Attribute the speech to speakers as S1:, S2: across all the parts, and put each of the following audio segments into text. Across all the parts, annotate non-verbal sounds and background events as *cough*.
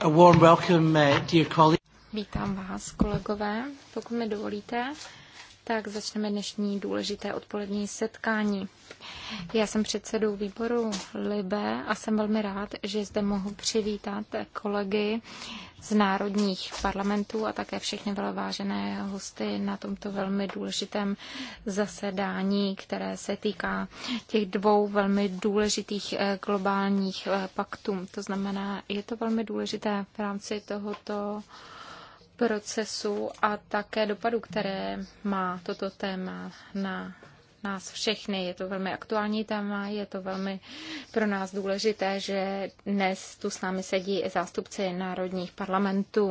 S1: A warm welcome, uh, dear colleague.
S2: Vítám vás, kolegové, pokud mi dovolíte tak začneme dnešní důležité odpolední setkání. Já jsem předsedou výboru Libe a jsem velmi rád, že zde mohu přivítat kolegy z národních parlamentů a také všechny velevážené hosty na tomto velmi důležitém zasedání, které se týká těch dvou velmi důležitých eh, globálních eh, paktů. To znamená, je to velmi důležité v rámci tohoto procesu a také dopadu, které má toto téma na nás všechny. Je to velmi aktuální téma, je to velmi pro nás důležité, že dnes tu s námi sedí i zástupci národních parlamentů.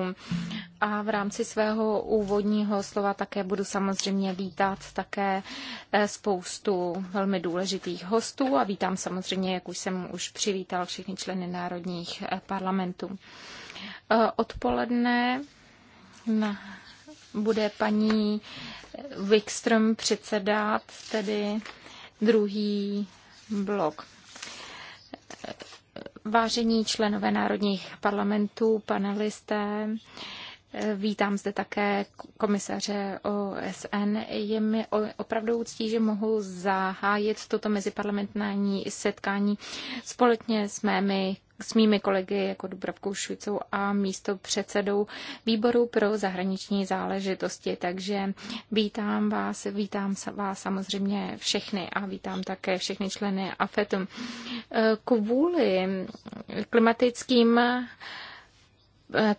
S2: A v rámci svého úvodního slova také budu samozřejmě vítat také eh, spoustu velmi důležitých hostů a vítám samozřejmě, jak už jsem už přivítal všechny členy národních eh, parlamentů. Eh, odpoledne na, bude paní Wikström předsedat tedy druhý blok. Vážení členové národních parlamentů, panelisté, Vítám zde také komisaře OSN. Je mi opravdu úctí, že mohu zahájit toto meziparlamentní setkání společně s mými s mými kolegy jako Dubravkou Švicou a místo předsedou výboru pro zahraniční záležitosti. Takže vítám vás, vítám vás samozřejmě všechny a vítám také všechny členy AFETu. Kvůli klimatickým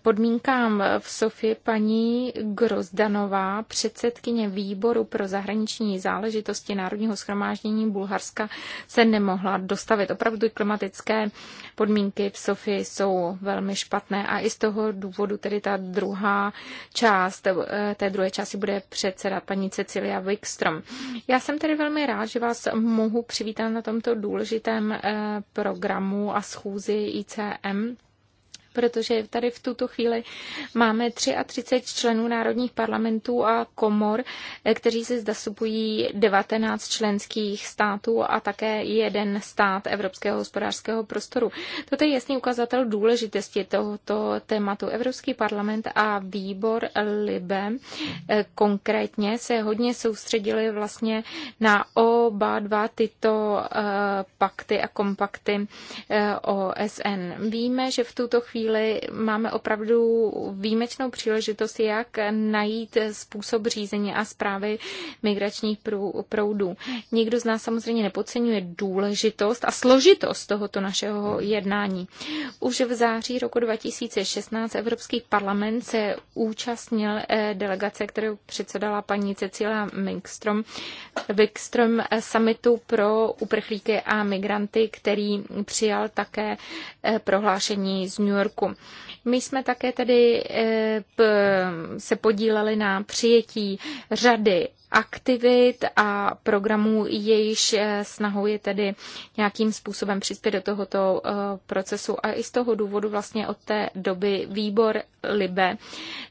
S2: podmínkám v Sofii paní Grozdanová, předsedkyně výboru pro zahraniční záležitosti Národního schromáždění Bulharska, se nemohla dostavit. Opravdu klimatické podmínky v Sofii jsou velmi špatné a i z toho důvodu tedy ta druhá část, té druhé části bude předseda paní Cecilia Wikström. Já jsem tedy velmi rád, že vás mohu přivítat na tomto důležitém eh, programu a schůzi ICM protože tady v tuto chvíli máme 33 členů národních parlamentů a komor, eh, kteří se zasupují 19 členských států a také jeden stát Evropského hospodářského prostoru. Toto je jasný ukazatel důležitosti tohoto tématu. Evropský parlament a výbor LIBE eh, konkrétně se hodně soustředili vlastně na oba dva tyto eh, pakty a kompakty OSN. Víme, že v tuto chvíli chvíli máme opravdu výjimečnou příležitost, jak najít způsob řízení a zprávy migračních proudů. Nikdo z nás samozřejmě nepodceňuje důležitost a složitost tohoto našeho jednání. Už v září roku 2016 Evropský parlament se účastnil eh, delegace, kterou předsedala paní Cecilia Wikström, Wikström eh, summitu pro uprchlíky a migranty, který přijal také eh, prohlášení z New York roku. My jsme také tedy eh, se podíleli na přijetí řady aktivit a programů, jejíž eh, snahou je tedy nějakým způsobem přispět do tohoto eh, procesu. A i z toho důvodu vlastně od té doby výbor Libe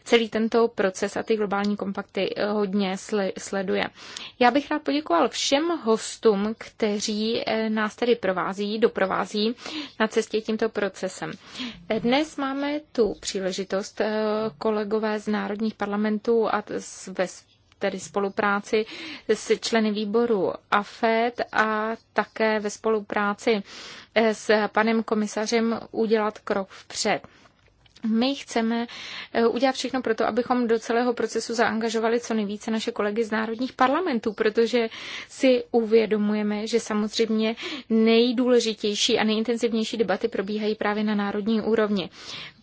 S2: celý tento proces a ty globální kompakty eh, hodně sleduje. Já bych rád poděkoval všem hostům, kteří nás tedy provází, doprovází na cestě tímto procesem. Dnes máme tu příležitost kolegové z národních parlamentů a ve tedy spolupráci s členy výboru AFED a také ve spolupráci s panem komisařem udělat krok vpřed. My chceme eh, udělat všechno pro to, abychom do celého procesu zaangažovali co nejvíce naše kolegy z národních parlamentů, protože si uvědomujeme, že samozřejmě nejdůležitější a nejintenzivnější debaty probíhají právě na národní úrovni.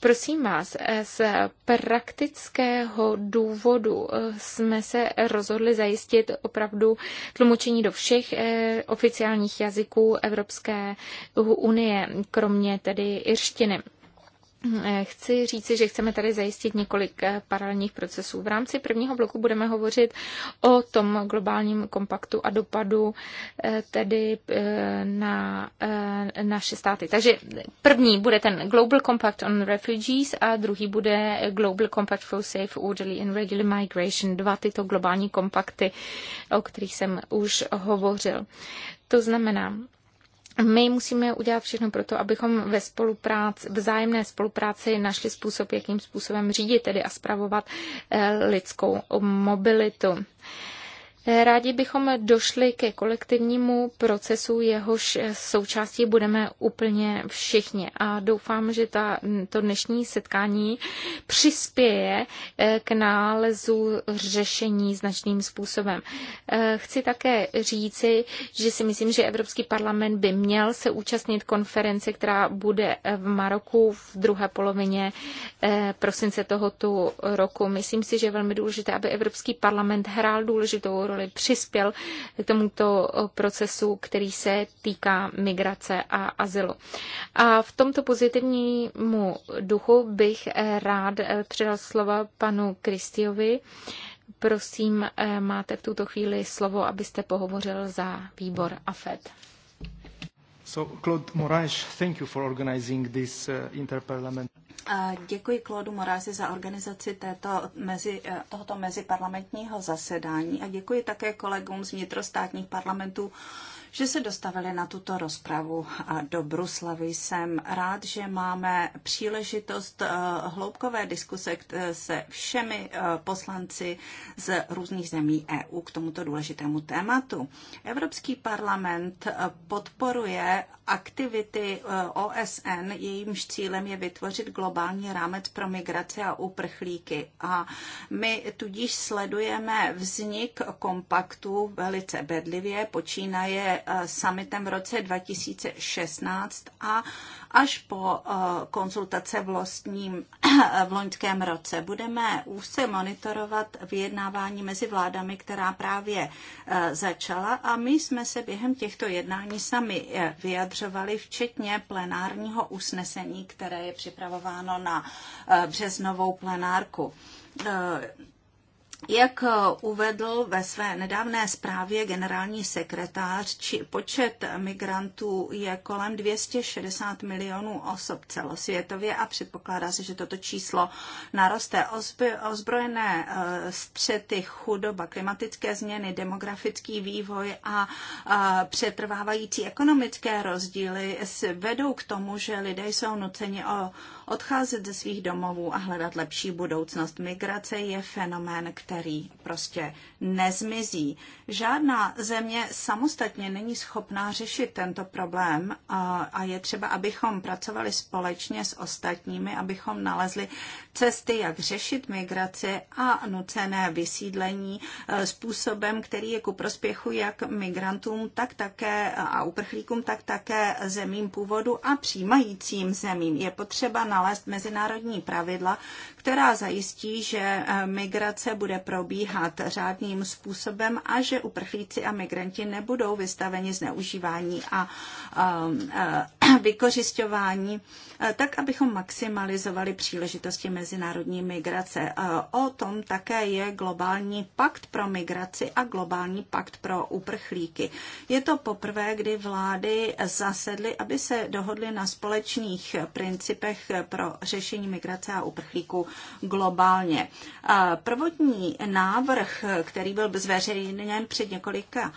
S2: Prosím vás, eh, z praktického důvodu eh, jsme se rozhodli zajistit opravdu tlumočení do všech oficiálních jazyků Evropské unie, kromě tedy irštiny. Eh, chci říci, že chceme tady zajistit několik eh, paralelních procesů. V rámci prvního bloku budeme hovořit o tom globálním kompaktu a dopadu eh, tedy na naše státy. Takže první bude ten Global Compact on Refugees a druhý bude Global Compact for Safe, Orderly and Regular Migration. Dva tyto globální kompakty, o kterých jsem už hovořil. To znamená, my musíme udělat všechno pro to, abychom ve spolupráci, vzájemné spolupráci našli způsob, jakým způsobem řídit tedy a spravovat eh, lidskou mobilitu. Rádi bychom došli ke kolektivnímu procesu, jehož součástí budeme úplně všichni. A doufám, že ta, to dnešní setkání přispěje eh, k nálezu řešení značným způsobem. Eh, chci také říci, že si myslím, že Evropský parlament by měl se účastnit konference, která bude v Maroku v druhé polovině eh, prosince tohoto roku. Myslím si, že je velmi důležité, aby Evropský parlament hrál důležitou roli roli přispěl k tomuto procesu, který se týká migrace a azylu. A v tomto pozitivnímu duchu bych rád předal slova panu Kristiovi. Prosím, máte v tuto chvíli slovo, abyste pohovořil za výbor AFED. So, Claude Moraes, thank you for organizing this uh, Děkuji Claude Morázi
S1: za organizaci této mezi, eh, tohoto meziparlamentního zasedání a děkuji také kolegům z vnitrostátních parlamentů že se dostavili na tuto rozpravu do Bruslavy. Jsem rád, že máme příležitost eh, hloubkové diskuse eh, se všemi eh, poslanci z různých zemí EU k tomuto důležitému tématu. Evropský parlament podporuje aktivity eh, OSN, jejímž cílem je vytvořit globální rámec pro migraci a uprchlíky. A my tudíž sledujeme vznik kompaktu velice bedlivě, počínaje eh, summitem v roce 2016 a až po eh, konzultace v, losním, v loňském roce. Budeme úzce monitorovat vyjednávání mezi vládami, která právě začala a my jsme se během těchto jednání sami vyjadřili vyjadřovali, včetně plenárního usnesení, které je připravováno na eh, březnovou plenárku eh, jak eh, uvedl ve své nedávné zprávě generální sekretář, či počet migrantů je kolem 260 milionů osob celosvětově a předpokládá se, že toto číslo naroste. Ozbrojené eh, střety, chudoba, klimatické změny, demografický vývoj a eh, přetrvávající ekonomické rozdíly vedou k tomu, že lidé jsou nuceni odcházet ze svých domovů a hledat lepší budoucnost. Migrace je fenomén, který který prostě nezmizí. Žádná země samostatně není schopná řešit tento problém a je třeba, abychom pracovali společně s ostatními, abychom nalezli cesty, jak řešit migraci a nucené vysídlení e, způsobem, který je ku prospěchu jak migrantům, tak také a uprchlíkům, tak také zemím původu a přijímajícím zemím. Je potřeba nalézt mezinárodní pravidla, která zajistí, že eh, migrace bude probíhat řádným způsobem a že uprchlíci a migranti nebudou vystaveni zneužívání a um, eh, *clears throat* vykořišťování, eh, tak abychom maximalizovali příležitosti mezinárodní migrace. O tom také je globální pakt pro migraci a globální pakt pro uprchlíky. Je to poprvé, kdy vlády zasedly, aby se dohodly na společných principech pro řešení migrace a uprchlíků globálně. Prvotní návrh, který byl zveřejněn před několika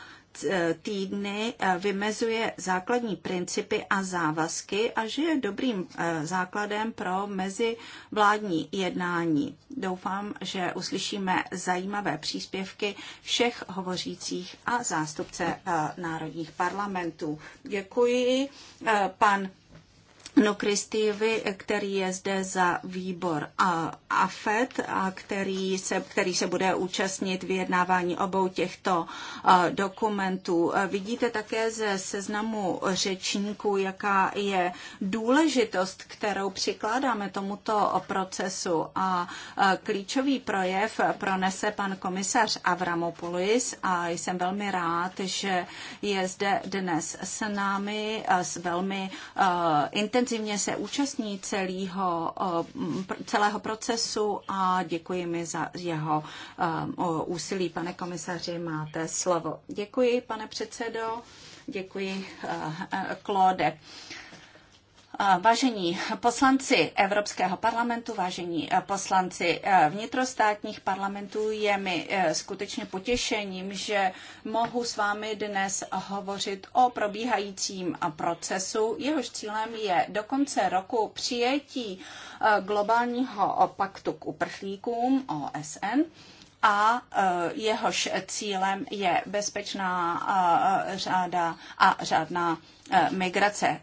S1: eh, týdny eh, vymezuje základní principy a závazky a že je dobrým eh, základem pro mezivládní jednání. Doufám, že uslyšíme zajímavé příspěvky všech hovořících a zástupce národních parlamentů. Děkuji. Pan No Kristývy, který je zde za výbor a AFET, a který se, který se bude účastnit vyjednávání obou těchto eh, dokumentů. Eh, vidíte také ze seznamu řečníků, jaká je důležitost, kterou přikládáme tomuto procesu a eh, klíčový projev pronese pan komisař Avramopoulos a jsem velmi rád, že je zde dnes s námi s velmi intenzivní intenzivně se účastní celého, celého procesu a děkuji mi za jeho um, úsilí. Pane komisaři, máte slovo. Děkuji, pane předsedo. Děkuji, uh, Claude. Uh, Vážení poslanci Evropského parlamentu, vážení eh, poslanci eh, vnitrostátních parlamentů, je mi eh, skutečně potěšením, že mohu s vámi dnes hovořit o probíhajícím procesu. Jehož cílem je do konce roku přijetí globálního paktu k uprchlíkům OSN a jehož cílem je bezpečná řáda a řádná migrace.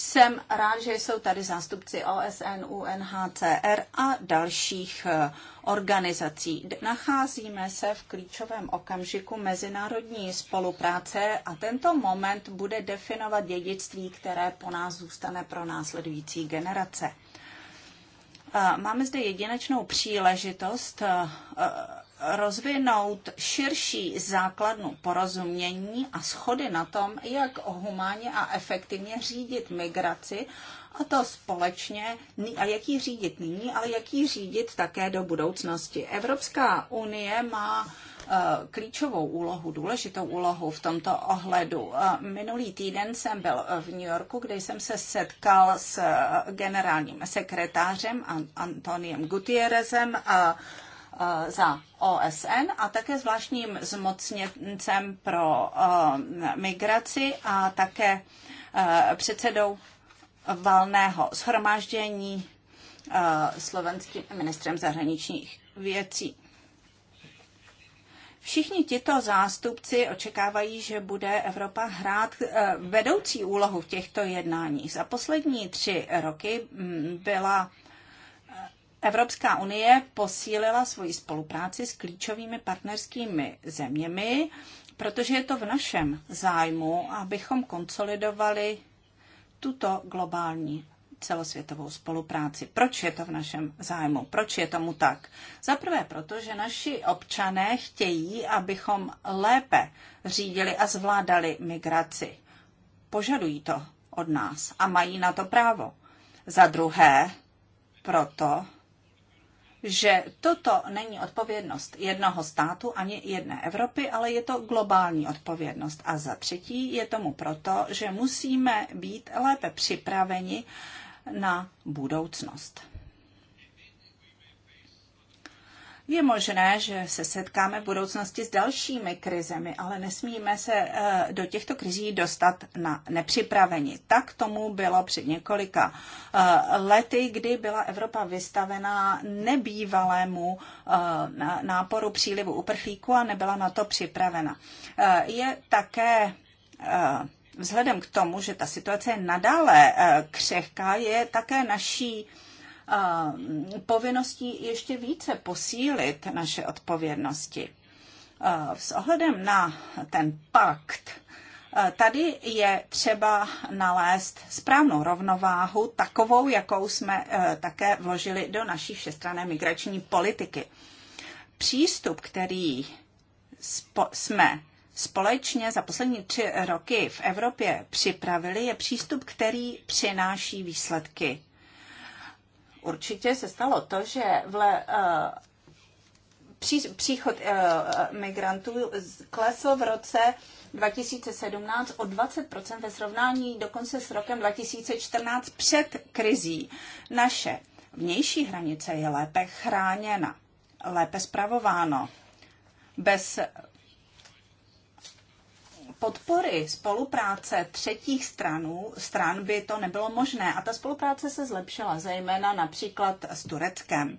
S1: Jsem rád, že jsou tady zástupci OSN, UNHCR a dalších eh, organizací. Nacházíme se v klíčovém okamžiku mezinárodní spolupráce a tento moment bude definovat dědictví, které po nás zůstane pro následující generace. Eh, máme zde jedinečnou příležitost eh, rozvinout širší základnu porozumění a schody na tom, jak humánně a efektivně řídit migraci, a to společně, a jak ji řídit nyní, ale jak ji řídit také do budoucnosti. Evropská unie má eh, klíčovou úlohu, důležitou úlohu v tomto ohledu. Eh, minulý týden jsem byl v New Yorku, kde jsem se setkal s eh, generálním sekretářem Antoniem Gutierrezem a Eh, za OSN a také zvláštním zmocněncem pro eh, migraci a také eh, předsedou valného shromáždění slovenským ministrem zahraničních věcí. Všichni tito zástupci očekávají, že bude Evropa hrát vedoucí úlohu v těchto jednáních. Za poslední tři roky mm, byla Evropská unie posílila svoji spolupráci s klíčovými partnerskými zeměmi, protože je to v našem zájmu, abychom konsolidovali tuto globální celosvětovou spolupráci. Proč je to v našem zájmu? Proč je tomu tak? Za prvé proto, že naši občané chtějí, abychom lépe řídili a zvládali migraci. Požadují to od nás a mají na to právo. Za druhé proto, že toto není odpovědnost jednoho státu ani jedné Evropy, ale je to globální odpovědnost. A za třetí je tomu proto, že musíme být lépe připraveni na budoucnost. Je možné, že se setkáme v budoucnosti s dalšími krizemi, ale nesmíme se eh, do těchto krizí dostat na nepřipraveni. Tak tomu bylo před několika eh, lety, kdy byla Evropa vystavená nebývalému eh, náporu přílivu uprchlíků a nebyla na to připravena. Je také vzhledem k tomu, že ta situace je nadále křehká, je také naší Eh, povinností ještě více posílit naše odpovědnosti. Eh, s ohledem na ten pakt, eh, Tady je třeba nalézt správnou rovnováhu, takovou, jakou jsme také vložili do naší všestrané migrační politiky. Přístup, který spo- jsme společně za poslední tři roky v Evropě připravili, je přístup, který přináší výsledky určitě se stalo to, že vle, eh, pří, příchod eh, migrantů klesl v roce 2017 o 20% ve srovnání dokonce s rokem 2014 před krizí. Naše vnější hranice je lépe chráněna, lépe spravováno. Bez podpory spolupráce třetích stranů, stran by to nebylo možné. A ta spolupráce se zlepšila, zejména například s Tureckem.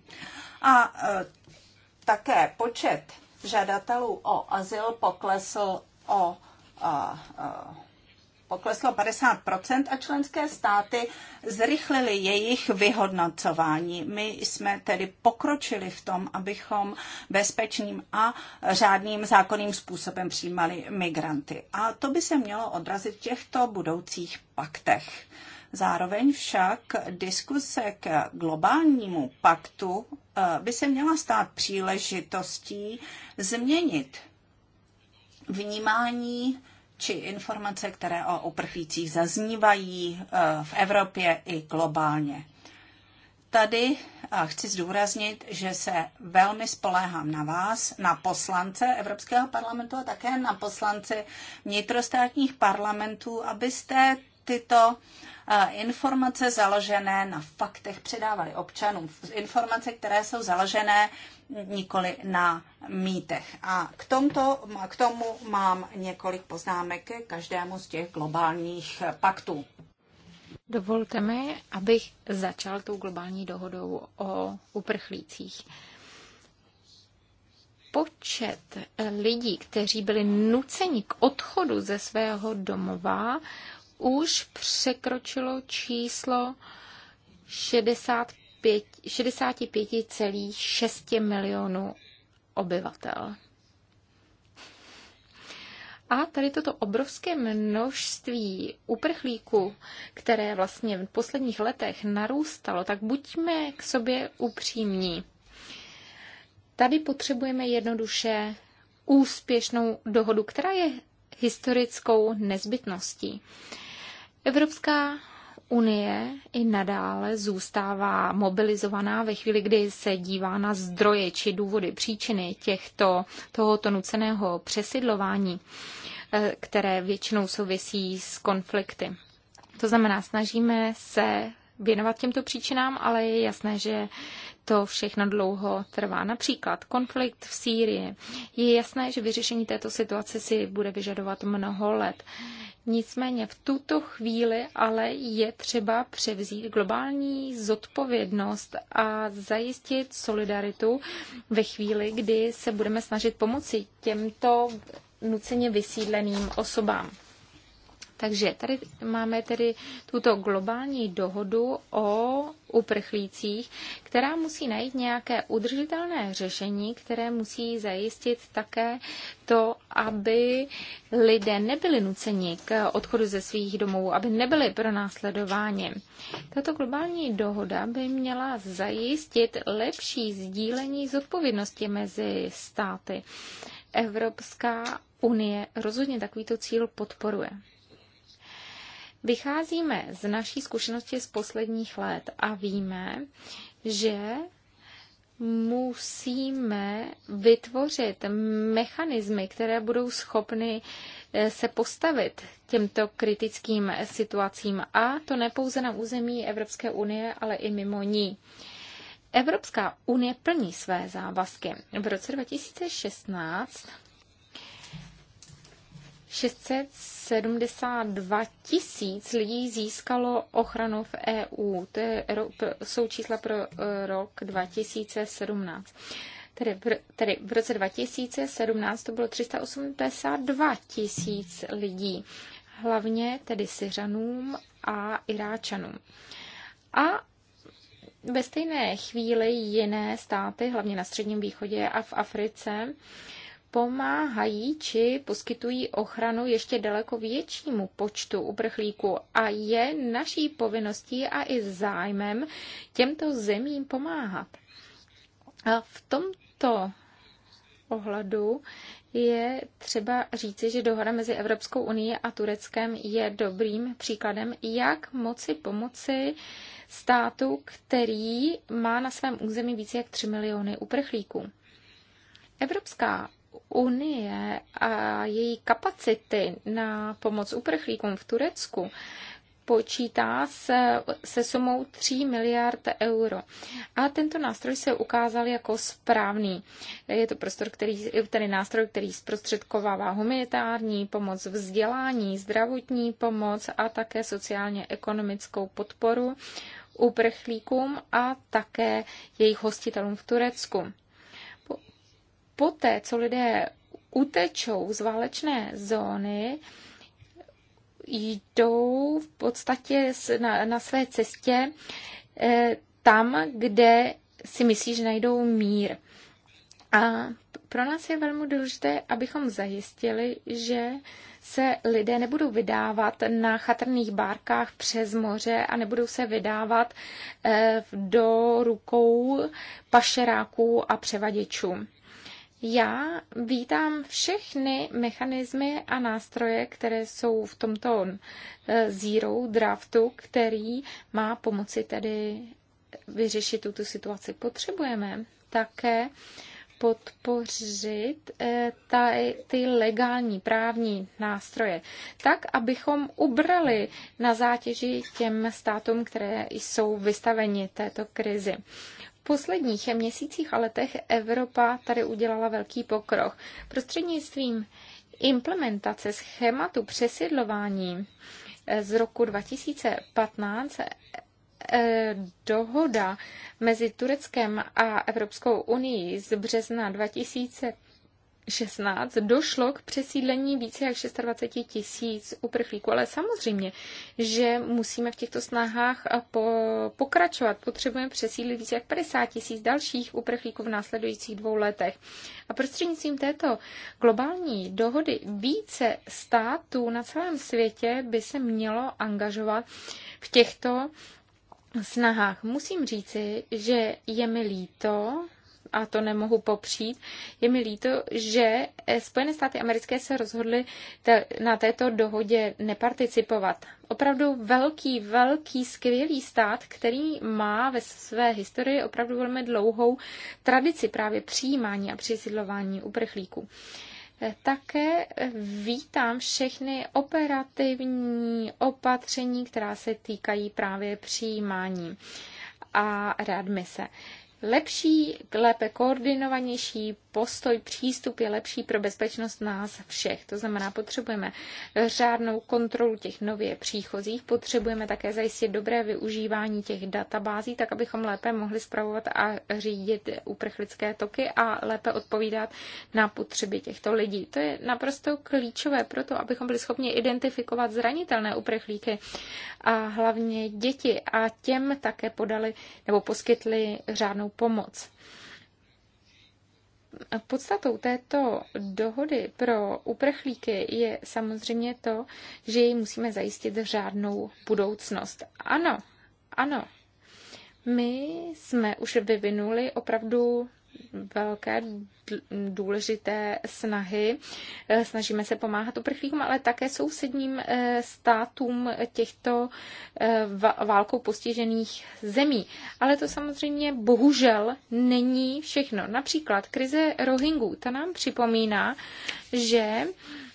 S1: A e, také počet žadatelů o azyl poklesl o a, pokleslo 50% a členské státy zrychlily jejich vyhodnocování. My jsme tedy pokročili v tom, abychom bezpečným a řádným zákonným způsobem přijímali migranty. A to by se mělo odrazit v těchto budoucích paktech. Zároveň však diskuse k globálnímu paktu eh, by se měla stát příležitostí změnit vnímání či informace, které o uprchlících zaznívají eh, v Evropě i globálně. Tady chci zdůraznit, že se velmi spoléhám na vás, na poslance Evropského parlamentu a také na poslance vnitrostátních parlamentů, abyste tyto uh, informace založené na faktech předávali občanům. Informace, které jsou založené nikoli na mýtech. A k, tomto, k tomu mám několik poznámek ke každému z těch globálních paktů.
S2: Dovolte mi, abych začal tou globální dohodou o uprchlících počet eh, lidí, kteří byli nuceni k odchodu ze svého domova, už překročilo číslo 65,6 65, milionů obyvatel. A tady toto obrovské množství uprchlíků, které vlastně v posledních letech narůstalo, tak buďme k sobě upřímní. Tady potřebujeme jednoduše úspěšnou dohodu, která je historickou nezbytností. Evropská unie i nadále zůstává mobilizovaná ve chvíli, kdy se dívá na zdroje či důvody příčiny těchto, tohoto nuceného přesidlování, eh, které většinou souvisí s konflikty. To znamená, snažíme se věnovat těmto příčinám, ale je jasné, že to všechno dlouho trvá. Například konflikt v Sýrii. Je jasné, že vyřešení této situace si bude vyžadovat mnoho let. Nicméně v tuto chvíli ale je třeba převzít globální zodpovědnost a zajistit solidaritu ve chvíli, kdy se budeme snažit pomoci těmto nuceně vysídleným osobám. Takže tady máme tedy tuto globální dohodu o uprchlících, která musí najít nějaké udržitelné řešení, které musí zajistit také to, aby lidé nebyli nuceni k odchodu ze svých domovů, aby nebyli pronásledováni. Tato globální dohoda by měla zajistit lepší sdílení zodpovědnosti mezi státy. Evropská unie rozhodně takovýto cíl podporuje. Vycházíme z naší zkušenosti z posledních let a víme, že musíme vytvořit mechanismy, které budou schopny eh, se postavit těmto kritickým situacím. A to ne pouze na území Evropské unie, ale i mimo ní. Evropská unie plní své závazky. V roce 2016 672 tisíc lidí získalo ochranu v EU. To je, jsou čísla pro eh, rok 2017. Tedy v, tedy v roce 2017 to bylo 382 tisíc lidí, hlavně tedy Syřanům a Iráčanům. A ve stejné chvíli jiné státy, hlavně na Středním východě a v Africe, pomáhají či poskytují ochranu ještě daleko většímu počtu uprchlíků a je naší povinností a i zájmem těmto zemím pomáhat. A v tomto ohledu je třeba říci, že dohoda mezi Evropskou unii a Tureckem je dobrým příkladem, jak moci pomoci státu, který má na svém území více jak 3 miliony uprchlíků. Evropská unie a její kapacity na pomoc uprchlíkům v Turecku počítá se, se sumou 3 miliard euro. A tento nástroj se ukázal jako správný. Je to prostor, který, tedy nástroj, který zprostředkovává humanitární pomoc, vzdělání, zdravotní pomoc a také sociálně-ekonomickou podporu uprchlíkům a také jejich hostitelům v Turecku poté, co lidé utečou z válečné zóny, jdou v podstatě na, na své cestě eh, tam, kde si myslí, že najdou mír. A pro nás je velmi důležité, abychom zajistili, že se lidé nebudou vydávat na chatrných bárkách přes moře a nebudou se vydávat eh, do rukou pašeráků a převaděčů. Já vítám všechny mechanismy a nástroje, které jsou v tomto eh, zero draftu, který má pomoci tedy vyřešit tuto situaci. Potřebujeme také podpořit eh, taj, ty legální právní nástroje, tak, abychom ubrali na zátěži těm státům, které jsou vystaveni této krizi posledních měsících a letech Evropa tady udělala velký pokrok. Prostřednictvím implementace schématu přesidlování eh, z roku 2015 eh, dohoda mezi Tureckem a Evropskou unii z března 2015 16 došlo k přesídlení více jak 26 tisíc uprchlíků. Ale samozřejmě, že musíme v těchto snahách pokračovat. Potřebujeme přesídlit více jak 50 tisíc dalších uprchlíků v následujících dvou letech. A prostřednictvím této globální dohody více států na celém světě by se mělo angažovat v těchto snahách. Musím říci, že je mi líto, a to nemohu popřít, je mi líto, že Spojené státy americké se rozhodly na této dohodě neparticipovat. Opravdu velký, velký, skvělý stát, který má ve své historii opravdu velmi dlouhou tradici právě přijímání a přisidlování uprchlíků. Také vítám všechny operativní opatření, která se týkají právě přijímání a readmise lepší, lépe koordinovanější postoj, přístup je lepší pro bezpečnost nás všech. To znamená, potřebujeme řádnou kontrolu těch nově příchozích, potřebujeme také zajistit dobré využívání těch databází, tak abychom lépe mohli spravovat a řídit uprchlické toky a lépe odpovídat na potřeby těchto lidí. To je naprosto klíčové pro to, abychom byli schopni identifikovat zranitelné uprchlíky a hlavně děti a těm také podali nebo poskytli řádnou pomoc. Podstatou této dohody pro uprchlíky je samozřejmě to, že jej musíme zajistit řádnou budoucnost. Ano, ano. My jsme už vyvinuli opravdu velké důležité snahy. Eh, snažíme se pomáhat uprchlíkům, ale také sousedním eh, státům těchto eh, válkou postižených zemí. Ale to samozřejmě bohužel není všechno. Například krize Rohingů, ta nám připomíná, že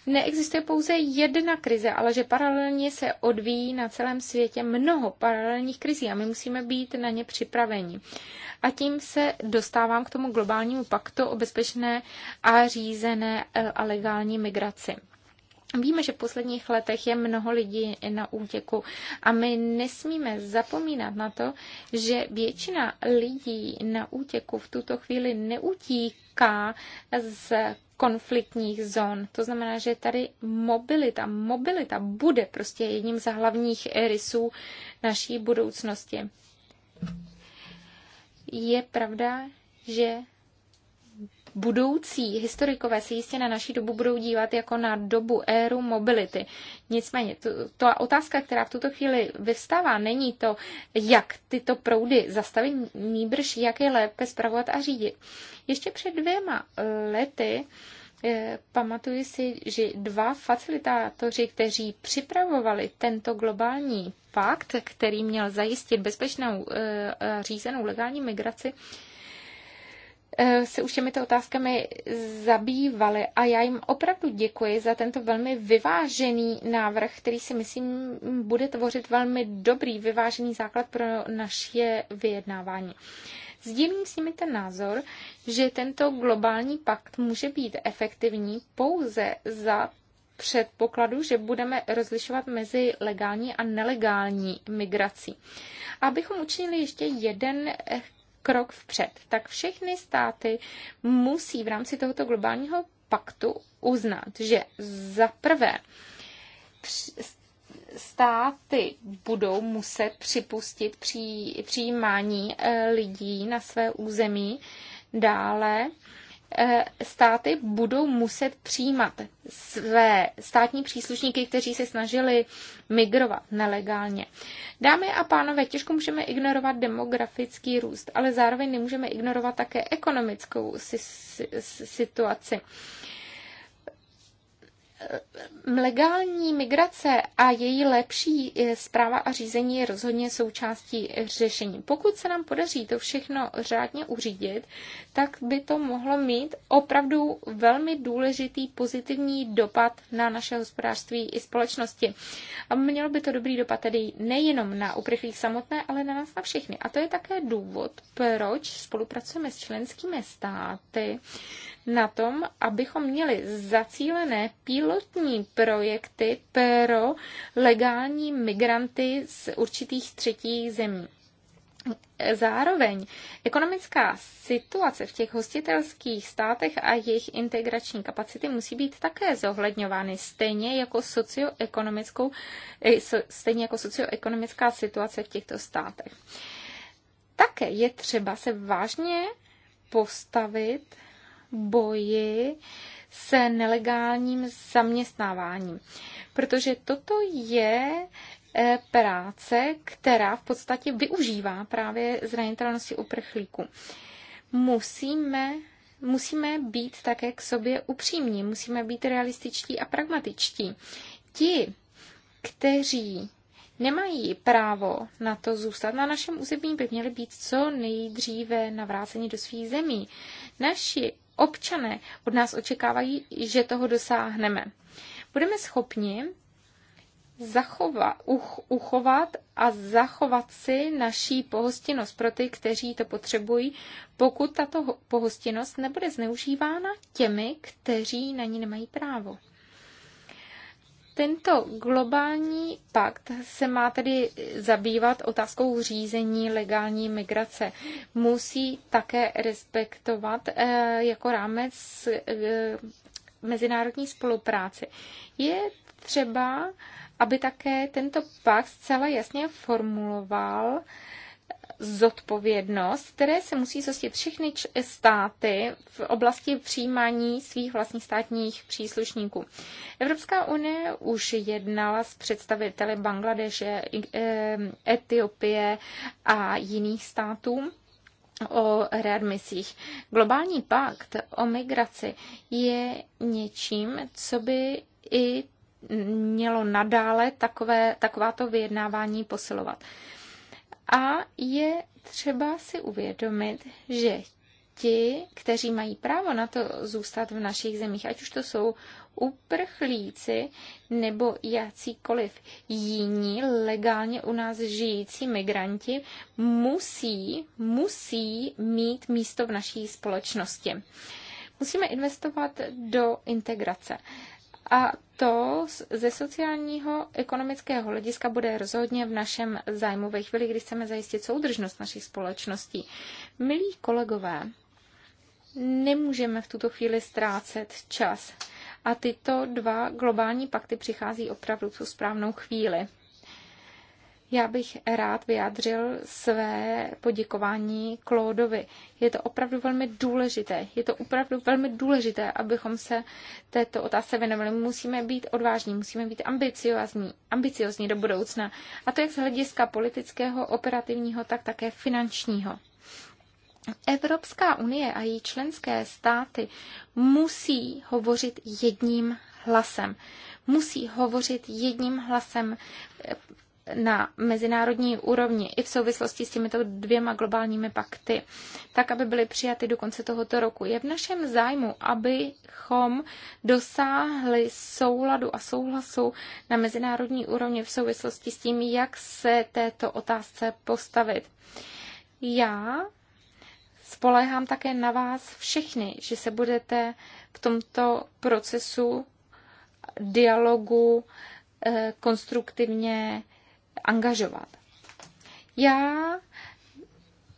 S2: neexistuje pouze jedna krize, ale že paralelně se odvíjí na celém světě mnoho paralelních krizí a my musíme být na ně připraveni. A tím se dostávám k tomu globálnímu paktu o bezpečné a řízené e, a legální migraci. Víme, že v posledních letech je mnoho lidí na útěku a my nesmíme zapomínat na to, že většina lidí na útěku v tuto chvíli neutíká z konfliktních zón. To znamená, že tady mobilita, mobilita bude prostě jedním z hlavních rysů naší budoucnosti. Je pravda, že budoucí historikové se jistě na naší dobu budou dívat jako na dobu éru mobility. Nicméně, ta otázka, která v tuto chvíli vyvstává, není to, jak tyto proudy zastavit, nýbrž jak je lépe spravovat a řídit. Ještě před dvěma eh, lety eh, pamatuju si, že dva facilitátoři, kteří připravovali tento globální pakt, který měl zajistit bezpečnou eh, řízenou legální migraci, Eh, se už těmito otázkami zabývali a já jim opravdu děkuji za tento velmi vyvážený návrh, který si myslím bude tvořit velmi dobrý vyvážený základ pro naše vyjednávání. Sdílím s nimi ten názor, že tento globální pakt může být efektivní pouze za předpokladu, že budeme rozlišovat mezi legální a nelegální migrací. Abychom učinili ještě jeden krok vpřed, tak všechny státy musí v rámci tohoto globálního paktu uznat, že za prvé státy budou muset připustit přijímání eh, lidí na své území, dále Eh, státy budou muset přijímat své státní příslušníky, kteří se snažili migrovat nelegálně. Dámy a pánové, těžko můžeme ignorovat demografický růst, ale zároveň nemůžeme ignorovat také ekonomickou situaci legální migrace a její lepší e, zpráva a řízení je rozhodně součástí řešení. Pokud se nám podaří to všechno řádně uřídit, tak by to mohlo mít opravdu velmi důležitý pozitivní dopad na naše hospodářství i společnosti. A mělo by to dobrý dopad tedy nejenom na uprchlík samotné, ale na nás na všechny. A to je také důvod, proč spolupracujeme s členskými státy na tom, abychom měli zacílené pilotní projekty pro legální migranty z určitých třetích zemí. Zároveň ekonomická situace v těch hostitelských státech a jejich integrační kapacity musí být také zohledňovány, stejně jako, socioekonomickou, eh, stejně jako socioekonomická situace v těchto státech. Také je třeba se vážně postavit boji se nelegálním zaměstnáváním. Protože toto je e, práce, která v podstatě využívá právě zranitelnosti uprchlíků. Musíme musíme být také k sobě upřímní, musíme být realističtí a pragmatičtí. Ti, kteří nemají právo na to zůstat na našem území, by měli být co nejdříve navráceni do svých zemí. Naši občané od nás očekávají, že toho dosáhneme. Budeme schopni zachovat, uch, uchovat a zachovat si naší pohostinnost pro ty, kteří to potřebují, pokud tato pohostinnost nebude zneužívána těmi, kteří na ní nemají právo. Tento globální pakt se má tedy zabývat otázkou řízení legální migrace. Musí také respektovat eh, jako rámec eh, mezinárodní spolupráci. Je třeba, aby také tento pakt zcela jasně formuloval, zodpovědnost, které se musí zjistit všechny státy v oblasti přijímání svých vlastních státních příslušníků. Evropská unie už jednala s představiteli Bangladeše, Etiopie a jiných států o readmisích. Globální pakt o migraci je něčím, co by i mělo nadále takové, takováto vyjednávání posilovat. A je třeba si uvědomit, že ti, kteří mají právo na to zůstat v našich zemích, ať už to jsou uprchlíci nebo jakýkoliv jiní legálně u nás žijící migranti, musí, musí mít místo v naší společnosti. Musíme investovat do integrace. A to ze sociálního ekonomického hlediska bude rozhodně v našem zájmu ve chvíli, kdy chceme zajistit soudržnost našich společností. Milí kolegové, nemůžeme v tuto chvíli ztrácet čas. A tyto dva globální pakty přichází opravdu v správnou chvíli. Já bych rád vyjádřil své poděkování Klódovi. Je to opravdu velmi důležité. Je to opravdu velmi důležité, abychom se této otázce věnovali. Musíme být odvážní, musíme být ambiciozní, ambiciozní do budoucna. A to jak z hlediska politického, operativního, tak také finančního. Evropská unie a její členské státy musí hovořit jedním hlasem. Musí hovořit jedním hlasem na mezinárodní úrovni i v souvislosti s těmito dvěma globálními pakty, tak aby byly přijaty do konce tohoto roku. Je v našem zájmu, abychom dosáhli souladu a souhlasu na mezinárodní úrovni v souvislosti s tím, jak se této otázce postavit. Já spolehám také na vás všechny, že se budete v tomto procesu dialogu eh, konstruktivně angažovat. Já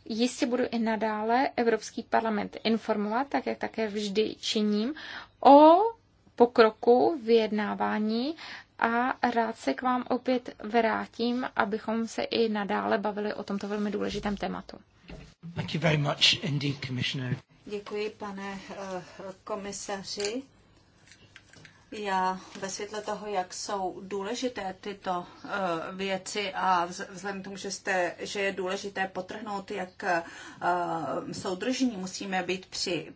S2: jistě budu i nadále Evropský parlament informovat, tak jak také vždy činím, o pokroku vyjednávání a rád se k vám opět vrátím, abychom se i nadále bavili o tomto velmi důležitém tématu. Thank you very much indeed,
S1: Děkuji, pane eh, komisaři. Já ve světle toho, jak jsou důležité tyto eh, věci a vzhledem k tomu, že, jste, že je důležité potrhnout, jak eh, soudržní musíme být při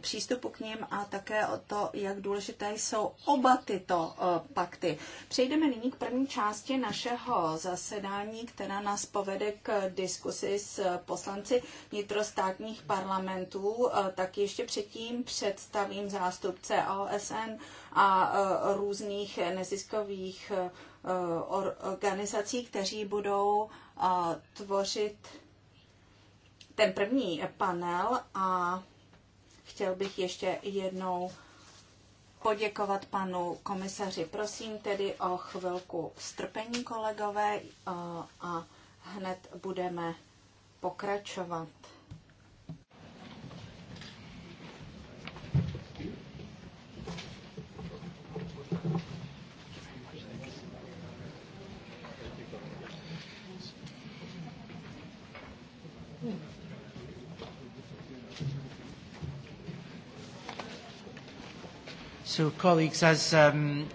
S1: přístupu k ním a také o to, jak důležité jsou oba tyto eh, pakty. Přejdeme nyní k první části našeho zasedání, která nás povede k diskusi s poslanci vnitrostátních parlamentů. Tak ještě předtím představím zástupce OSN, a e, různých neziskových e, organizací, kteří budou e, tvořit ten první panel a chtěl bych ještě jednou poděkovat panu komisaři. Prosím tedy o chvilku strpení, kolegové, a hned budeme pokračovat. So, colleagues, as um...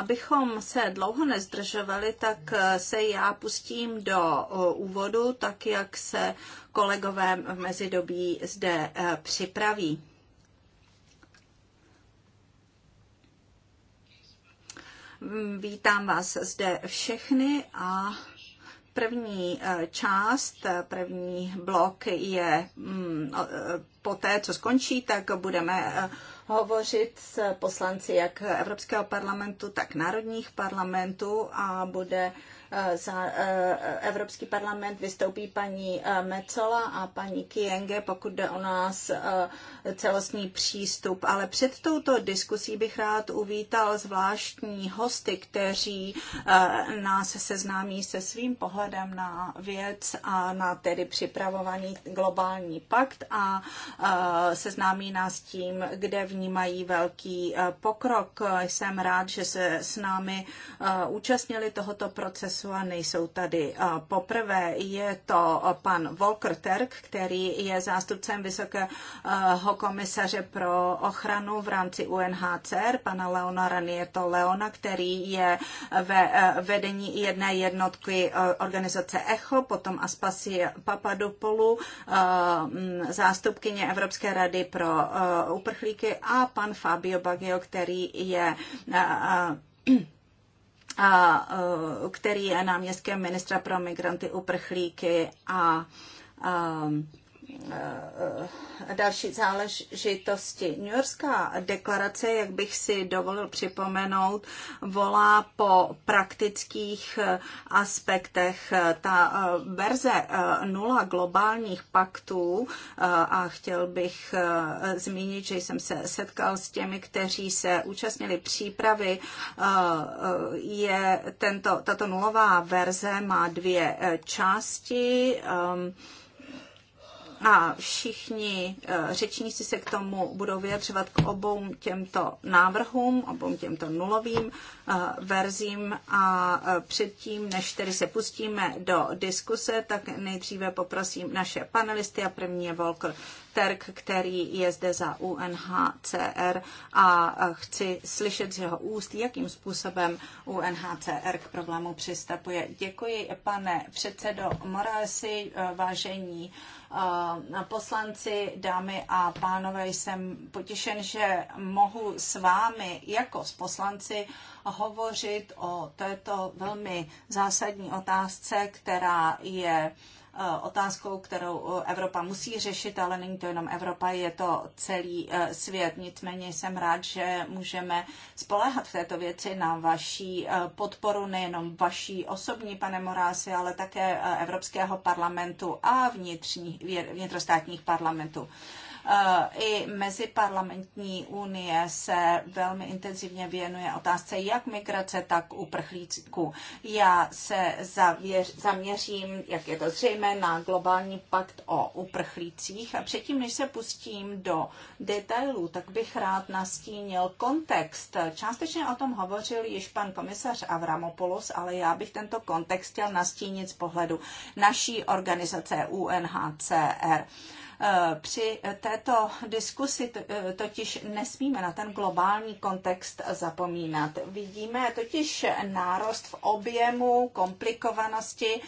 S1: Abychom se dlouho nezdržovali, tak eh, se já pustím do eh, úvodu, tak jak se kolegové v mezidobí zde eh, připraví. Mm, vítám vás zde všechny a První eh, část, eh, první blok je mm, eh, po té, co skončí, tak budeme hovořit s poslanci jak Evropského parlamentu, tak národních parlamentů a bude Eh, za eh, Evropský parlament vystoupí paní eh, Mecola a paní Kienge, pokud jde o nás celostní přístup. Ale před touto diskusí bych rád uvítal zvláštní hosty, kteří nás seznámí se svým pohledem na věc a na tedy připravovaný globální pakt a seznámí nás tím, kde vnímají velký pokrok. Jsem rád, že se s námi účastnili tohoto procesu Kosova nejsou tady poprvé. Je to pan Volker Terk, který je zástupcem Vysokého komisaře pro ochranu v rámci UNHCR, pana Leona Ranieto Leona, který je ve vedení jedné jednotky eh, organizace ECHO, potom Aspasi Papadopoulou, eh, zástupkyně Evropské rady pro eh, uprchlíky a pan Fabio Baggio, který je Eh, který je náměstkem ministra pro migranty, uprchlíky a eh, Eh, další záležitosti. New Yorkská deklarace, jak bych si dovolil připomenout, volá po praktických eh, aspektech. Ta eh, verze nula globálních paktů a chtěl bych zmínit, že jsem se setkal s těmi, kteří se účastnili přípravy, je tento, tato nulová verze má dvě části a všichni eh, řečníci se k tomu budou vyjadřovat k obou těmto návrhům, obou těmto nulovým eh, verzím a eh, předtím, než tedy se pustíme do diskuse, tak nejdříve poprosím naše panelisty a první je Volker Terk, který je zde za UNHCR a chci slyšet z jeho úst, jakým způsobem UNHCR k problému přistupuje. Děkuji, pane předsedo Morasi, vážení eh, poslanci, dámy a pánové, jsem potěšen, že mohu s vámi jako s poslanci hovořit o této velmi zásadní otázce, která je Eh, otázkou, kterou eh, Evropa musí řešit, ale není to jenom Evropa, je to celý eh, svět. Nicméně jsem rád, že můžeme spoléhat v této věci na vaší podporu, nejenom vaší osobní, pane Morási, ale také Evropského parlamentu a vnitrostátních parlamentů. I meziparlamentní unie se velmi intenzivně věnuje otázce jak migrace, tak uprchlíků. Já se zavěř, zaměřím, jak je to zřejmé, na globální pakt o uprchlících. A předtím, než se pustím do detailů, tak bych rád nastínil kontext. Částečně o tom hovořil již pan komisař Avramopoulos, ale já bych tento kontext chtěl nastínit z pohledu naší organizace UNHCR. Eh, při této diskusi eh, totiž nesmíme na ten globální kontext zapomínat. Vidíme totiž nárost v objemu, komplikovanosti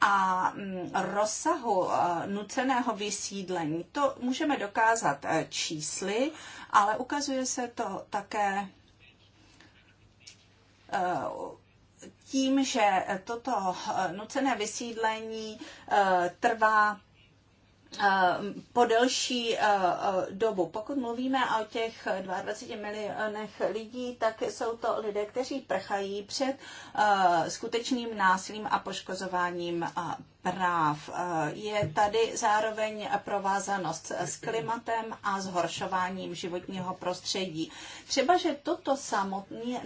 S1: a mm, rozsahu eh, nuceného vysídlení. To můžeme dokázat čísly, ale ukazuje se to také tím, že toto nucené vysídlení trvá po delší eh, eh, dobu. Pokud mluvíme o těch 22 milionech lidí, tak jsou to lidé, kteří prchají před eh, skutečným násilím a poškozováním práv. Eh, je tady zároveň provázanost s klimatem a zhoršováním životního prostředí. Třeba, že toto samotné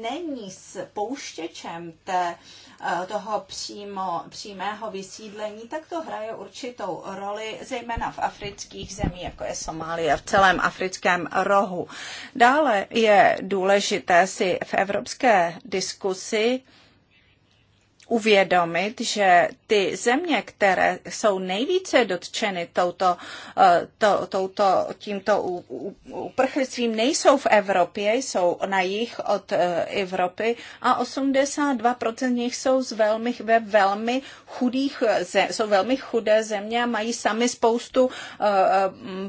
S1: není s pouštěčem té, eh, toho přímo, přímého vysídlení, tak to hraje určitou roli, zejména v afrických zemích, jako je Somálie, v celém africkém rohu. Dále je důležité si v evropské diskusi uvědomit, že ty země, které jsou nejvíce dotčeny touto, eh, to, touto, tímto uprchlictvím, nejsou v Evropě, jsou na jich od eh, Evropy a 82% nich jsou z velmi, ve velmi chudých, jsou velmi chudé země a mají sami spoustu eh,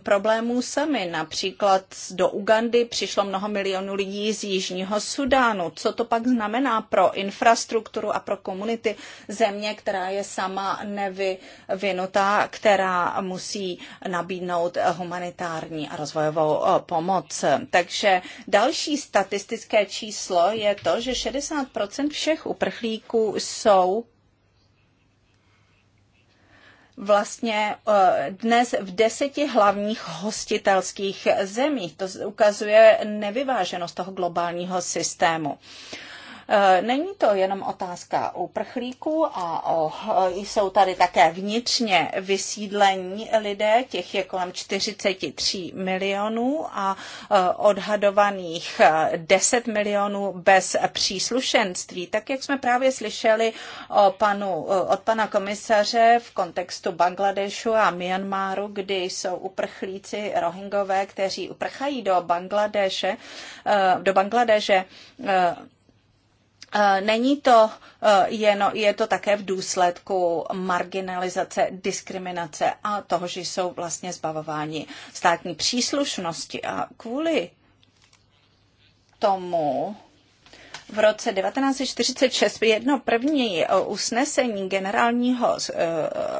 S1: problémů sami. Například do Ugandy přišlo mnoho milionů lidí z Jižního Sudánu. Co to pak znamená pro infrastrukturu a pro komunikaci? reality země, která je sama nevyvinutá, která musí nabídnout humanitární a rozvojovou pomoc. Takže další statistické číslo je to, že 60 všech uprchlíků jsou vlastně dnes v deseti hlavních hostitelských zemích. To ukazuje nevyváženost toho globálního systému. Eh, není to jenom otázka uprchlíků a o, jsou tady také vnitřně vysídlení lidé, těch je kolem 43 milionů a eh, odhadovaných 10 eh, milionů bez příslušenství. Tak jak jsme právě slyšeli o panu, od pana komisaře v kontextu Bangladešu a Myanmaru, kdy jsou uprchlíci Rohingové, kteří uprchají do Bangladeše, do Bangladeše, Eh, není to eh, jen, je to také v důsledku marginalizace, diskriminace a toho, že jsou vlastně zbavováni státní příslušnosti. A kvůli tomu v roce 1946 jedno první eh, usnesení generálního eh,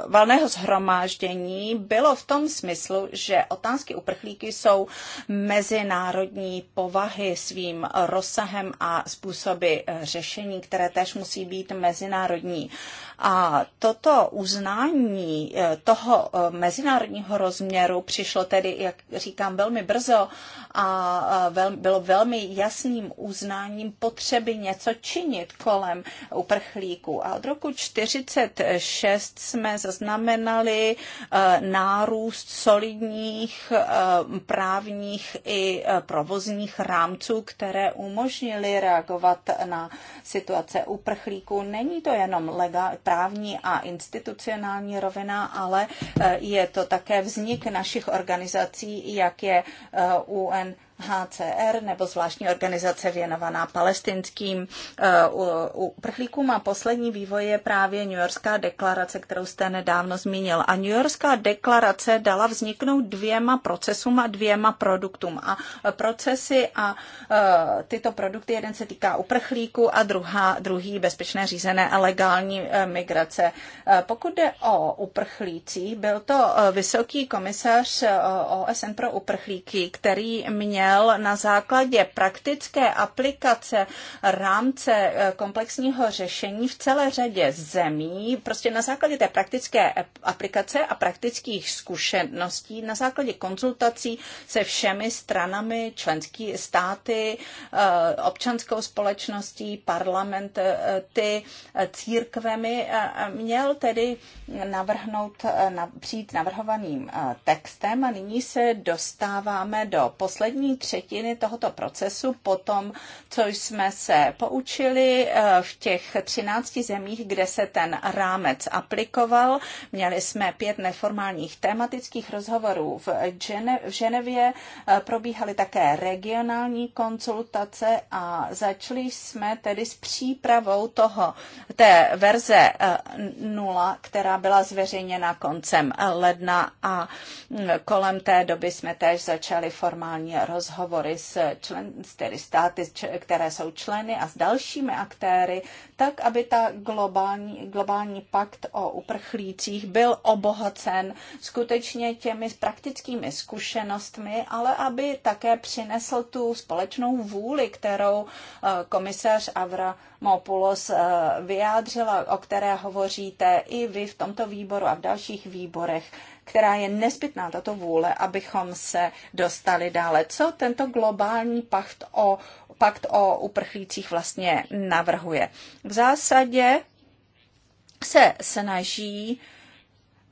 S1: valného zhromáždění bylo v tom smyslu, že otázky uprchlíky jsou mezinárodní povahy svým rozsahem a způsoby eh, řešení, které tež musí být mezinárodní. A toto uznání eh, toho eh, mezinárodního rozměru přišlo tedy, jak říkám, velmi brzo a bylo velmi jasným uznáním potřeby něco činit kolem uprchlíků. A od roku 1946 jsme zaznamenali eh, nárůst solidních právních i provozních rámců, které umožnily reagovat na situace uprchlíků. Není to jenom legální právní a institucionální rovina, ale eh, je to také vznik našich organizací, jak je eh, UN HCR nebo zvláštní organizace věnovaná palestinským eh, uprchlíkům. A poslední vývoj je právě New Yorkská deklarace, kterou jste nedávno zmínil. A New Yorkská deklarace dala vzniknout dvěma procesům a dvěma produktům. A procesy a eh, tyto produkty, jeden se týká uprchlíků a druhá, druhý bezpečné řízené a legální eh, migrace. Pokud jde o uprchlící, byl to vysoký komisař OSN pro uprchlíky, který měl měl na základě praktické aplikace rámce eh, komplexního řešení v celé řadě zemí, prostě na základě té praktické aplikace a praktických zkušeností, na základě konzultací se všemi stranami, členský státy, eh, občanskou společností, parlamenty, eh, církvemi, měl tedy navrhnout, přijít navrhovaným textem a nyní se dostáváme do poslední třetiny tohoto procesu, po tom, co jsme se poučili eh, v těch 13 zemích, kde se ten rámec aplikoval. Měli jsme pět neformálních tematických rozhovorů v, Žene, v Ženevě, eh, probíhaly také regionální konzultace a začali jsme tedy s přípravou toho, té verze 0, eh, která byla zveřejněna koncem ledna a hm, kolem té doby jsme též začali formální rozhovor rozhovory s člen, tedy státy, které jsou členy a s dalšími aktéry, tak, aby ta globální, globální pakt o uprchlících byl obohacen skutečně těmi praktickými zkušenostmi, ale aby také přinesl tu společnou vůli, kterou eh, komisař Avra Mopulos eh, vyjádřila, o které hovoříte i vy v tomto výboru a v dalších výborech která je nezbytná, tato vůle, abychom se dostali dále. Co tento globální pakt o, pakt o uprchlících vlastně navrhuje? V zásadě se snaží uh,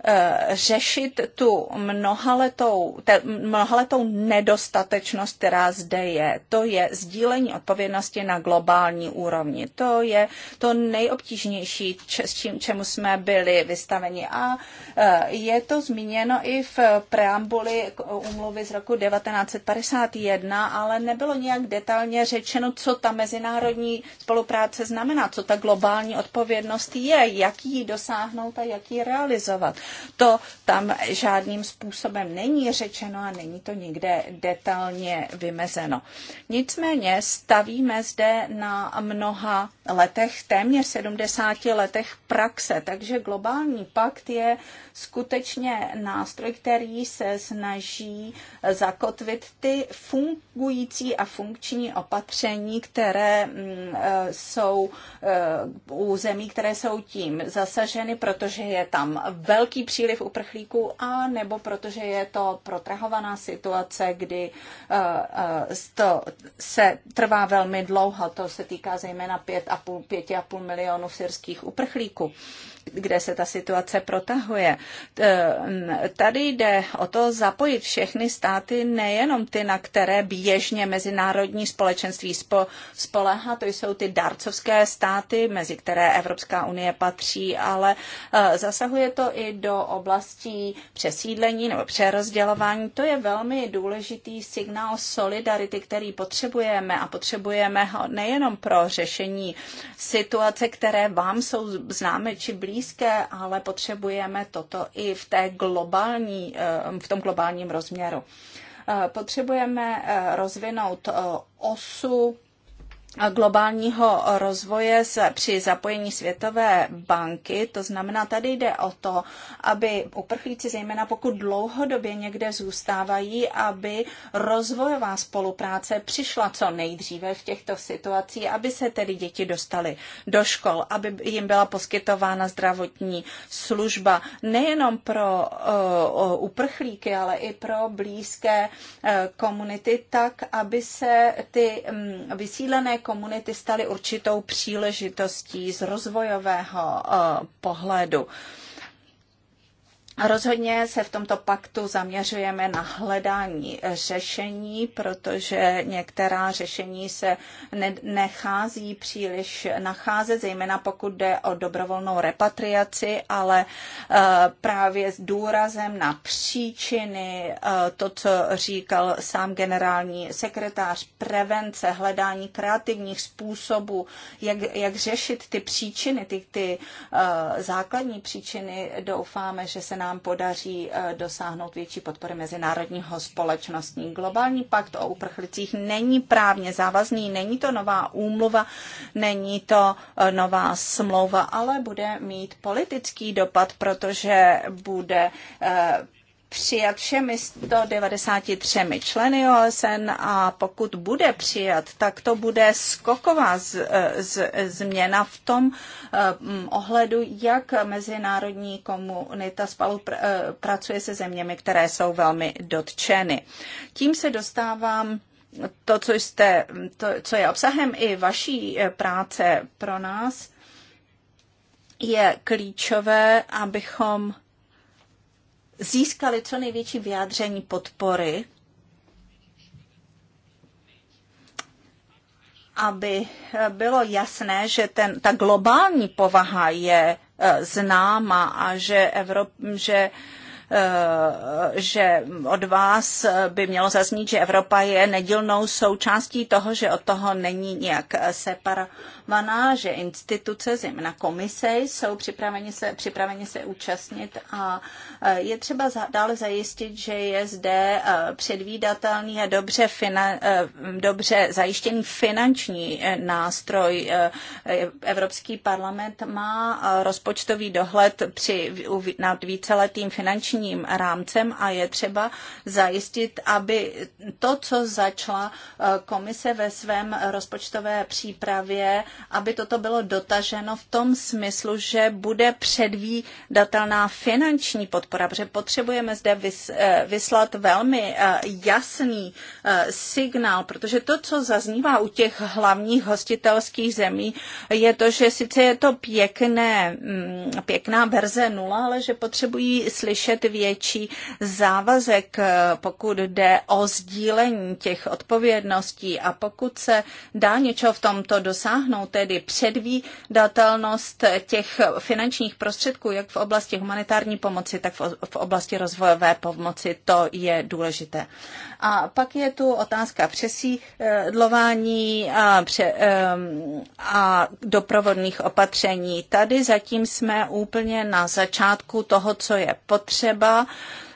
S1: Eh, řešit tu mnohaletou, te, mnohaletou nedostatečnost, která zde je. To je sdílení odpovědnosti na globální úrovni. To je to nejobtížnější, s čím, čemu jsme byli vystaveni. A eh, je to zmíněno i v preambuli umluvy z roku 1951, ale nebylo nějak detailně řečeno, co ta mezinárodní spolupráce znamená, co ta globální odpovědnost je, jak ji dosáhnout a jak ji realizovat. To tam žádným způsobem není řečeno a není to nikde detailně vymezeno. Nicméně stavíme zde na mnoha letech, téměř 70 letech praxe, takže globální pakt je skutečně nástroj, který se snaží zakotvit ty fungující a funkční opatření, které mm, e, jsou e, u zemí, které jsou tím zasaženy, protože je tam velký velký příliv uprchlíků a nebo protože je to protrahovaná situace, kdy eh, eh, to se trvá velmi dlouho. To se týká zejména 5,5, 5,5 milionů syrských uprchlíků kde se ta situace protahuje. Eh, tady jde o to zapojit všechny státy, nejenom ty, na které běžně mezinárodní společenství spo, spolehá, to jsou ty darcovské státy, mezi které Evropská unie patří, ale zasahuje to i do do oblastí přesídlení nebo přerozdělování. To je velmi důležitý signál solidarity, který potřebujeme a potřebujeme ho nejenom pro řešení situace, které vám jsou známe či blízké, ale potřebujeme toto i v, té globální, eh, v tom globálním rozměru. Eh, potřebujeme eh, rozvinout osu globálního rozvoje při zapojení Světové banky. To znamená, tady jde o to, aby uprchlíci, zejména pokud dlouhodobě někde zůstávají, aby rozvojová spolupráce přišla co nejdříve v těchto situacích, aby se tedy děti dostaly do škol, aby jim byla poskytována zdravotní služba nejenom pro eh, uprchlíky, ale i pro blízké eh, komunity, tak, aby se ty mm, vysílené komunity staly určitou příležitostí z rozvojového eh, pohledu. Rozhodně se v tomto paktu zaměřujeme na hledání řešení, protože některá řešení se nechází příliš nacházet, zejména pokud jde o dobrovolnou repatriaci, ale eh, právě s důrazem na příčiny, eh, to, co říkal sám generální sekretář, prevence, hledání kreativních způsobů, jak, jak řešit ty příčiny, ty, ty eh, základní příčiny, doufáme, že se nám podaří eh, dosáhnout větší podpory mezinárodního společnostní. Globální pakt o uprchlicích není právně závazný, není to nová úmluva, není to eh, nová smlouva, ale bude mít politický dopad, protože bude eh, přijat všemi 193 členy OSN a pokud bude přijat, tak to bude skoková z, z, změna v tom um, ohledu, jak mezinárodní komunita spolupracuje eh, se zeměmi, které jsou velmi dotčeny. Tím se dostávám to, co, jste, to, co je obsahem i vaší eh, práce pro nás, je klíčové, abychom získali co největší vyjádření podpory, aby eh, bylo jasné, že ten, ta globální povaha je eh, známa a že, Evrop, že eh, že od vás by mělo zaznít, že Evropa je nedílnou součástí toho, že od toho není nějak separovaná, že instituce, zejména komise, jsou připraveni se, připraveni se účastnit a Eh, je třeba dále zajistit, že je zde eh, předvídatelný a dobře, finan, eh, dobře zajištěný finanční nástroj. Evropský parlament má rozpočtový dohled při, nad víceletým finančním rámcem a je třeba zajistit, aby to, co začala komise ve svém rozpočtové přípravě, aby toto bylo dotaženo v tom smyslu, že bude předvídatelná finanční podpora podpora, protože potřebujeme zde eh, vyslat velmi eh, jasný eh, signál, protože to, co zaznívá u těch hlavních hostitelských zemí, je to, že sice je to pěkné, mm, pěkná verze nula, ale že potřebují slyšet větší závazek, pokud jde o sdílení těch odpovědností a pokud se dá něčeho v tomto dosáhnout, tedy předvídatelnost těch finančních prostředků, jak v oblasti humanitární pomoci, tak v v oblasti rozvojové pomoci, to je důležité. A pak je tu otázka přesídlování a, pře, a doprovodných opatření. Tady zatím jsme úplně na začátku toho, co je potřeba.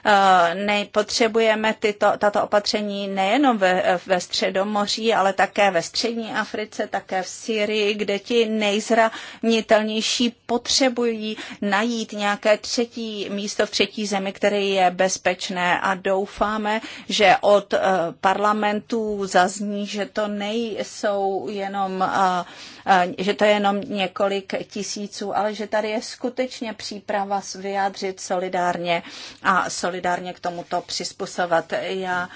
S1: Eh, nepotřebujeme tyto, tato opatření nejenom ve, ve Středomoří, ale také ve Střední Africe, také v Syrii, kde ti nejzranitelnější potřebují najít nějaké třetí místo v třetí zemi, které je bezpečné a doufáme, že od eh, parlamentů zazní, že to nejsou jenom uh, Eh, že to je jenom několik tisíců, ale že tady je skutečně příprava vyjádřit solidárně a solidárně k tomuto přizpůsobovat. Já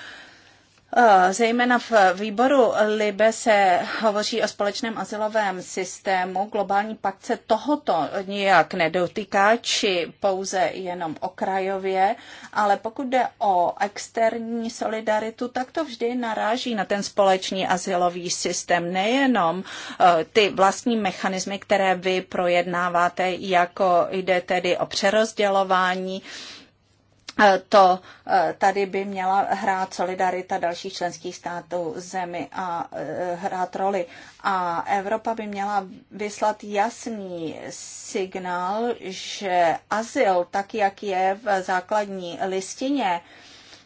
S1: Eh, zejména v výboru LIBE se hovoří o společném asilovém systému. Globální pakt se tohoto nijak nedotýká, či pouze jenom okrajově, ale pokud jde o externí solidaritu, tak to vždy naráží na ten společný asilový systém. Nejenom eh, ty vlastní mechanismy, které vy projednáváte, jako jde tedy o přerozdělování, E, to e, tady by měla hrát solidarita dalších členských států zemi a e, hrát roli. A Evropa by měla vyslat jasný signál, že azyl, tak jak je v základní listině,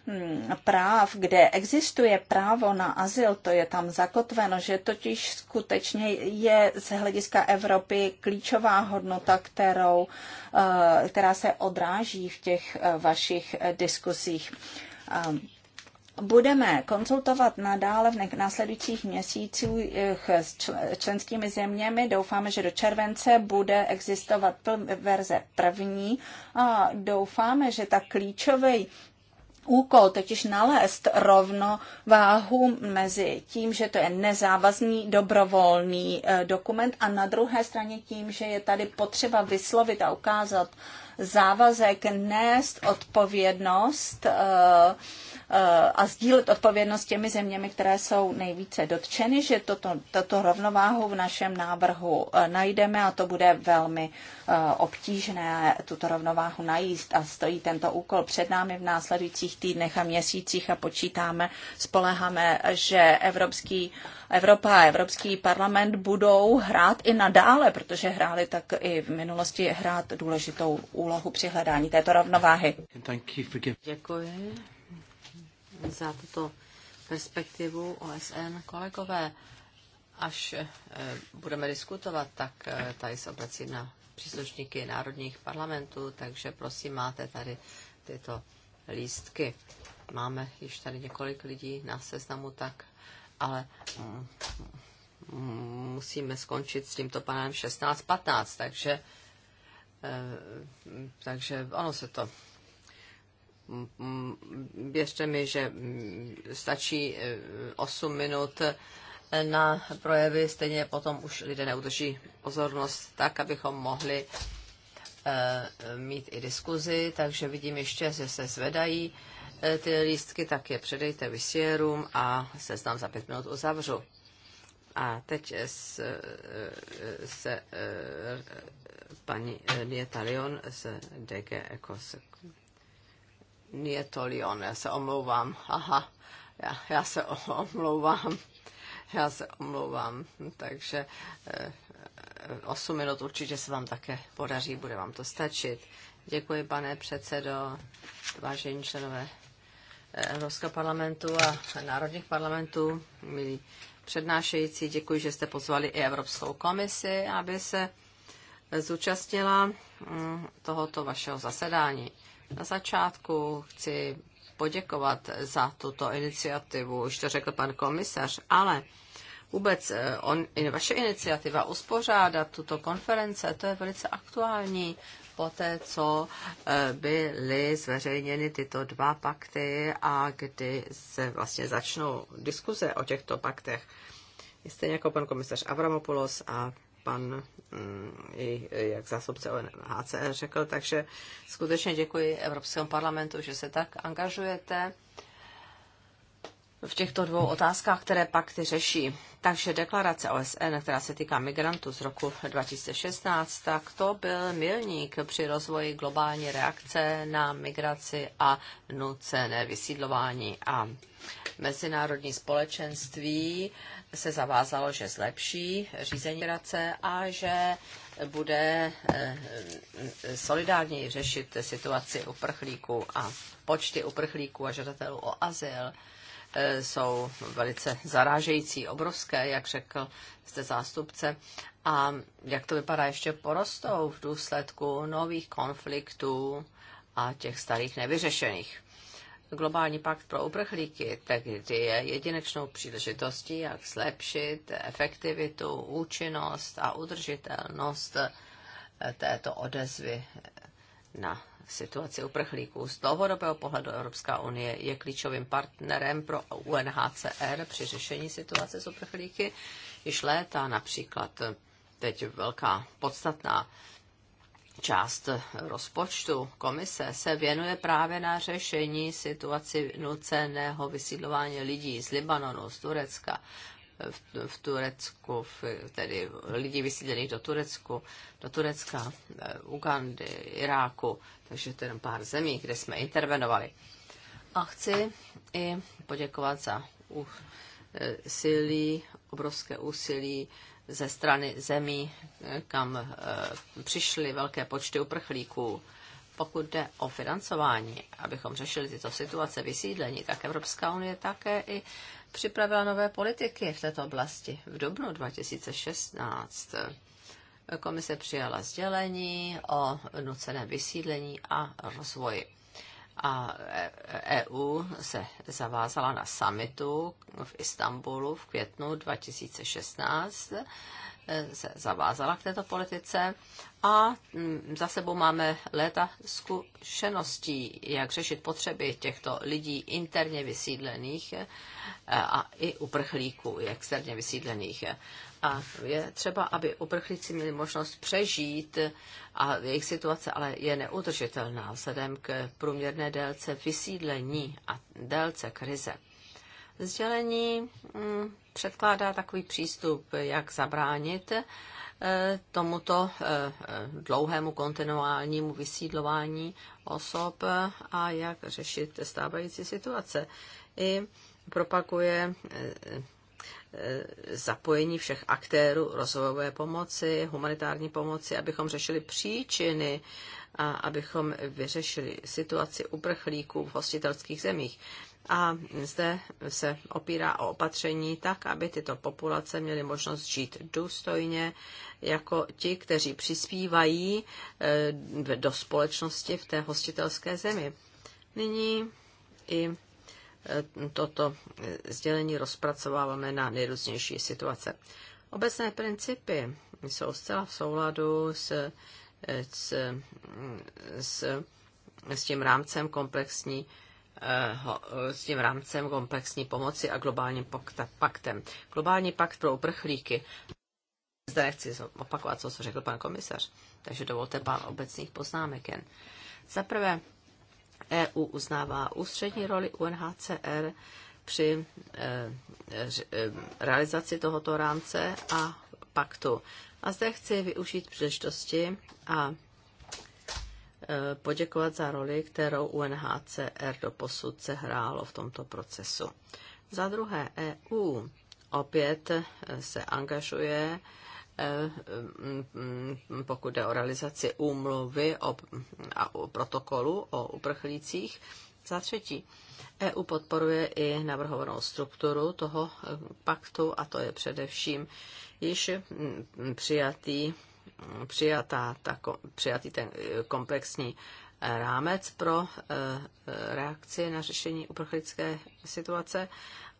S1: Hm, práv, kde existuje právo na azyl, to je tam zakotveno, že totiž skutečně je z hlediska Evropy klíčová hodnota, kterou, eh, která se odráží v těch eh, vašich diskusích. Ehm, budeme konzultovat nadále v následujících měsících eh, s členskými zeměmi. Doufáme, že do července bude existovat verze první a doufáme, že ta klíčový úkol, totiž nalézt rovnováhu mezi tím, že to je nezávazný dobrovolný eh, dokument a na druhé straně tím, že je tady potřeba vyslovit a ukázat závazek nést odpovědnost uh, a sdílet odpovědnost těmi zeměmi, které jsou nejvíce dotčeny, že toto, toto rovnováhu v našem návrhu e, najdeme a to bude velmi e, obtížné tuto rovnováhu najíst a stojí tento úkol před námi v následujících týdnech a měsících a počítáme, spoleháme, že Evropský Evropa a Evropský parlament budou hrát i nadále, protože hráli tak i v minulosti hrát důležitou úlohu při hledání této rovnováhy.
S3: Děkuji za tuto perspektivu OSN. Kolegové, až eh, budeme diskutovat, tak eh, tady se obracím na příslušníky národních parlamentů, takže prosím, máte tady tyto lístky. Máme již tady několik lidí na seznamu, tak ale mm, mm, musíme skončit s tímto panem 16.15, takže, eh, takže ono se to věřte mi, že stačí 8 eh, minut eh, na projevy, stejně potom už lidé neudrží pozornost tak, abychom mohli eh, mít i diskuzi, takže vidím ještě, že se zvedají ty lístky, tak je předejte vysierům a seznam za pět minut uzavřu. A teď se, se paní Lieta Leon z DG Ecosec. Nie to Lyon, já se omlouvám. Aha, já, já se omlouvám. Já se omlouvám, takže 8 eh, minut určitě se vám také podaří, bude vám to stačit. Děkuji, pane předsedo, vážení členové eh, Evropského parlamentu a národních parlamentů, milí přednášející, děkuji, že jste pozvali i Evropskou komisi, aby se zúčastnila mm, tohoto vašeho zasedání. Na začátku chci poděkovat za tuto iniciativu, už to řekl pan komisař, ale vůbec eh, on, vaše iniciativa uspořádat tuto konference, to je velice aktuální po té, co eh, byly zveřejněny tyto dva pakty a kdy se vlastně začnou diskuze o těchto paktech. Stejně jako pan komisař Avramopoulos a pan mm, i jak zásobce HCR řekl, takže skutečně děkuji Evropskému parlamentu, že se tak angažujete v těchto dvou otázkách, které pak ty řeší. Takže deklarace OSN, která se týká migrantů z roku 2016, tak to byl milník při rozvoji globální reakce na migraci a nucené vysídlování a mezinárodní společenství se zavázalo, že zlepší řízení operace a že bude eh, solidárněji řešit situaci uprchlíků a počty uprchlíků a žadatelů o azyl eh, jsou velice zarážející, obrovské, jak řekl jste zástupce. A jak to vypadá, ještě porostou v důsledku nových konfliktů a těch starých nevyřešených globální pakt pro uprchlíky, tehdy je jedinečnou příležitostí, jak zlepšit efektivitu, účinnost a udržitelnost eh, této odezvy eh, na situaci uprchlíků. Z dlouhodobého pohledu Evropská unie je klíčovým partnerem pro UNHCR při řešení situace s uprchlíky již léta, například eh, teď velká podstatná část rozpočtu komise se věnuje právě na řešení situaci nuceného vysídlování lidí z Libanonu, z Turecka, v, v Turecku, v, tedy lidí vysídlených do Turecku, do Turecka, eh, Ugandy, Iráku, takže to jenom pár zemí, kde jsme intervenovali. A chci i poděkovat za úsilí, eh, obrovské úsilí ze strany zemí, kam eh, přišly velké počty uprchlíků. Pokud jde o financování, abychom řešili tyto situace vysídlení, tak Evropská unie také i připravila nové politiky v této oblasti. V dubnu 2016 eh, komise přijala sdělení o nuceném vysídlení a rozvoji. A EU se zavázala na summitu v Istanbulu v květnu 2016, e, se zavázala k této politice a mm, za sebou máme léta zkušeností, jak řešit potřeby těchto lidí interně vysídlených e, a i uprchlíků externě vysídlených. A je třeba, aby uprchlíci měli možnost přežít a jejich situace ale je neudržitelná vzhledem k průměrné délce vysídlení a délce krize. Sdělení mm, předkládá takový přístup, jak zabránit eh, tomuto eh, dlouhému kontinuálnímu vysídlování osob a jak řešit stávající situace. I propaguje eh, Eh, zapojení všech aktérů rozvojové pomoci, humanitární pomoci, abychom řešili příčiny a abychom vyřešili situaci uprchlíků v hostitelských zemích. A zde se opírá o opatření tak, aby tyto populace měly možnost žít důstojně jako ti, kteří přispívají eh, do společnosti v té hostitelské zemi. Nyní i Eh, toto eh, sdělení rozpracováváme na nejrůznější situace. Obecné principy jsou zcela v souladu s, eh, s, mm, s, s tím rámcem komplexní s tím rámcem komplexní pomoci a globálním paktem. Globální pakt pro uprchlíky. Zde nechci opakovat, co, co řekl pan komisař, takže dovolte pár obecných poznámek jen. Za prvé, EU uznává ústřední roli UNHCR při e, e, realizaci tohoto rámce a paktu. A zde chci využít příležitosti a e, poděkovat za roli, kterou UNHCR do posud se hrálo v tomto procesu. Za druhé, EU opět se angažuje Eh, mm, pokud jde o realizaci úmluvy o, a o protokolu o uprchlících. Za třetí, EU podporuje i navrhovanou strukturu toho eh, paktu, a to je především již mm, přijatý, mm, přijatá, ta, přijatý ten eh, komplexní rámec pro reakci na řešení uprchlické situace.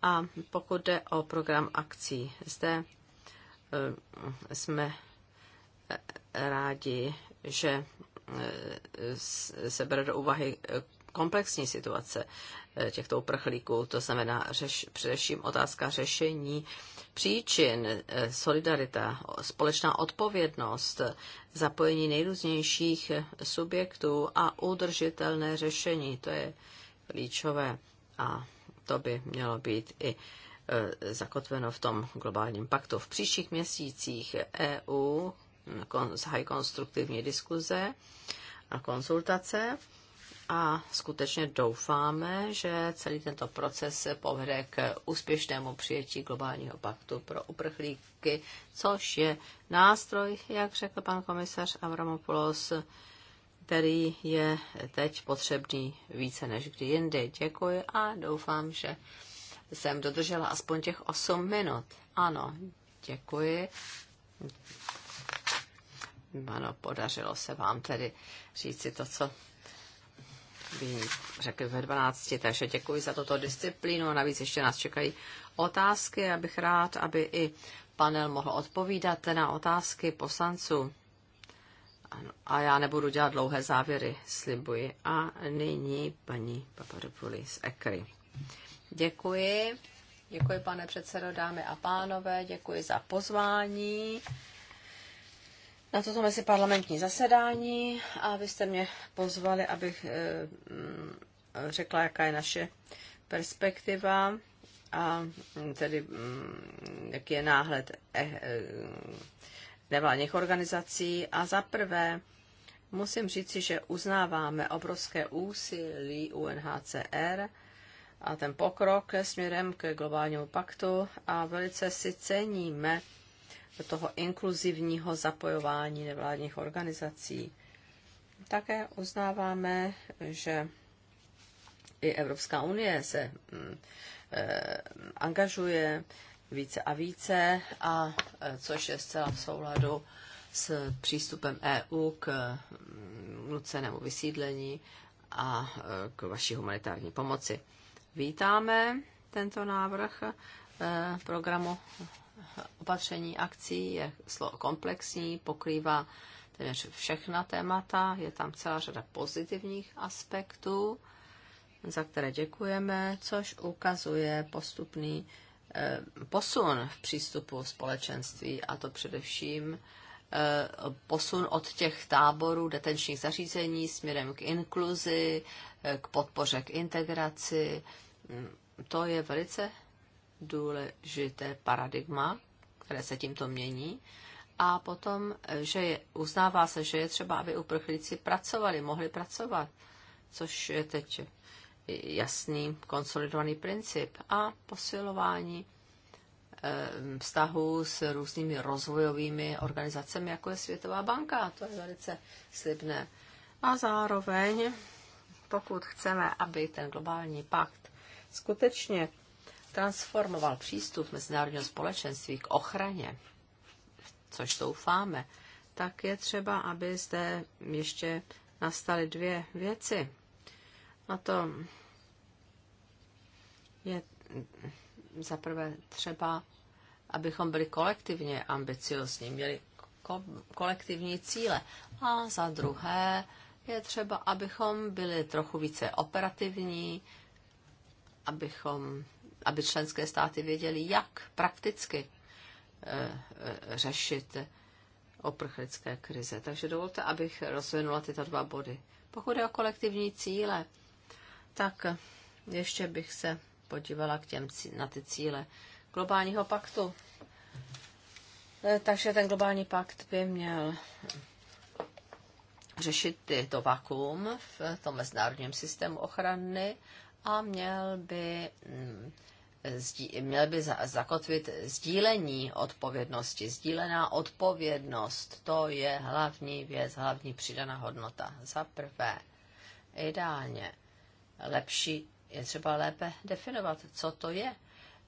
S3: A pokud jde o program akcí, zde Eh, jsme eh, rádi, že eh, se bere do úvahy komplexní situace těchto uprchlíků, to znamená řeš, především otázka řešení příčin, solidarita, společná odpovědnost, zapojení nejrůznějších subjektů a udržitelné řešení. To je klíčové a to by mělo být i Eh, zakotveno v tom globálním paktu. V příštích měsících EU mm, zahájí konstruktivní diskuze a konzultace a skutečně doufáme, že celý tento proces se povede k úspěšnému přijetí globálního paktu pro uprchlíky, což je nástroj, jak řekl pan komisař Avramopoulos, který je teď potřebný více než kdy jindy. Děkuji a doufám, že jsem dodržela aspoň těch 8 minut. Ano, děkuji. Ano, podařilo se vám tedy říci to, co by řekli ve 12, takže děkuji za toto disciplínu a navíc ještě nás čekají otázky. Já bych rád, aby i panel mohl odpovídat na otázky poslanců. a já nebudu dělat dlouhé závěry, slibuji. A nyní paní Papadopouli z Ekry. Děkuji. Děkuji, pane předsedo, dámy a pánové, děkuji za pozvání na toto parlamentní zasedání a vy jste mě pozvali, abych eh, mm, řekla, jaká je naše perspektiva a mm, tedy mm, jaký je náhled eh, eh, nevládních organizací. A za prvé musím říci, že uznáváme obrovské úsilí UNHCR, a ten pokrok směrem k globálnímu paktu a velice si ceníme toho inkluzivního zapojování nevládních organizací. Také uznáváme, že i Evropská unie se mm, eh, angažuje více a více, a eh, což je zcela v souladu s přístupem EU k mm, nucenému vysídlení a eh, k vaší humanitární pomoci vítáme tento návrh eh, programu eh, opatření akcí, je komplexní, pokrývá téměř všechna témata, je tam celá řada pozitivních aspektů, za které děkujeme, což ukazuje postupný eh, posun v přístupu společenství, a to především posun od těch táborů detenčních zařízení směrem k inkluzi, k podpoře k integraci, to je velice důležité paradigma, které se tímto mění. A potom, že je, uznává se, že je třeba, aby uprchlíci pracovali, mohli pracovat, což je teď jasný konsolidovaný princip a posilování eh, vztahu s různými rozvojovými organizacemi, jako je Světová banka. To je velice slibné. A zároveň, pokud chceme, aby ten globální pakt skutečně transformoval přístup mezinárodního společenství k ochraně, což doufáme, tak je třeba, aby zde ještě nastaly dvě věci. A to je zaprvé třeba, abychom byli kolektivně ambiciozní, měli ko- kolektivní cíle. A za druhé je třeba, abychom byli trochu více operativní, abychom, aby členské státy věděly, jak prakticky eh, eh, řešit oprchlické krize. Takže dovolte, abych rozvinula tyto dva body. Pokud je o kolektivní cíle, tak ještě bych se podívala k těm, na ty cíle globálního paktu. Eh, takže ten globální pakt by měl řešit to vakuum v tom mezinárodním systému ochrany a měl by, mm, měl by zakotvit sdílení odpovědnosti. Sdílená odpovědnost, to je hlavní věc, hlavní přidaná hodnota. Za prvé, ideálně lepší, je třeba lépe definovat, co to je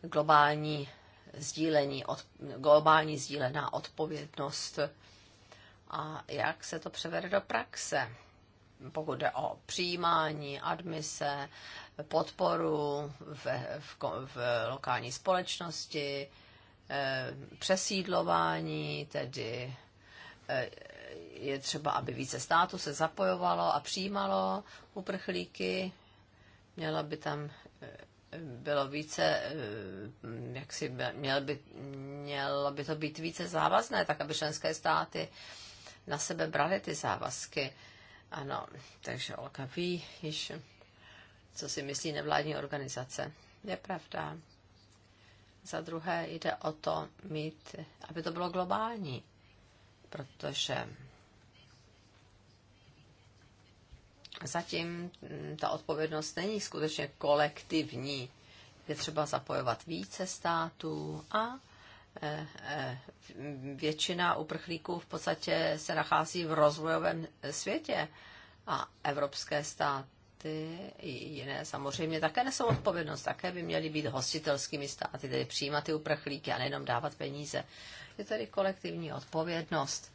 S3: globální sdílení, od, globální sdílená odpovědnost a jak se to převede do praxe pokud jde o přijímání, admise, podporu v, v, v lokální společnosti, eh, přesídlování, tedy eh, je třeba, aby více států se zapojovalo a přijímalo uprchlíky. Měla by tam eh, bylo více, jak si, měl by, mělo by to být více závazné, tak aby členské státy na sebe brali ty závazky. Ano, takže Olka ví již, co si myslí nevládní organizace. Je pravda. Za druhé jde o to mít, aby to bylo globální, protože zatím ta odpovědnost není skutečně kolektivní. Je třeba zapojovat více států a Eh, eh, většina uprchlíků v podstatě se nachází v rozvojovém světě a evropské státy i jiné samozřejmě také nesou odpovědnost, také by měly být hostitelskými státy, tedy přijímat ty uprchlíky a nejenom dávat peníze. Je tedy kolektivní odpovědnost,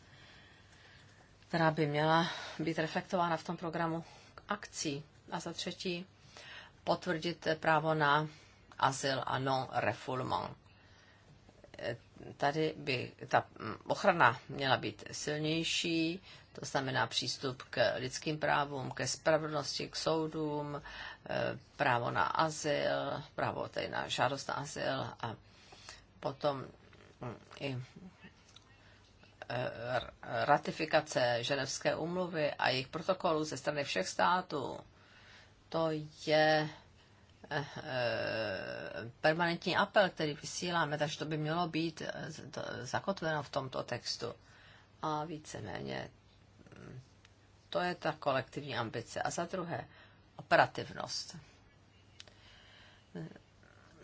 S3: která by měla být reflektována v tom programu akcí. A za třetí, potvrdit právo na azyl a non-refoulement tady by ta ochrana měla být silnější, to znamená přístup k lidským právům, ke spravedlnosti, k soudům, e, právo na azyl, právo tedy na žádost na azyl a potom mm, i e, ratifikace ženevské úmluvy a jejich protokolů ze strany všech států. To je Eh, permanentní apel, který vysíláme, takže to by mělo být eh, zakotveno v tomto textu. A víceméně mm, to je ta kolektivní ambice. A za druhé, operativnost.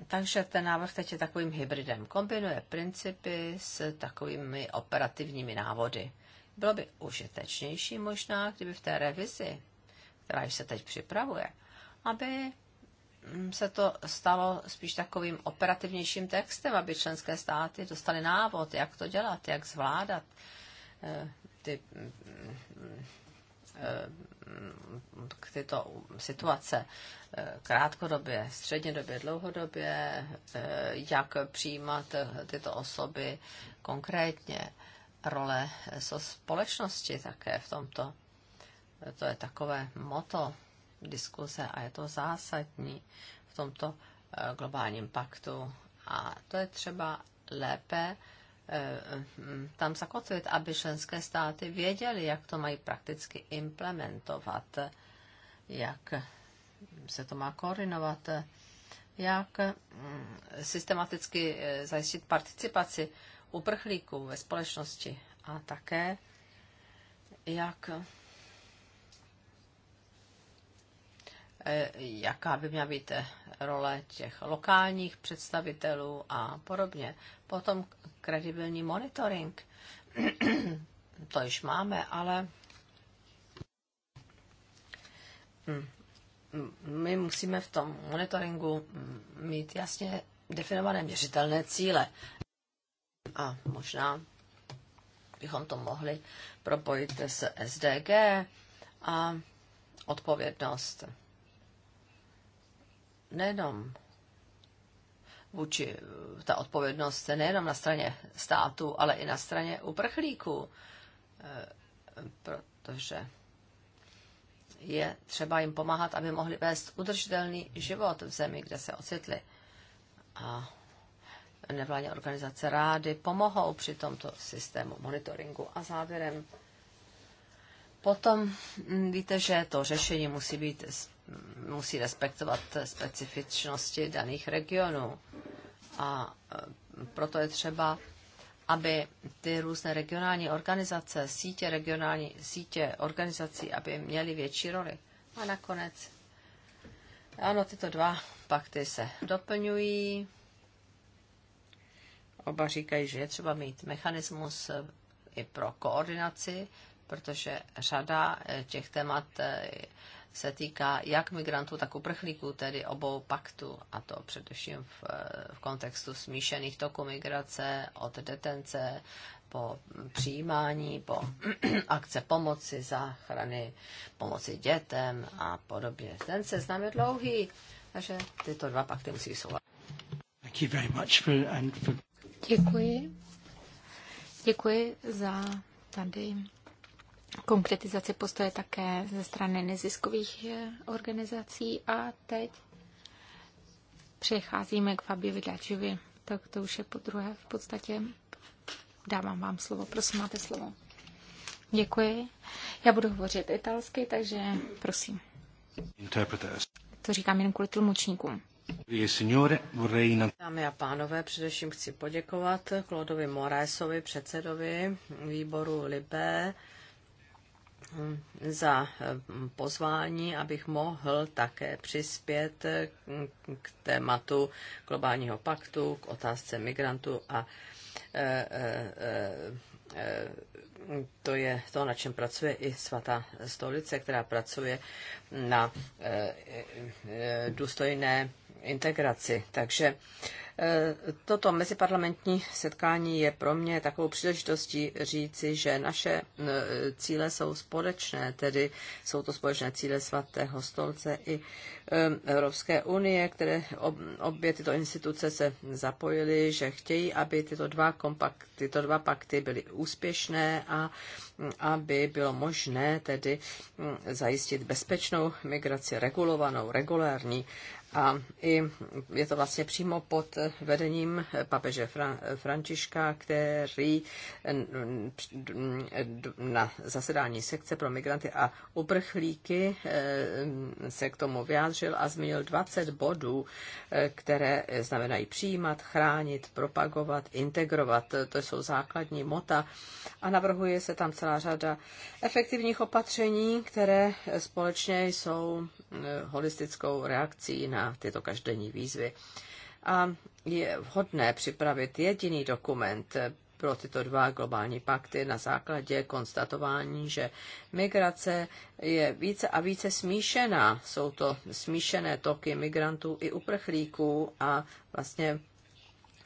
S3: Takže ten návrh teď je takovým hybridem. Kombinuje principy s takovými operativními návody. Bylo by užitečnější možná, kdyby v té revizi, která se teď připravuje, aby se to stalo spíš takovým operativnějším textem, aby členské státy dostaly návod, jak to dělat, jak zvládat eh, ty, eh, eh, tyto situace krátkodobě, střednědobě, dlouhodobě, jak přijímat tyto osoby konkrétně, role so společnosti také v tomto. To je takové moto diskuze a je to zásadní v tomto eh, globálním paktu. A to je třeba lépe eh, hm, tam zakotvit, aby členské státy věděly, jak to mají prakticky implementovat, jak se to má koordinovat, jak hm, systematicky eh, zajistit participaci uprchlíků ve společnosti a také jak E, jaká by měla být role těch lokálních představitelů a podobně. Potom kredibilní monitoring. *clears throat* to již máme, ale mm, mm, my musíme v tom monitoringu mít jasně definované měřitelné cíle. A možná bychom to mohli propojit s SDG a odpovědnost nejenom vůči ta odpovědnost nejenom na straně státu, ale i na straně uprchlíků, eh, protože je třeba jim pomáhat, aby mohli vést udržitelný život v zemi, kde se ocitli. A nevládní organizace rády pomohou při tomto systému monitoringu. A závěrem potom mm, víte, že to řešení musí, být, mm, musí respektovat specifičnosti daných regionů. A e, proto je třeba, aby ty různé regionální organizace, sítě, regionální, sítě organizací, aby měly větší roli. A nakonec, ano, tyto dva pakty se doplňují. Oba říkají, že je třeba mít mechanismus i pro koordinaci protože řada eh, těch témat eh, se týká jak migrantů, tak uprchlíků, tedy obou paktů, a to především v, eh, v kontextu smíšených toků migrace od detence po přijímání, po *clears throat* akce pomoci, záchrany, pomoci dětem a podobně. Ten seznam je dlouhý, takže tyto dva pakty musí souhlasit.
S2: Děkuji. Děkuji za tady konkretizaci postoje také ze strany neziskových eh, organizací a teď přecházíme k Fabiovi Vidačovi. Tak to už je po druhé v podstatě. Dávám vám slovo, prosím, máte slovo. Děkuji. Já budu hovořit italsky, takže prosím. To říkám jen kvůli tlumočníkům.
S3: Dámy a pánové, především chci poděkovat Klodovi Moresovi, předsedovi výboru Libé, za eh, pozvání, abych mohl také přispět k tématu globálního paktu, k otázce migrantů a eh, eh, to je to, na čem pracuje i svatá stolice, která pracuje na důstojné integraci. Takže Toto meziparlamentní setkání je pro mě takovou příležitostí říci, že naše e, cíle jsou společné, tedy jsou to společné cíle svatého stolce i e, Evropské unie, které obě tyto instituce se zapojily, že chtějí, aby tyto dva, kompakt, tyto dva pakty byly úspěšné a aby bylo možné tedy zajistit bezpečnou migraci regulovanou, regulární. A i je to vlastně přímo pod vedením papeže Františka, který na zasedání sekce pro migranty a uprchlíky e, se k tomu vyjádřil a zmínil 20 bodů, e, které znamenají přijímat, chránit, propagovat, integrovat. To jsou základní mota. A navrhuje se tam celá řada efektivních opatření, které společně jsou e, holistickou reakcí na na tyto každodenní výzvy. A je vhodné připravit jediný dokument pro tyto dva globální pakty na základě konstatování, že migrace je více a více smíšená. Jsou to smíšené toky migrantů i uprchlíků a vlastně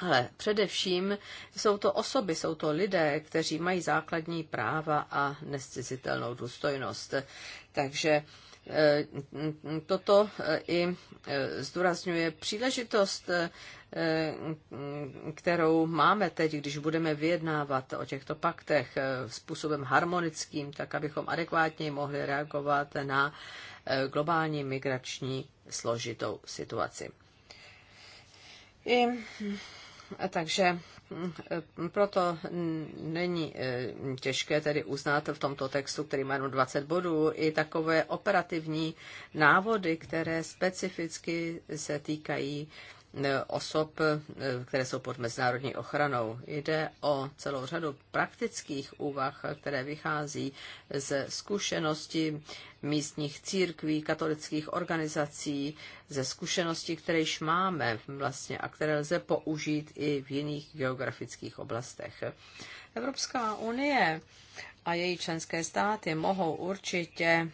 S3: ale především jsou to osoby, jsou to lidé, kteří mají základní práva a nescizitelnou důstojnost. Takže Eh, toto eh, i eh, zdůrazňuje příležitost, kterou máme teď, když budeme vyjednávat o těchto paktech způsobem harmonickým, tak abychom adekvátně mohli reagovat na globální migrační složitou situaci. I, takže Hm, eh, proto není eh, těžké tedy uznat v tomto textu, který má jenom 20 bodů, i takové operativní návody, které specificky se týkají osob, eh, které jsou pod mezinárodní ochranou. Jde o celou řadu praktických úvah, které vychází ze zkušenosti místních církví, katolických organizací, ze zkušenosti, které již máme vlastně a které lze použít i v jiných geografických oblastech. Evropská unie a její členské státy mohou určitě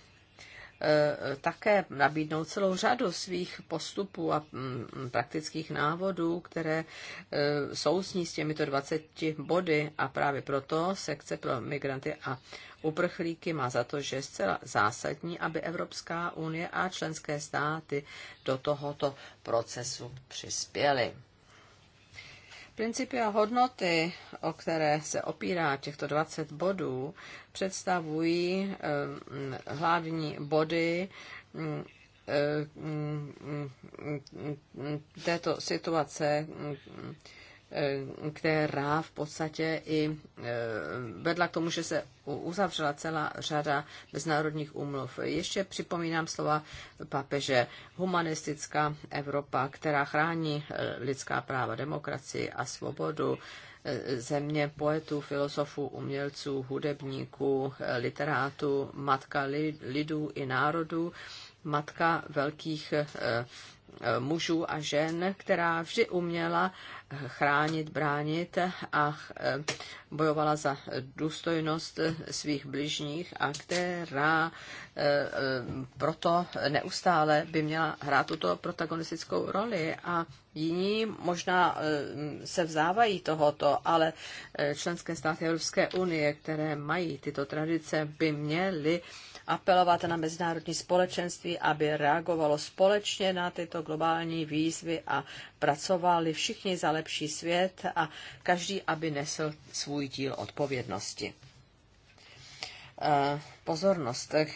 S3: Eh, také nabídnout celou řadu svých postupů a mm, praktických návodů, které eh, souzní s těmito 20 body a právě proto sekce pro migranty a uprchlíky má za to, že je zcela zásadní, aby Evropská unie a členské státy do tohoto procesu přispěly. Principy a hodnoty, o které se opírá těchto 20 bodů, představují eh, hlavní body eh, mm, mm, mm, této situace, Eh, která v podstatě i eh, vedla k tomu, že se uzavřela celá řada mezinárodních úmluv. Ještě připomínám slova papeže humanistická Evropa, která chrání eh, lidská práva, demokracii a svobodu, země poetů, filozofů, umělců, hudebníků, literátů, matka lidů i národů, matka velkých mužů a žen, která vždy uměla chránit, bránit a eh, bojovala za důstojnost svých bližních a která eh, eh, proto neustále by měla hrát tuto protagonistickou roli a jiní možná se vzávají tohoto, ale členské státy Evropské unie, které mají tyto tradice, by měly apelovat na mezinárodní společenství, aby reagovalo společně na tyto globální výzvy a pracovali všichni za lepší svět a každý, aby nesl svůj díl odpovědnosti eh, pozornost, eh,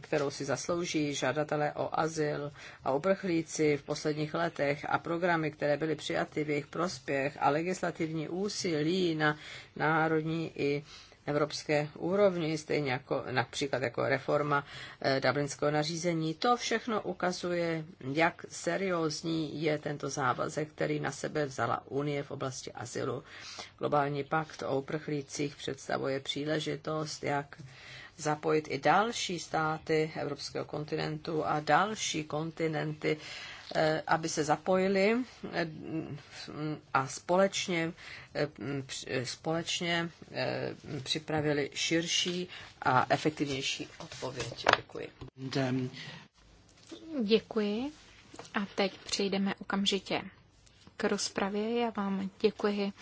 S3: kterou si zaslouží žadatelé o azyl a uprchlíci v posledních letech a programy, které byly přijaty v jejich prospěch a legislativní úsilí na národní i evropské úrovni, stejně jako například jako reforma eh, dublinského nařízení. To všechno ukazuje, jak seriózní je tento závazek, který na sebe vzala Unie v oblasti asilu. Globální pakt o uprchlících představuje příležitost, jak zapojit i další státy evropského kontinentu a další kontinenty Eh, aby se zapojili eh, a společně, eh, společně připravili širší a efektivnější odpověď. Děkuji. Um,
S2: děkuji. A teď přejdeme okamžitě k rozpravě. Já vám děkuji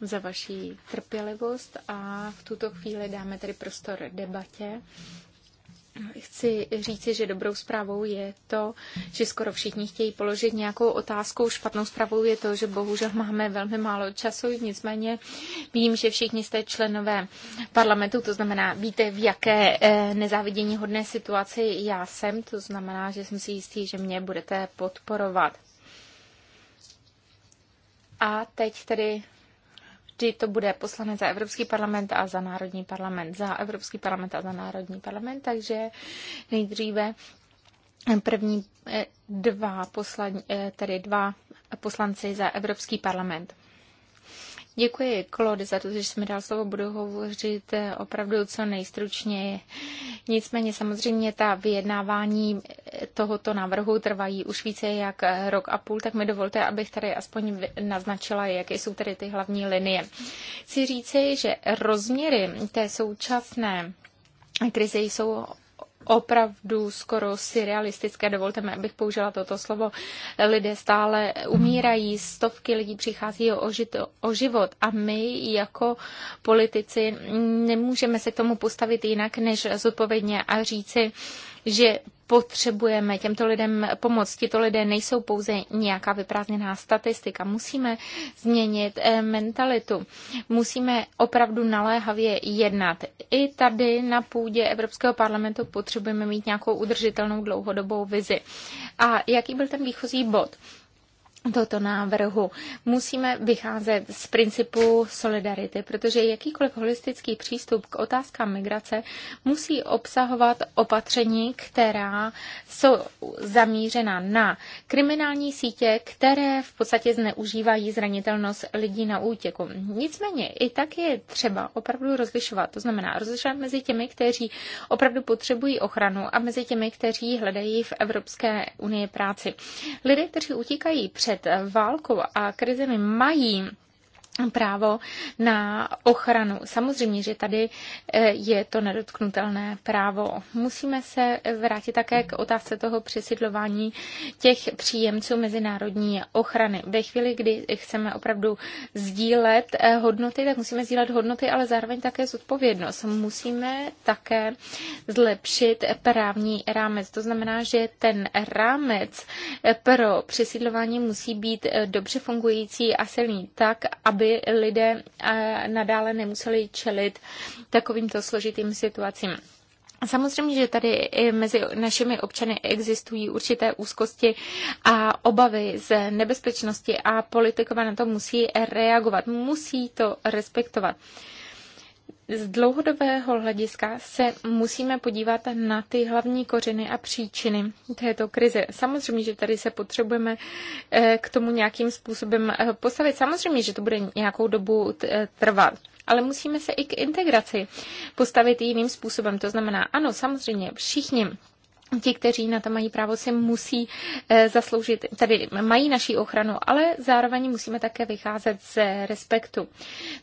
S2: za vaši trpělivost a v tuto chvíli dáme tedy prostor debatě. Chci říci, že dobrou zprávou je to, že skoro všichni chtějí položit nějakou otázku. Špatnou zprávou je to, že bohužel máme velmi málo času, nicméně vím, že všichni jste členové parlamentu, to znamená, víte, v jaké eh, nezávidění hodné situaci já jsem, to znamená, že jsem si jistý, že mě budete podporovat. A teď tedy vždy to bude poslanec za Evropský parlament a za Národní parlament, za Evropský parlament a za Národní parlament, takže nejdříve první eh, dva, poslan, eh, tedy dva poslanci za Evropský parlament. Děkuji, Klody, za to, že jsi mi dal slovo. Budu hovořit eh, opravdu co nejstručněji. Nicméně samozřejmě ta vyjednávání eh, tohoto návrhu trvají už více jak eh, rok a půl, tak mi dovolte, abych tady aspoň naznačila, jaké jsou tady ty hlavní linie. Chci říci, že rozměry té současné krize jsou opravdu skoro surrealistické, dovolte mi, abych použila toto slovo. Lidé stále umírají, stovky lidí přichází o, žit, o život a my jako politici nemůžeme se k tomu postavit jinak, než zodpovědně a říci, že potřebujeme těmto lidem pomoct. Tito lidé nejsou pouze nějaká vyprázdněná statistika. Musíme změnit eh, mentalitu. Musíme opravdu naléhavě jednat. I tady na půdě Evropského parlamentu potřebujeme mít nějakou udržitelnou dlouhodobou vizi. A jaký byl ten výchozí bod? tohoto návrhu. Musíme vycházet z principu solidarity, protože jakýkoliv holistický přístup k otázkám migrace musí obsahovat opatření, která jsou zamířena na kriminální sítě, které v podstatě zneužívají zranitelnost lidí na útěku. Nicméně i tak je třeba opravdu rozlišovat. To znamená rozlišovat mezi těmi, kteří opravdu potřebují ochranu a mezi těmi, kteří hledají v Evropské unii práci. Lidé, kteří utíkají před před válkou a krizemi mají právo na ochranu. Samozřejmě, že tady eh, je to nedotknutelné právo. Musíme se vrátit také k otázce toho přesidlování těch příjemců mezinárodní ochrany. Ve chvíli, kdy chceme opravdu sdílet eh, hodnoty, tak musíme sdílet hodnoty, ale zároveň také zodpovědnost. Musíme také zlepšit právní rámec. To znamená, že ten rámec eh, pro přesídlování musí být dobře fungující a silný tak, aby lidé nadále nemuseli čelit takovýmto složitým situacím. Samozřejmě, že tady i mezi našimi občany existují určité úzkosti a obavy z nebezpečnosti a politikové na to musí reagovat, musí to respektovat z dlouhodobého hlediska se musíme podívat na ty hlavní kořeny a příčiny této krize. Samozřejmě, že tady se potřebujeme eh, k tomu nějakým způsobem eh, postavit. Samozřejmě, že to bude nějakou dobu eh, trvat. Ale musíme se i k integraci postavit jiným způsobem. To znamená, ano, samozřejmě, všichni ti, kteří na to mají právo, si musí eh, zasloužit, tedy mají naší ochranu, ale zároveň musíme také vycházet z respektu.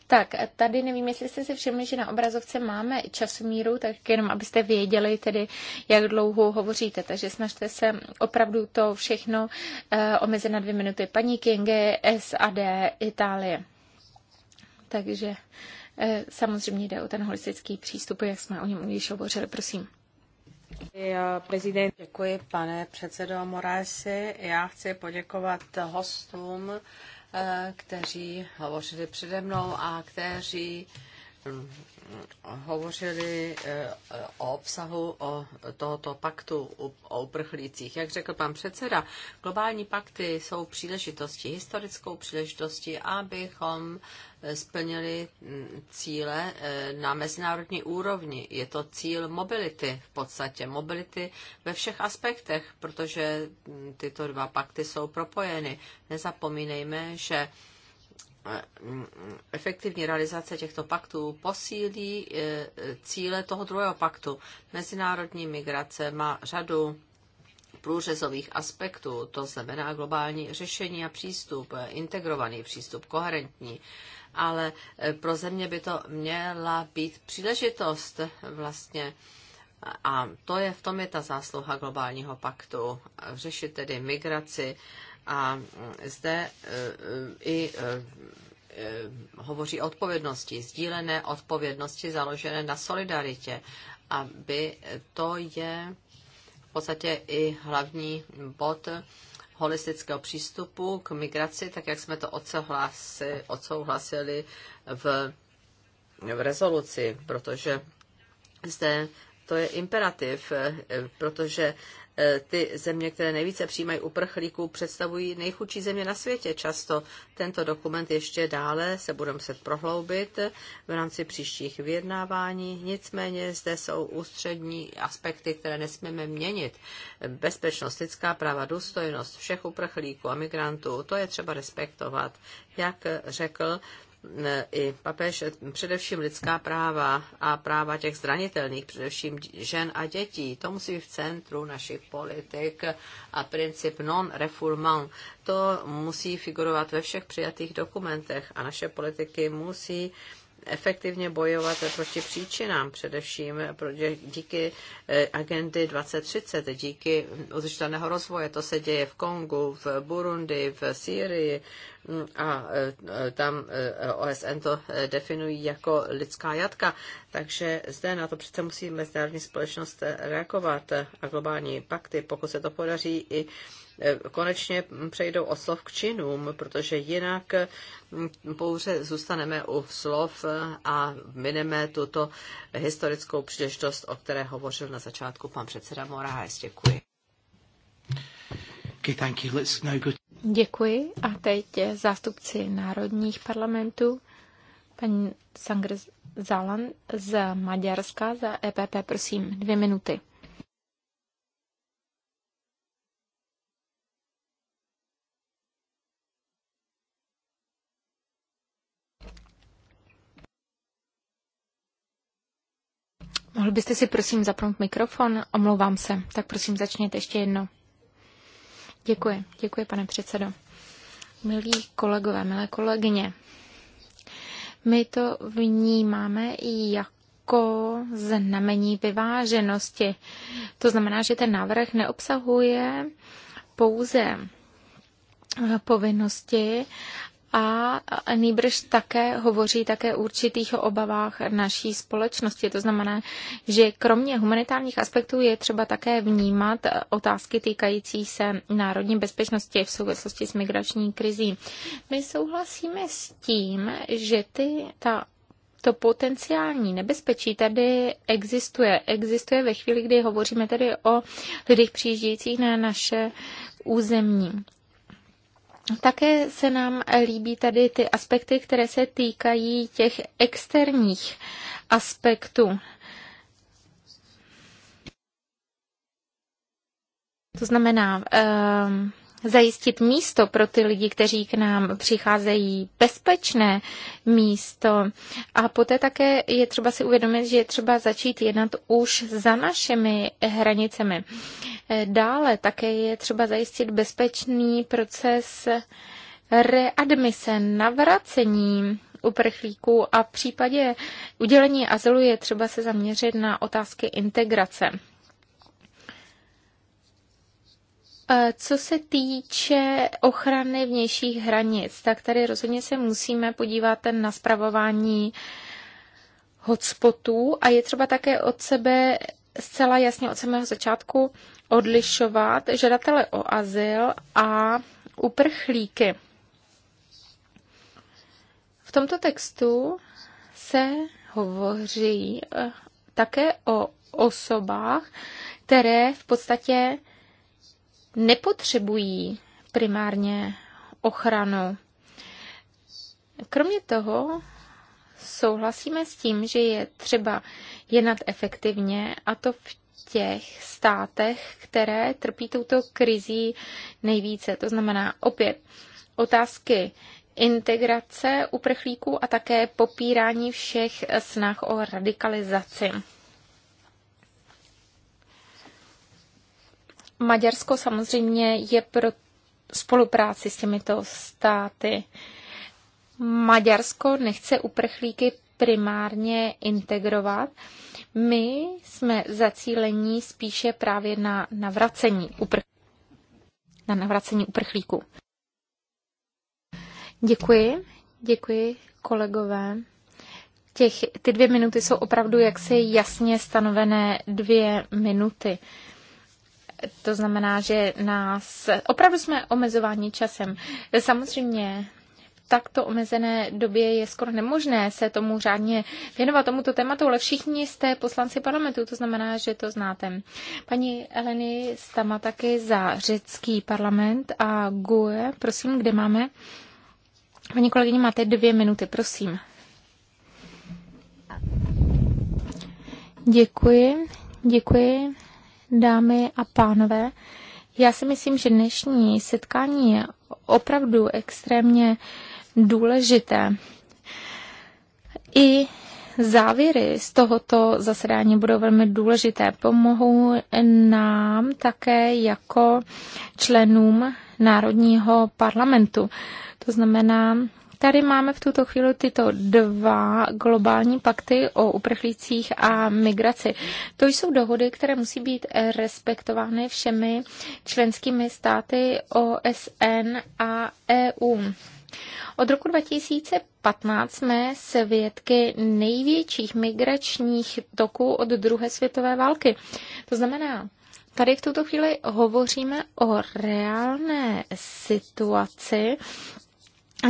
S2: Tak, tady nevím, jestli jste si všimli, že na obrazovce máme časomíru, tak jenom abyste věděli tedy, jak dlouho hovoříte, takže snažte se opravdu to všechno eh, omezit na dvě minuty. Paní Kienge, SAD, Itálie. Takže eh, samozřejmě jde o ten holistický přístup, jak jsme o něm již hovořili, prosím.
S3: Děkuji, pane předsedo Moraesi. Já chci poděkovat hostům, eh, kteří hovořili přede mnou a kteří hovořili eh, o obsahu o tohoto paktu o uprchlících. Jak řekl pan předseda, globální pakty jsou příležitosti, historickou příležitosti, abychom eh, splnili mm, cíle eh, na mezinárodní úrovni. Je to cíl mobility v podstatě, mobility ve všech aspektech, protože mm, tyto dva pakty jsou propojeny. Nezapomínejme, že Mm, efektivní realizace těchto paktů posílí e, cíle toho druhého paktu. Mezinárodní migrace má řadu průřezových aspektů, to znamená globální řešení a přístup, e, integrovaný přístup, koherentní, ale e, pro země by to měla být příležitost vlastně a to je, v tom je ta zásluha globálního paktu. Řešit tedy migraci a zde eh, i eh, hovoří o odpovědnosti, sdílené odpovědnosti založené na solidaritě, aby to je v podstatě i hlavní bod holistického přístupu k migraci, tak jak jsme to odsouhlasili, v, v rezoluci, protože zde to je imperativ, eh, protože Eh, ty země, které nejvíce přijímají uprchlíků, představují nejchudší země na světě. Často tento dokument ještě dále se bude muset prohloubit v rámci příštích vyjednávání. Nicméně zde jsou ústřední aspekty, které nesmíme měnit. Bezpečnost, lidská práva, důstojnost všech uprchlíků a migrantů, to je třeba respektovat. Jak řekl E, i papež především lidská práva a práva těch zranitelných, především žen a dětí. To musí být v centru našich politik a princip non-refoulement. To musí figurovat ve všech přijatých dokumentech a naše politiky musí uh, efektivně bojovat proti příčinám, především díky eh, agendy 2030, díky udržitelného rozvoje. To se děje v Kongu, v Burundi, v Sýrii mm, a eh, eh, tam OSN to definují jako lidská jatka. Takže zde na to přece musí mezinárodní společnost reagovat a globální pakty, pokud se to podaří i Eh, konečně přejdou od slov k činům, protože jinak mm, pouze zůstaneme u slov eh, a mineme tuto historickou příležitost, o které hovořil na začátku pan předseda Moraes. Děkuji.
S2: Okay, thank you. Let's now go... Děkuji. A teď zástupci národních parlamentů. Paní Sangr Zalan z Maďarska za EPP, prosím, dvě minuty. Mohl byste si prosím zapnout mikrofon? Omlouvám se. Tak prosím začněte ještě jedno. Děkuji, děkuji pane předsedo. Milí kolegové, milé kolegyně, my to vnímáme jako jako znamení vyváženosti. To znamená, že ten návrh neobsahuje pouze povinnosti, a Nýbrž také hovoří také o určitých obavách naší společnosti. To znamená, že kromě humanitárních aspektů je třeba také vnímat otázky týkající se národní bezpečnosti v souvislosti s migrační krizí. My souhlasíme s tím, že ty, ta to potenciální nebezpečí tady existuje. Existuje ve chvíli, kdy hovoříme tedy o lidech přijíždějících na naše území. Také se nám líbí tady ty aspekty, které se týkají těch externích aspektů. To znamená, um zajistit místo pro ty lidi, kteří k nám přicházejí, bezpečné místo. A poté také je třeba si uvědomit, že je třeba začít jednat už za našimi hranicemi. Dále také je třeba zajistit bezpečný proces readmise, navracení uprchlíků a v případě udělení azylu je třeba se zaměřit na otázky integrace. Eh, co se týče ochrany vnějších hranic, tak tady rozhodně se musíme podívat na zpravování hotspotů a je třeba také od sebe zcela jasně od samého začátku odlišovat žadatele o azyl a uprchlíky. V tomto textu se hovoří eh, také o osobách, které v podstatě nepotřebují primárně ochranu. Kromě toho souhlasíme s tím, že je třeba jednat efektivně a to v těch státech, které trpí touto krizí nejvíce. To znamená opět otázky integrace uprchlíků a také popírání všech snah o radikalizaci. Maďarsko samozřejmě je pro spolupráci s těmito státy. Maďarsko nechce uprchlíky primárně integrovat. My jsme zacílení spíše právě na navracení, upr- na navracení uprchlíků. Děkuji, děkuji kolegové. Těch, ty dvě minuty jsou opravdu jaksi jasně stanovené dvě minuty. To znamená, že nás opravdu jsme omezováni časem. Samozřejmě takto omezené době je skoro nemožné se tomu řádně věnovat tomuto tématu, ale všichni jste poslanci parlamentu, to znamená, že to znáte. Paní Eleny Stama taky za řecký parlament a GUE, prosím, kde máme? Paní kolegyně, máte dvě minuty, prosím. Děkuji, děkuji dámy a pánové. Já si myslím, že dnešní setkání je opravdu extrémně důležité. I závěry z tohoto zasedání budou velmi důležité. Pomohou nám také jako členům Národního parlamentu. To znamená, Tady máme v tuto chvíli tyto dva globální pakty o uprchlících a migraci. To jsou dohody, které musí být respektovány všemi členskými státy OSN a EU. Od roku 2015 jsme svědky největších migračních toků od druhé světové války. To znamená, tady v tuto chvíli hovoříme o reálné situaci,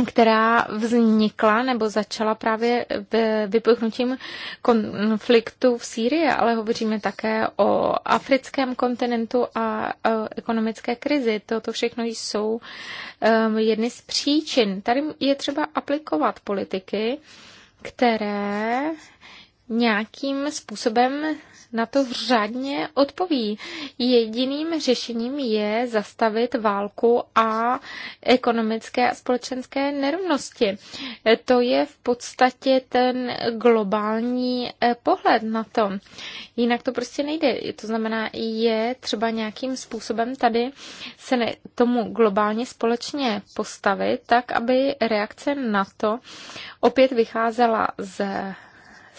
S2: která vznikla nebo začala právě vypuchnutím konfliktu v Sýrii, ale hovoříme také o africkém kontinentu a e, ekonomické krizi. Toto všechno jsou e, jedny z příčin. Tady je třeba aplikovat politiky, které nějakým způsobem na to řádně odpoví. Jediným řešením je zastavit válku a ekonomické a společenské nerovnosti. To je v podstatě ten globální eh, pohled na to. Jinak to prostě nejde. To znamená, je třeba nějakým způsobem tady se tomu globálně společně postavit, tak aby reakce na to opět vycházela z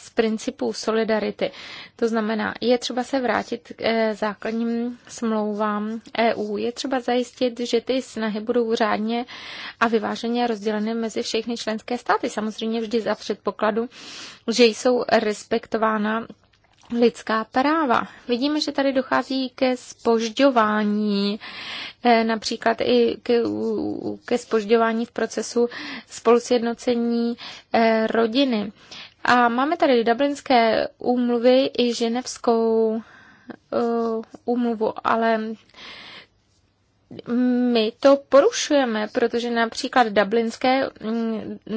S2: z principů solidarity. To znamená, je třeba se vrátit k eh, základním smlouvám EU. Je třeba zajistit, že ty snahy budou řádně a vyváženě rozděleny mezi všechny členské státy. Samozřejmě vždy za předpokladu, že jsou respektována lidská práva. Vidíme, že tady dochází ke spožďování, eh, například i ke, ke spožďování v procesu spolusjednocení eh, rodiny. A máme tady dublinské úmluvy i ženevskou eh, úmluvu, ale my to porušujeme, protože například dublinské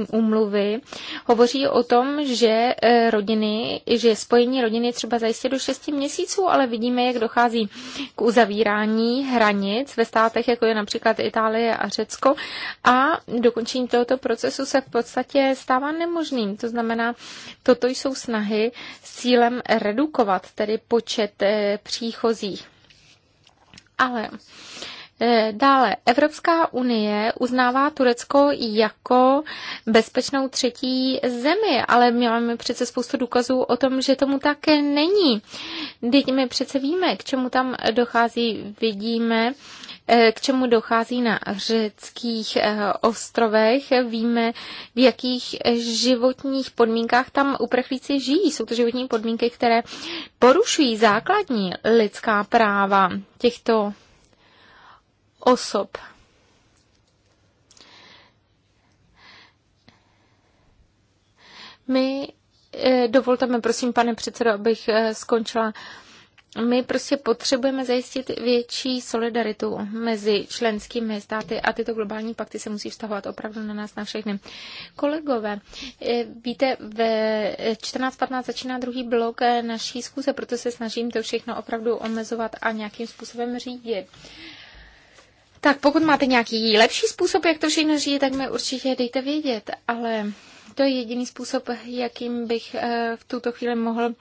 S2: umluvy mm, hovoří o tom, že eh, rodiny, že spojení rodiny třeba zajistit do 6 měsíců, ale vidíme, jak dochází k uzavírání hranic ve státech, jako je například Itálie a Řecko a dokončení tohoto procesu se v podstatě stává nemožným. To znamená, toto jsou snahy s cílem redukovat tedy počet eh, příchozích. Ale Eh, dále, Evropská unie uznává Turecko jako bezpečnou třetí zemi, ale máme přece spoustu důkazů o tom, že tomu tak není. Teď my přece víme, k čemu tam dochází, vidíme, eh, k čemu dochází na řeckých eh, ostrovech. Víme, v jakých životních podmínkách tam uprchlíci žijí. Jsou to životní podmínky, které porušují základní lidská práva těchto osob. My, eh, dovolte mi prosím, pane předsedo, abych eh, skončila. My prostě potřebujeme zajistit větší solidaritu mezi členskými státy a tyto globální pakty se musí vztahovat opravdu na nás, na všechny. Kolegové, eh, víte, ve 14.15 začíná druhý blok naší zkuze, proto se snažím to všechno opravdu omezovat a nějakým způsobem řídit. Tak pokud máte nějaký lepší způsob, jak to všechno řídit, tak mi určitě dejte vědět, ale to je jediný způsob, jakým bych eh, v tuto chvíli mohl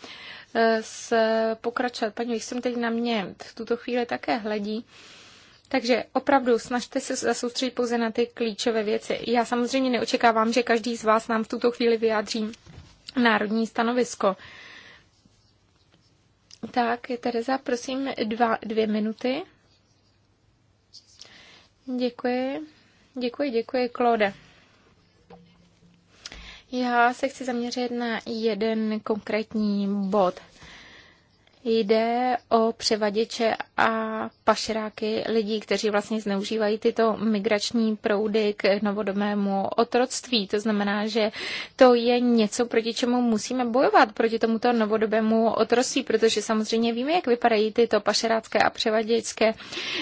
S2: eh, pokračovat. Paní jsem teď na mě v tuto chvíli také hledí. Takže opravdu snažte se zasoustředit pouze na ty klíčové věci. Já samozřejmě neočekávám, že každý z vás nám v tuto chvíli vyjádří národní stanovisko. Tak, Tereza, prosím, dva, dvě minuty. Děkuji. Děkuji, děkuji, Claude. Já se chci zaměřit na jeden konkrétní bod. Jde o převaděče a pašeráky lidí, kteří vlastně zneužívají tyto migrační proudy k novodobému otroctví. To znamená, že to je něco, proti čemu musíme bojovat, proti tomuto novodobému otroctví, protože samozřejmě víme, jak vypadají tyto pašerácké a převaděčské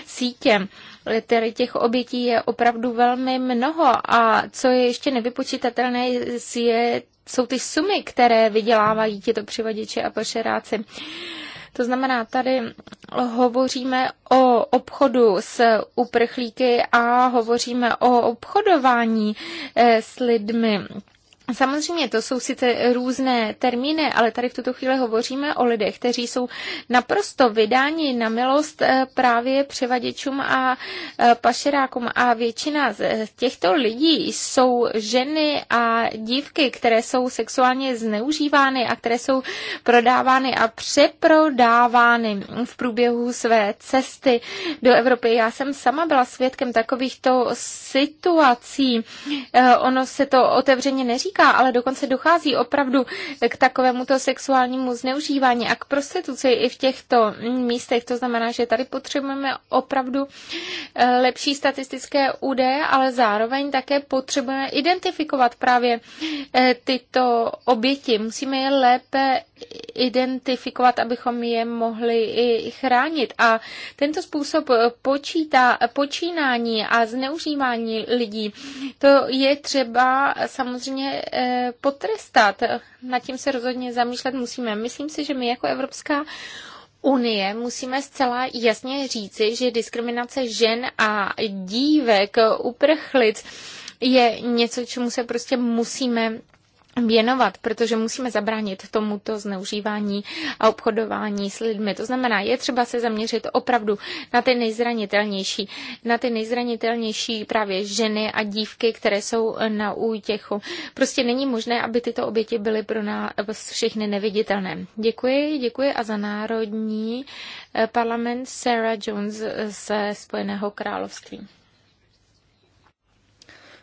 S2: sítě tedy těch obětí je opravdu velmi mnoho a co je ještě nevypočítatelné, je, jsou ty sumy, které vydělávají těto přivaděči a pašeráci. To znamená, tady hovoříme o obchodu s uprchlíky a hovoříme o obchodování eh, s lidmi. Samozřejmě, to jsou sice různé termíny, ale tady v tuto chvíli hovoříme o lidech, kteří jsou naprosto vydáni na milost eh, právě převaděčům a eh, pašerákům. A většina z eh, těchto lidí jsou ženy a dívky, které jsou sexuálně zneužívány a které jsou prodávány a přeprodávány v průběhu své cesty do Evropy. Já jsem sama byla svědkem takovýchto situací. Ono se to otevřeně neříká týká, ale dokonce dochází opravdu k takovému to sexuálnímu zneužívání a k prostituci i v těchto místech. To znamená, že tady potřebujeme opravdu eh, lepší statistické údaje, ale zároveň také potřebujeme identifikovat právě eh, tyto oběti. Musíme je lépe identifikovat, abychom je mohli i chránit. A tento způsob počítá, počínání a zneužívání lidí, to je třeba samozřejmě eh, potrestat. Nad tím se rozhodně zamýšlet musíme. Myslím si, že my jako Evropská Unie musíme zcela jasně říci, že diskriminace žen a dívek, uprchlic je něco, čemu se prostě musíme věnovat, protože musíme zabránit tomuto zneužívání a obchodování s lidmi. To znamená, je třeba se zaměřit opravdu na ty nejzranitelnější, na ty nejzranitelnější právě ženy a dívky, které jsou na útěchu. Prostě není možné, aby tyto oběti byly pro nás všechny neviditelné. Děkuji, děkuji a za národní eh, parlament Sarah Jones ze Spojeného království.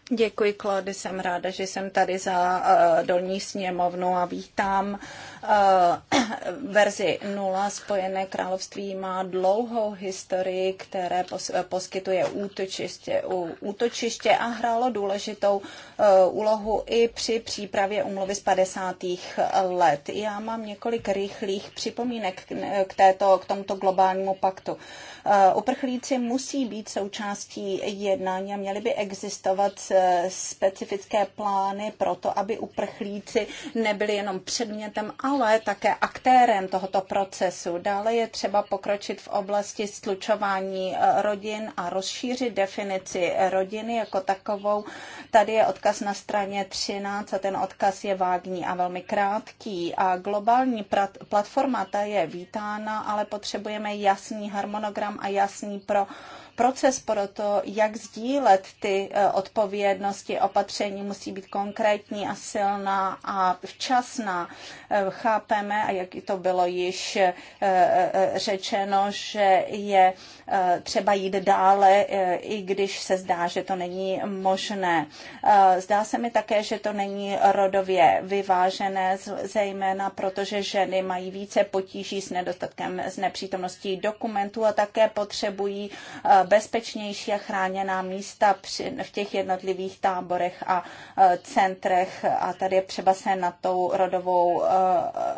S1: Děkuji, Klody, jsem ráda, že jsem tady za uh, dolní sněmovnu a vítám uh, *clears throat* verzi 0. Spojené království má dlouhou historii, které pos, eh, poskytuje útočiště, uh, útočiště a hrálo důležitou uh, úlohu i při přípravě umluvy z 50. let. Já mám několik rychlých připomínek k, k, této, k tomuto globálnímu paktu. Uh, Eh, uprchlíci musí být součástí jednání a měly by existovat eh, specifické plány pro to, aby uprchlíci nebyli jenom předmětem, ale také aktérem tohoto procesu. Dále je třeba pokročit v oblasti slučování eh, rodin a rozšířit definici rodiny jako takovou. Tady je odkaz na straně 13 a ten odkaz je vágní a velmi krátký. A globální platforma ta je vítána, ale potřebujeme jasný harmonogram a jasný pro proces pro to, jak sdílet ty eh, odpovědnosti, opatření musí být konkrétní a silná a včasná. Eh, chápeme, a jak to bylo již eh, řečeno, že je třeba jít dále, i když se zdá, že to není možné. Zdá se mi také, že to není rodově vyvážené, zejména protože ženy mají více potíží s nedostatkem, s nepřítomností dokumentů a také potřebují bezpečnější a chráněná místa v těch jednotlivých táborech a e, centrech. A tady je třeba se na tou rodovou e,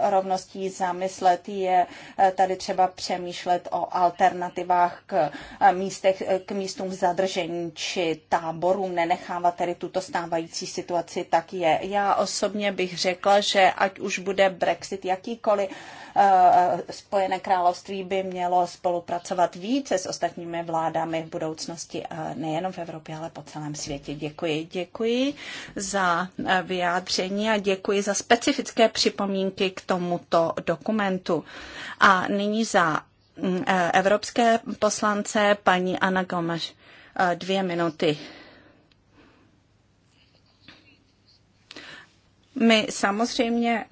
S1: rovností zamyslet. Je e, tady třeba přemýšlet o alternativách k, místech, k místům zadržení či táborům. Nenechávat tedy tuto stávající situaci tak je. Já osobně bych řekla, že ať už bude Brexit jakýkoliv, Eh, eh, Spojené království by mělo spolupracovat více s ostatními vládami v budoucnosti, eh, nejenom v Evropě, ale po celém světě. Děkuji. Děkuji za vyjádření a děkuji za specifické připomínky k tomuto dokumentu. A nyní za mm, evropské poslance paní Ana Gomaš. Dvě minuty. My samozřejmě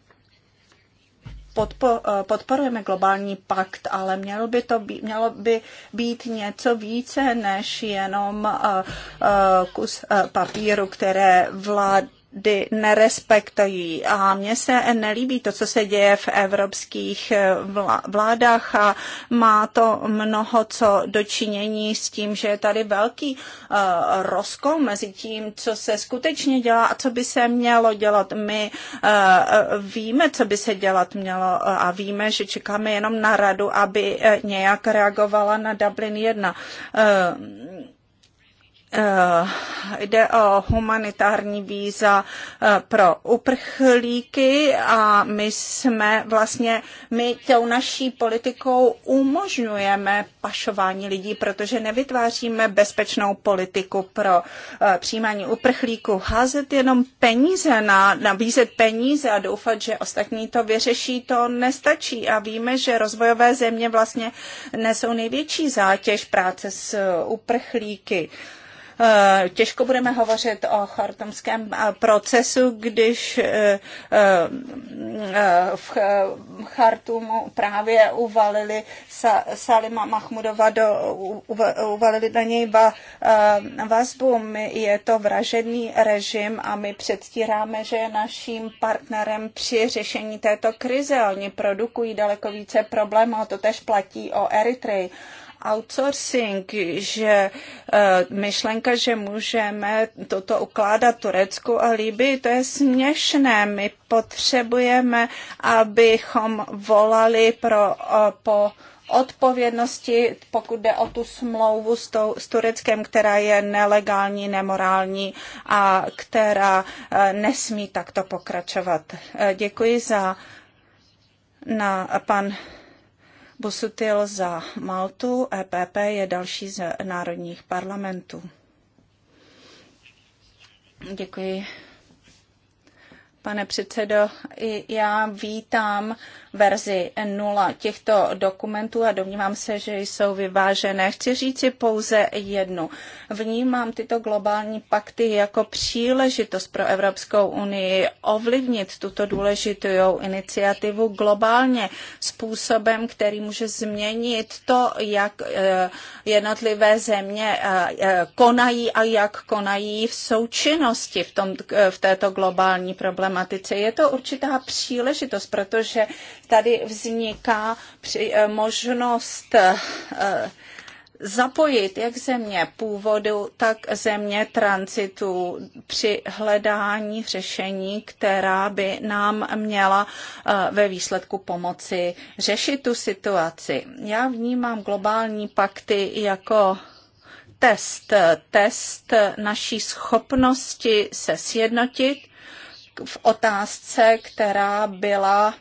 S1: podpo, eh, podporujeme globální pakt, ale mělo by to být, mělo by být něco více než jenom eh, eh, kus papíru, které vlád, kdy nerespektují. A mně se nelíbí to, co se děje v evropských eh, vládách a má to mnoho co dočinění s tím, že je tady velký eh, rozkol mezi tím, co se skutečně dělá a co by se mělo dělat. My eh, víme, co by se dělat mělo a víme, že čekáme jenom na radu, aby nějak reagovala na Dublin 1 Eh, jde o humanitární víza eh, pro uprchlíky a my jsme vlastně, my tou naší politikou umožňujeme pašování lidí, protože nevytváříme bezpečnou politiku pro eh, přijímání uprchlíků. Házet jenom peníze na, nabízet peníze a doufat, že ostatní to vyřeší, to nestačí. A víme, že rozvojové země vlastně nesou největší zátěž práce s uprchlíky. Eh, těžko budeme hovořit o chartomském eh, procesu, když eh, v Chartumu právě uvalili Salima Mahmudova do, uvalili na něj vazbu. Je to vražedný režim a my předstíráme, že je naším partnerem při řešení této krize. Oni produkují daleko více problémů a to tež platí o Eritreji outsourcing, že eh, myšlenka, že můžeme toto ukládat Turecku a Libii, to je směšné. My potřebujeme, abychom volali pro, eh, po odpovědnosti, pokud jde o tu smlouvu s, tou, s Tureckem, která je nelegální, nemorální a která eh, nesmí takto pokračovat. Děkuji za na pan Bosutil za Maltu, EPP je další z národních parlamentů. Děkuji, Pane předsedo, já vítám verzi nula těchto dokumentů a domnívám se, že jsou vyvážené. Chci říci pouze jednu. Vnímám tyto globální pakty jako příležitost pro Evropskou unii ovlivnit tuto důležitou iniciativu globálně způsobem, který může změnit to, jak eh, jednotlivé země eh, eh, konají a jak konají v součinnosti v, tom, v této globální problematice problematice. Je to určitá příležitost, protože tady vzniká eh, možnost eh, zapojit jak země původu, tak země transitu při hledání řešení, která by nám měla eh, ve výsledku pomoci řešit tu situaci. Já vnímám globální pakty jako test, test naší schopnosti se sjednotit v otázce, která byla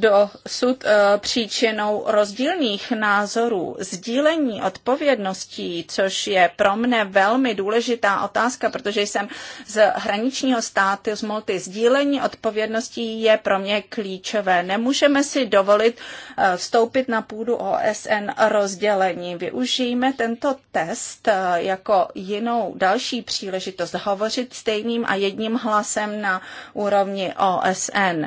S1: dosud eh, příčinou rozdílných názorů. Sdílení odpovědností, což je pro mne velmi důležitá otázka, protože jsem z hraničního státu z Multi. Sdílení odpovědností je pro mě klíčové. Nemůžeme si dovolit eh, vstoupit na půdu OSN rozdělení. Využijeme tento test eh, jako jinou další příležitost hovořit stejným a jedním hlasem na úrovni OSN.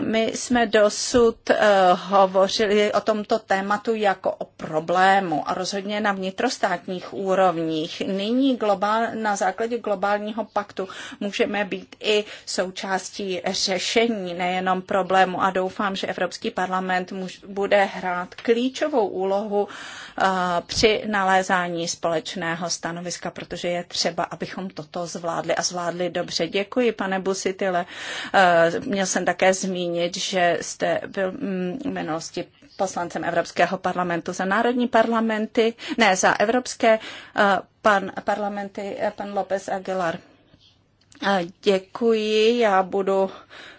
S1: My jsme do dosud eh, hovořili o tomto tématu jako o problému a rozhodně na vnitrostátních úrovních. Nyní globál, na základě globálního paktu můžeme být i součástí řešení, nejenom problému a doufám, že Evropský parlament muž, bude hrát klíčovou úlohu eh, při nalézání společného stanoviska, protože je třeba, abychom toto zvládli a zvládli dobře. Děkuji, pane Busitile. Eh, měl jsem také zmínit, že jste byl mm, v minulosti poslancem Evropského parlamentu za národní parlamenty, ne, za Evropské eh, pan, parlamenty, eh, pan López Aguilar. Eh, děkuji, já budu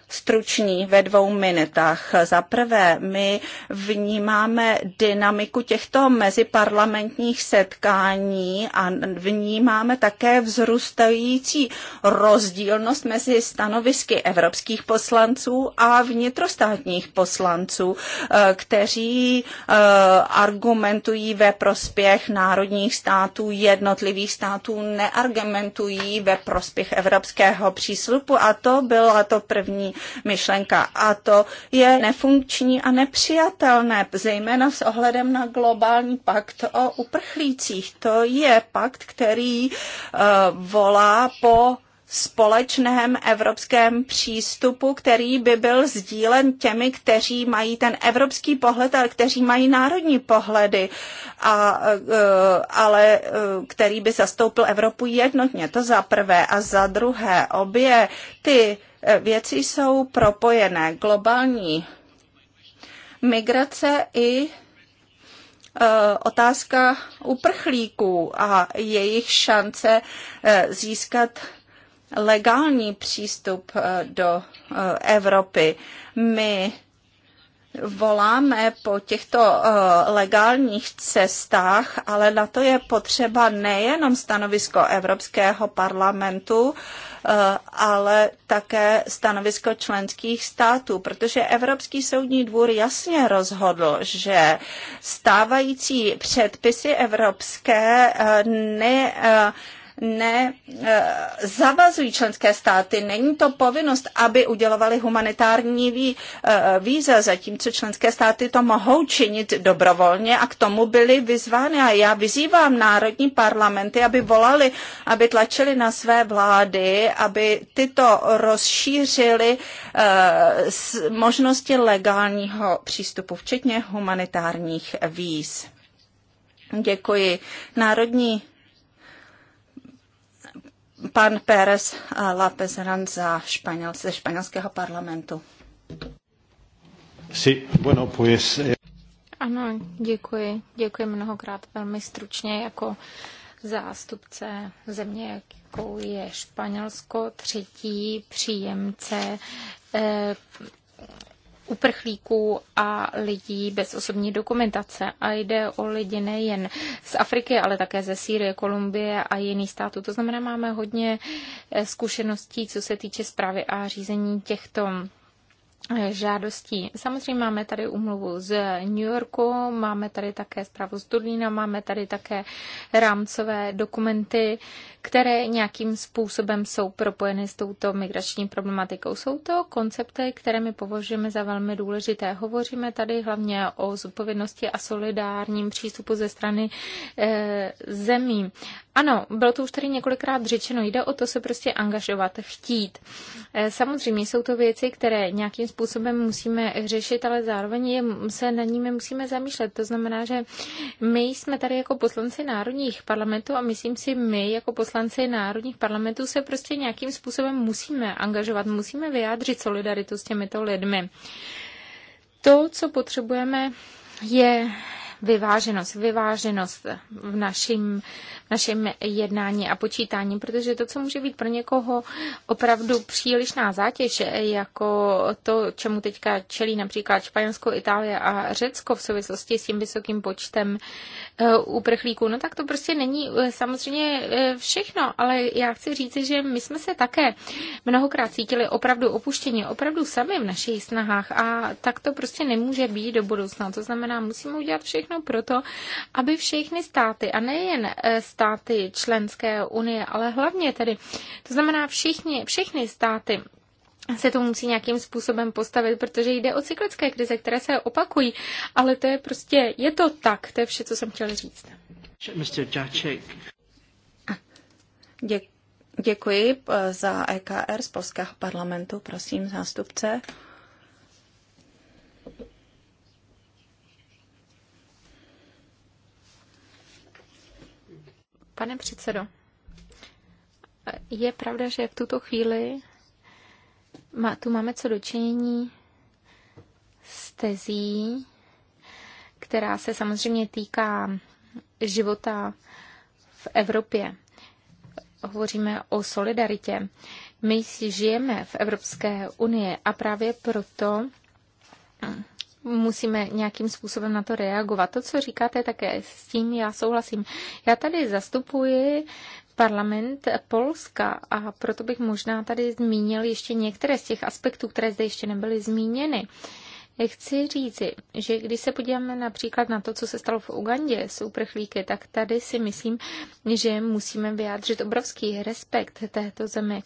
S1: stručný ve dvou minutách. Za prvé, my vnímáme dynamiku těchto meziparlamentních setkání a vnímáme také vzrůstající rozdílnost mezi stanovisky evropských poslanců a vnitrostátních poslanců, eh, kteří eh, argumentují ve prospěch národních států, jednotlivých států, neargumentují ve prospěch evropského příslupu a to byla to první myšlenka. A to je nefunkční a nepřijatelné, zejména s ohledem na globální pakt o uprchlících. To je pakt, který uh, volá po společném evropském přístupu, který by byl sdílen těmi, kteří mají ten evropský pohled, ale kteří mají národní pohledy, a, eh, ale eh, který by zastoupil Evropu jednotně. To za prvé. A za druhé, obě ty věci jsou propojené. Globální migrace i e, otázka uprchlíků a jejich šance e, získat legální přístup e, do Evropy. My voláme po těchto eh, legálních cestách, ale na to je potřeba nejenom stanovisko Evropského parlamentu, eh, ale také stanovisko členských států, protože Evropský soudní dvůr jasně rozhodl, že stávající předpisy evropské eh, ne nezavazují e, členské státy. Není to povinnost, aby udělovali humanitární e, víza, zatímco členské státy to mohou činit dobrovolně a k tomu byly vyzvány. A já vyzývám národní parlamenty, aby volali, aby tlačili na své vlády, aby tyto rozšířili e, možnosti legálního přístupu, včetně humanitárních víz. Děkuji. Národní pan Pérez López Ranza španěl, ze španělského parlamentu.
S2: Sí, bueno, pues... Eh, ano, děkuji. Děkuji mnohokrát velmi stručně jako zástupce země, jakou je Španělsko, třetí příjemce eh, uprchlíků a lidí bez osobní dokumentace. A jde o lidi nejen z Afriky, ale také ze Sýrie, Kolumbie a jiných států. To znamená, máme hodně eh, zkušeností, co se týče zprávy a řízení těchto žádostí. Samozřejmě máme tady umluvu z New Yorku, máme tady také zprávu z Turlína, máme tady také rámcové dokumenty, které nějakým způsobem jsou propojeny s touto migrační problematikou. Jsou to koncepty, které my považujeme za velmi důležité. Hovoříme tady hlavně o zodpovědnosti a solidárním přístupu ze strany e, zemí. Ano, bylo to už tady několikrát řečeno, jde o to se prostě angažovat, chtít. E, samozřejmě jsou to věci, které nějakým způsobem musíme řešit, ale zároveň je, se na nimi musíme zamýšlet. To znamená, že my jsme tady jako poslanci národních parlamentů a myslím si, my jako poslanci národních parlamentů se prostě nějakým způsobem musíme angažovat, musíme vyjádřit solidaritu s těmito lidmi. To, co potřebujeme, je vyváženost, vyváženost v našem, v našem jednání a počítání, protože to, co může být pro někoho opravdu přílišná zátěž, jako to, čemu teďka čelí například Španělsko, Itálie a Řecko v souvislosti s tím vysokým počtem eh, uprchlíků, no tak to prostě není eh, samozřejmě eh, všechno, ale já chci říct, že my jsme se také mnohokrát cítili opravdu opuštění, opravdu sami v našich snahách a tak to prostě nemůže být do budoucna. To znamená, musíme udělat všechno, všechno proto, aby všechny státy, a nejen eh, státy členské unie, ale hlavně tedy, to znamená všichni, všechny státy, se to musí nějakým způsobem postavit, protože jde o cyklické krize, které se opakují, ale to je prostě, je to tak, to je vše, co jsem chtěla říct.
S3: Mr. Jaček.
S1: Děkuji eh, za EKR z Polského parlamentu, prosím, zástupce.
S2: Pane předsedo, je pravda, že v tuto chvíli má tu máme co dočinění s tezí, která se samozřejmě týká života v Evropě. Hovoříme o solidaritě. My žijeme v Evropské unii a právě proto musíme nějakým způsobem na to reagovat. To, co říkáte, také s tím já souhlasím. Já tady zastupuji parlament Polska a proto bych možná tady zmínil ještě některé z těch aspektů, které zde ještě nebyly zmíněny. Uh, Chci říci, že když se podíváme například na to, co se stalo v Ugandě s uprchlíky, tak tady si myslím, že musíme vyjádřit obrovský respekt této zemi.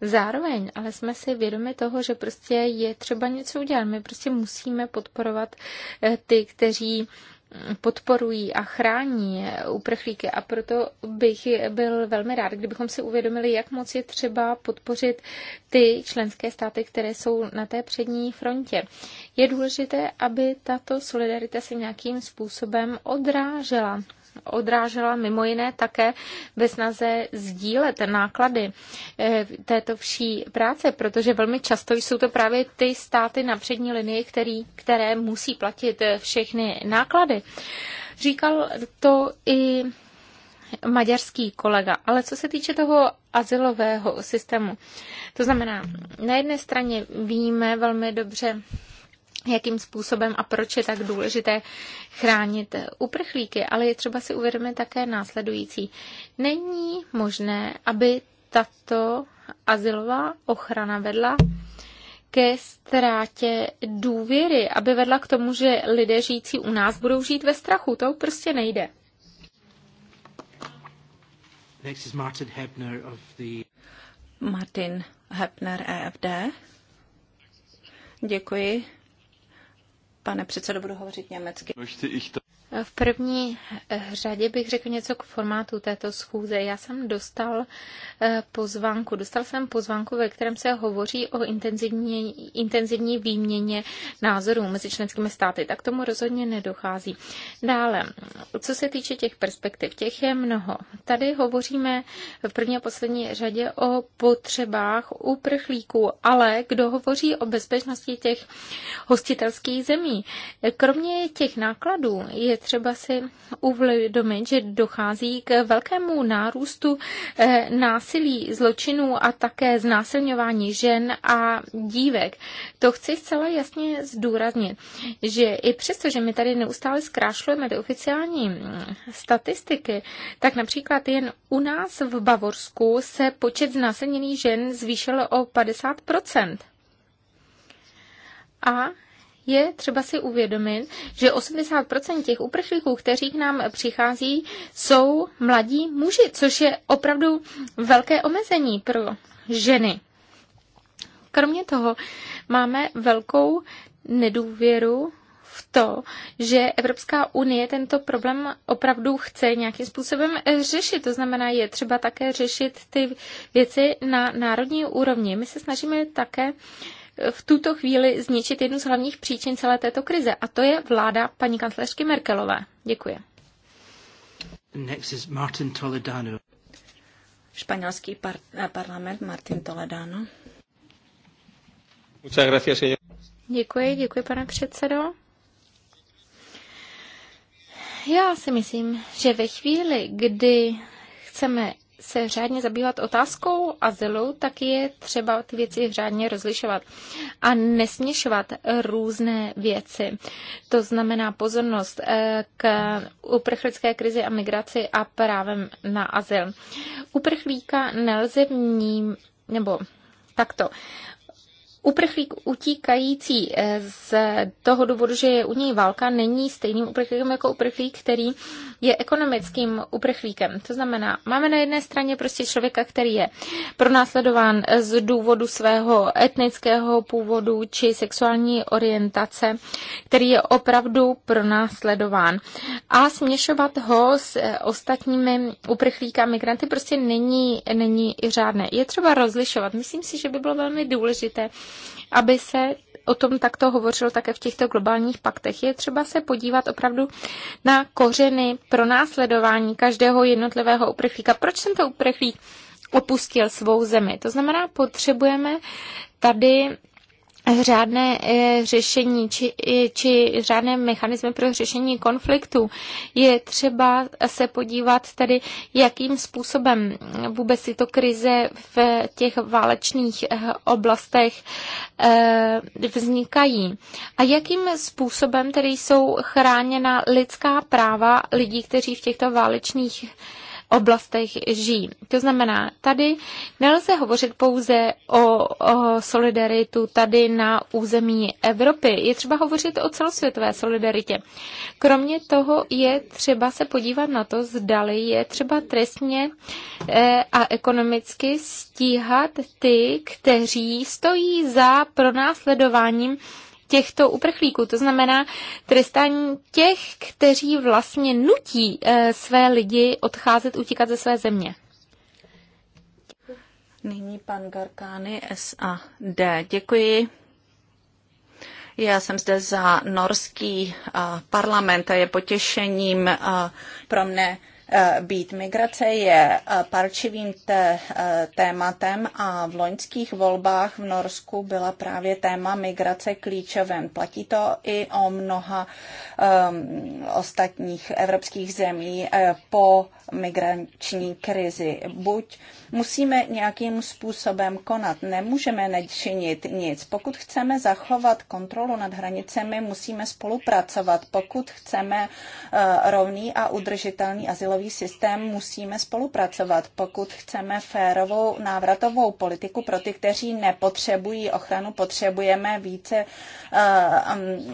S2: Zároveň ale jsme si vědomi toho, že prostě je třeba něco udělat. My prostě musíme podporovat eh, ty, kteří podporují a chrání uprchlíky a proto bych byl velmi rád, kdybychom si uvědomili, jak moc je třeba podpořit ty členské státy, které jsou na té přední frontě. Je důležité, aby tato solidarita se nějakým způsobem odrážela odrážela mimo jiné také ve snaze sdílet náklady eh, této vší práce, protože velmi často jsou to právě ty státy na přední linii, který, které musí platit eh, všechny náklady. Říkal to i maďarský kolega. Ale co se týče toho azylového systému, to znamená, na jedné straně víme velmi dobře, jakým způsobem a proč je tak důležité chránit uprchlíky, ale je třeba si uvědomit také následující. Není možné, aby tato asilová ochrana vedla ke ztrátě důvěry, aby vedla k tomu, že lidé žijící u nás budou žít ve strachu. To prostě nejde. Next is Martin Hebner
S3: of the...
S1: Martin Hebner EFD.
S2: Děkuji, Pane předsedo, budu hovořit německy. V první eh, řadě bych řekl něco k formátu této schůze. Já jsem dostal eh, pozvánku. Dostal jsem pozvánku, ve kterém se hovoří o intenzivní, intenzivní výměně názorů mezi členskými státy. Tak tomu rozhodně nedochází. Dále, co se týče těch perspektiv, těch je mnoho. Tady hovoříme v první a poslední řadě o potřebách uprchlíků, ale kdo hovoří o bezpečnosti těch hostitelských zemí? Kromě těch nákladů je třeba si uvědomit, že dochází k velkému nárůstu eh, násilí, zločinů a také znásilňování žen a dívek. To chci zcela jasně zdůraznit, že i přesto, že my tady neustále zkrášlujeme ty oficiální mm, statistiky, tak například jen u nás v Bavorsku se počet znásilněných žen zvýšil o 50%. A je třeba si uvědomit, že 80% těch uprchlíků, kteří k nám přichází, jsou mladí muži, což je opravdu velké omezení pro ženy. Kromě toho máme velkou nedůvěru v to, že Evropská unie tento problém opravdu chce nějakým způsobem řešit. To znamená, je třeba také řešit ty věci na národní úrovni. My se snažíme také uh, v tuto chvíli zničit jednu z hlavních příčin celé této krize, a to je vláda paní kancelářky Merkelové. Děkuji. Next is Martin Toledano. Španělský par- eh, parlament Martin Toledano. Muchas gracias, señor. Děkuji, děkuji, pane předsedo. Já si myslím, že ve chvíli, kdy chceme se řádně zabývat otázkou azylu, tak je třeba ty věci řádně rozlišovat a nesměšovat různé věci. To znamená pozornost eh, k uprchlické krizi a migraci a právem na azyl. Uprchlíka nelze vním, nebo takto. Uprchlík utíkající eh, z toho důvodu, že je u něj válka, není stejným uprchlíkem jako uprchlík, který je ekonomickým uprchlíkem. To znamená, máme na jedné straně prostě člověka, který je pronásledován z důvodu svého etnického původu či sexuální orientace, který je opravdu pronásledován. A směšovat ho s eh, ostatními uprchlíky a migranty prostě není, není i řádné. Je třeba rozlišovat. Myslím si, že by bylo velmi důležité, aby se o tom takto hovořilo také v těchto globálních paktech. Je třeba se podívat opravdu na kořeny pro následování každého jednotlivého uprchlíka. Proč jsem to uprchlík opustil svou zemi? To znamená, potřebujeme tady řádné eh, řešení či, eh, či řádné mechanismy pro řešení konfliktů. Je třeba se podívat tedy, jakým způsobem vůbec tyto krize v těch válečných eh, oblastech vznikají. A jakým způsobem tedy jsou chráněna lidská práva lidí, kteří v těchto válečných oblastech žijí. To znamená, tady nelze hovořit pouze o, o solidaritu tady na území Evropy. Je třeba hovořit o celosvětové solidaritě. Kromě toho je třeba se podívat na to, zdali je třeba trestně eh, a ekonomicky stíhat ty, kteří stojí za pronásledováním těchto uprchlíků. To znamená trestání těch, kteří vlastně nutí eh, své lidi odcházet, utíkat ze své země. Nyní
S1: pan Garkány
S2: SAD. Děkuji.
S1: Já jsem zde za norský eh, parlament a je potěšením eh, pro mne Eh, být. Migrace je eh, parčivým té, eh, tématem a v loňských volbách v Norsku byla právě téma migrace klíčovým. Platí to i o mnoha um, ostatních evropských zemí po migrační krizi. Buď uh, musíme nějakým způsobem konat. Nemůžeme nečinit nic. Pokud chceme zachovat kontrolu nad hranicemi, musíme spolupracovat. Pokud chceme eh, rovný a udržitelný asilový systém, musíme spolupracovat. Pokud chceme férovou návratovou politiku pro ty, kteří nepotřebují ochranu, potřebujeme více, eh,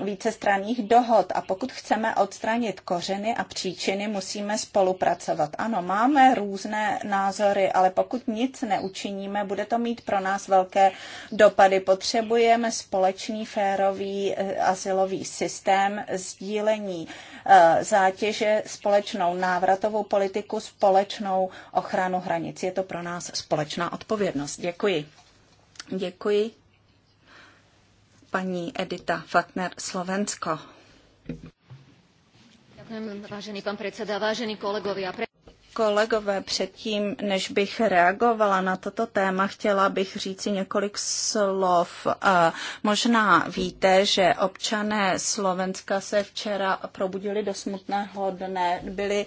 S1: více straných dohod. A pokud chceme odstranit kořeny a příčiny, musíme spolupracovat. Ano, máme různé názory, ale pokud pokud nic neučiníme, bude to mít pro nás velké dopady. Potřebujeme společný férový eh, asilový systém, sdílení eh, zátěže, společnou návratovou politiku, společnou ochranu hranic. Je to pro nás společná odpovědnost. Děkuji. Děkuji. Paní Edita Fatner, Slovensko.
S2: Ďakujem, vážený pán predseda, vážení kolegovia. Pre...
S1: Kolegové, předtím, než bych reagovala na toto téma, chtěla bych říci několik slov. Možná víte, že občané Slovenska se včera probudili do smutného dne. Byli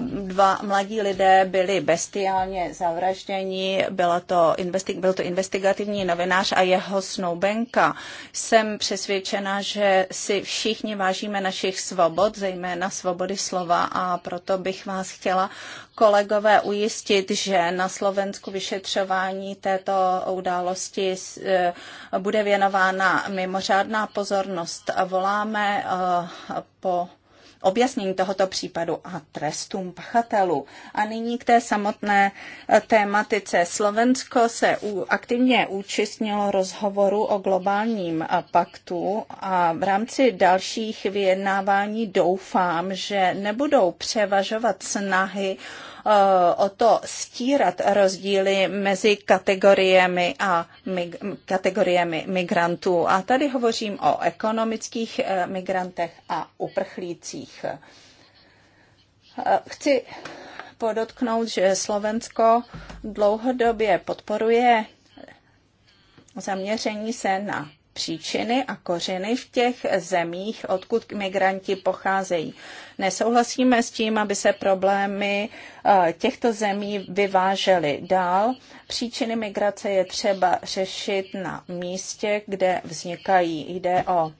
S1: dva mladí lidé, byli bestiálně zavražděni. Byla to byl to investigativní novinář a jeho snoubenka. Jsem přesvědčena, že si všichni vážíme našich svobod, zejména svobody slova a proto bych vás chtěla kolegové ujistit, že na Slovensku vyšetřování této události e, bude věnována mimořádná pozornost. Voláme e, po objasnění tohoto případu a trestům pachatelů. A nyní k té samotné eh, tématice. Slovensko se aktivně účastnilo rozhovoru o globálním eh, paktu a v rámci dalších vyjednávání doufám, že nebudou převažovat snahy eh, o to stírat rozdíly mezi kategoriemi a mig, kategoriemi migrantů. A tady hovořím o ekonomických migrantech a uprchlících zemích. Eh, chci podotknout, že Slovensko dlouhodobě podporuje zaměření se na příčiny a kořeny v těch zemích, odkud migranti pocházejí. Nesouhlasíme s tím, aby se problémy eh, těchto zemí vyvážely dál. Příčiny migrace je třeba řešit na místě, kde vznikají. Jde o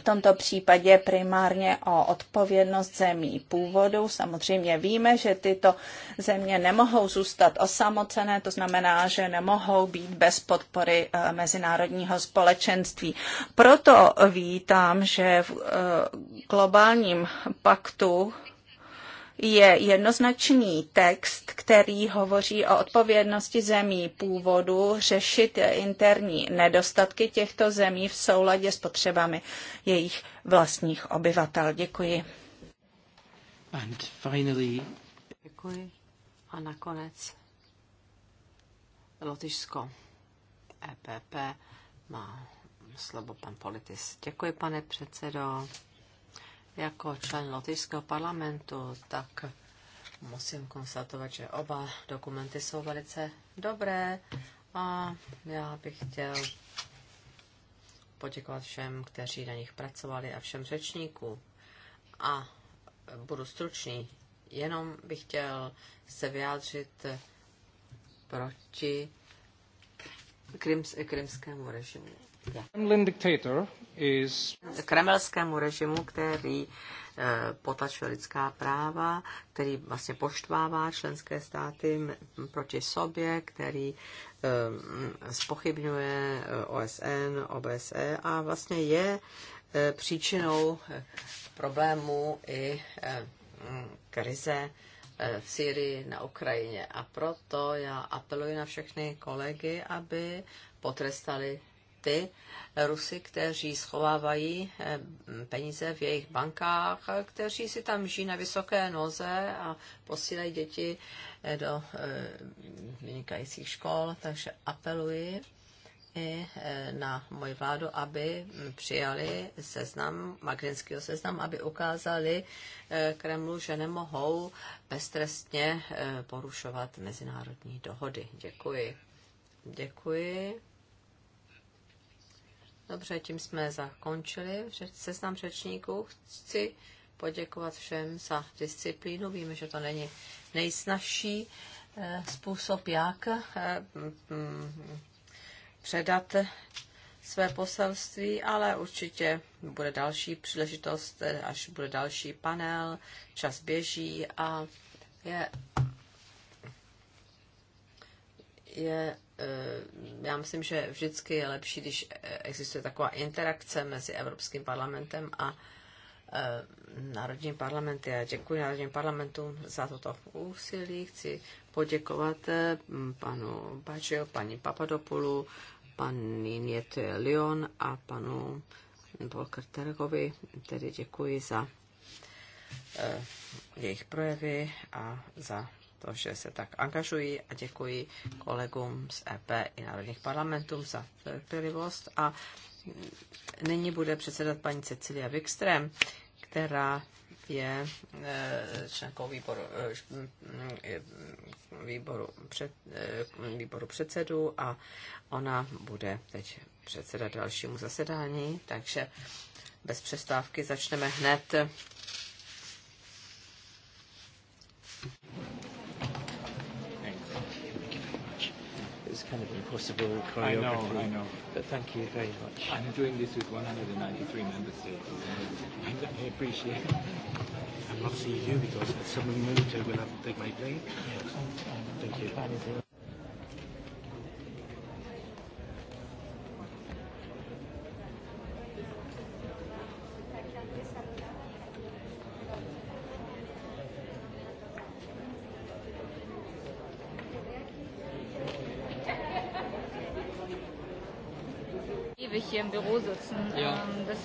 S1: v tomto případě primárně o odpovědnost zemí původu. Samozřejmě víme, že tyto země nemohou zůstat osamocené, to znamená, že nemohou být bez podpory eh, mezinárodního společenství. Proto vítám, že v eh, globálním paktu je jednoznačný text, který hovoří o odpovědnosti zemí původu řešit interní nedostatky těchto zemí v souladě s potřebami jejich vlastních obyvatel. Děkuji.
S2: And finally...
S3: Děkuji. A nakonec Lotyšsko. EPP má slovo pan Politis. Děkuji, pane předsedo. Jako člen lotyšského parlamentu, tak musím konstatovat, že oba dokumenty jsou velice dobré a já bych chtěl poděkovat všem, kteří na nich pracovali a všem řečníkům. A budu stručný, jenom bych chtěl se vyjádřit proti eh, krimskému krymskému režimu. Kremelskému režimu, který eh, potlačuje lidská práva, který vlastně poštvává členské státy proti sobě, který eh, spochybňuje eh, OSN, OBSE a vlastně je příčinou problémů i krize v Syrii, na Ukrajině. A proto já apeluji na všechny kolegy, aby potrestali ty Rusy, kteří schovávají eh, peníze v jejich bankách, kteří si tam žijí na vysoké noze a posílají děti eh, do eh, vynikajících škol. Takže apeluji i na moji vládu, aby hm, přijali seznam, magrinského seznam, aby ukázali Kremlu, že nemohou beztrestně porušovat mezinárodní dohody. Děkuji. Děkuji. Dobře, tím jsme zakončili seznam řečníků. Chci poděkovat všem za disciplínu. Víme, že to není nejsnažší eh, způsob, jak eh, předat své poselství, ale určitě bude další příležitost, eh, až bude další panel, čas běží a je, je Eh, já myslím, že vždycky je lepší, když existuje taková interakce mezi Evropským parlamentem a eh, Národním parlamentem. Já děkuji Národním parlamentu za toto úsilí. Chci poděkovat eh, panu Bačio, paní Papadopulu, paní Niete Leon a panu Volker Teregovi. Tedy děkuji za jejich projevy a za to, že se tak angažují a děkuji kolegům z EP i národních parlamentů za trpělivost. A nyní bude předsedat paní Cecilia Wikström, která je e, členkou výboru, e, výboru, před, e, výboru předsedů a ona bude teď předsedat dalšímu zasedání, takže bez přestávky začneme hned. is kind of impossible choreography. I know, I know. But thank you very much. I'm doing this with 193 member states. I appreciate it. I'm not
S1: seeing you because at some moment I will have to take my plane. Yes. Thank you.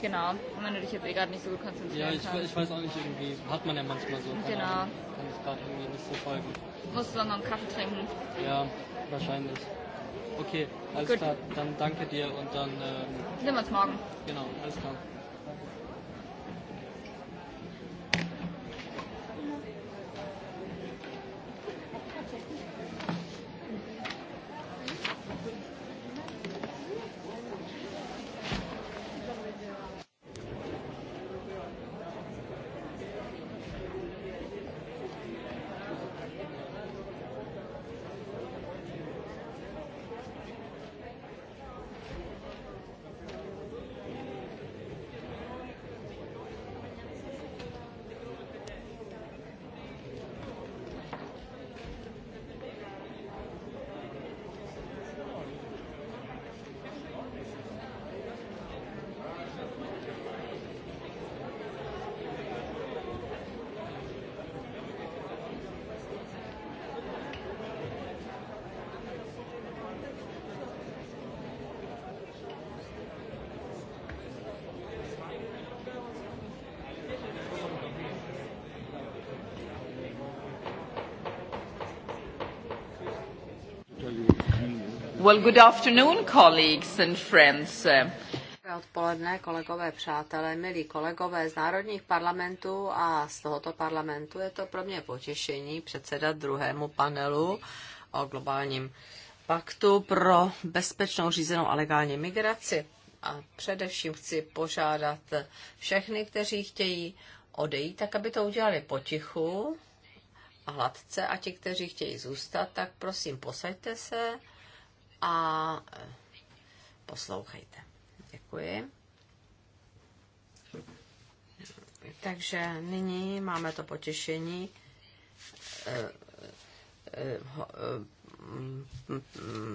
S2: Genau, und wenn du dich jetzt eh gerade nicht so gut konzentrieren Ja, ich, kann. ich
S3: weiß auch nicht, irgendwie hat man ja manchmal so. Genau. Ahnung, kann ich gerade irgendwie nicht so folgen.
S2: Musst du dann noch einen Kaffee trinken? Ja,
S3: wahrscheinlich. Okay, alles gut. klar. Dann danke dir und dann. Ähm, Sehen wir uns morgen. Genau, alles klar. Well, good afternoon, colleagues and friends. Odpoledne, kolegové, přátelé, milí kolegové z národních parlamentů a z tohoto parlamentu je to pro mě potěšení předsedat druhému panelu o globálním paktu pro bezpečnou, řízenou a legální migraci. A především chci požádat všechny, kteří chtějí odejít, tak aby to udělali potichu a hladce. A ti, kteří chtějí zůstat, tak prosím, posaďte se a e, poslouchejte. Děkuji. Takže nyní máme to potěšení e, e,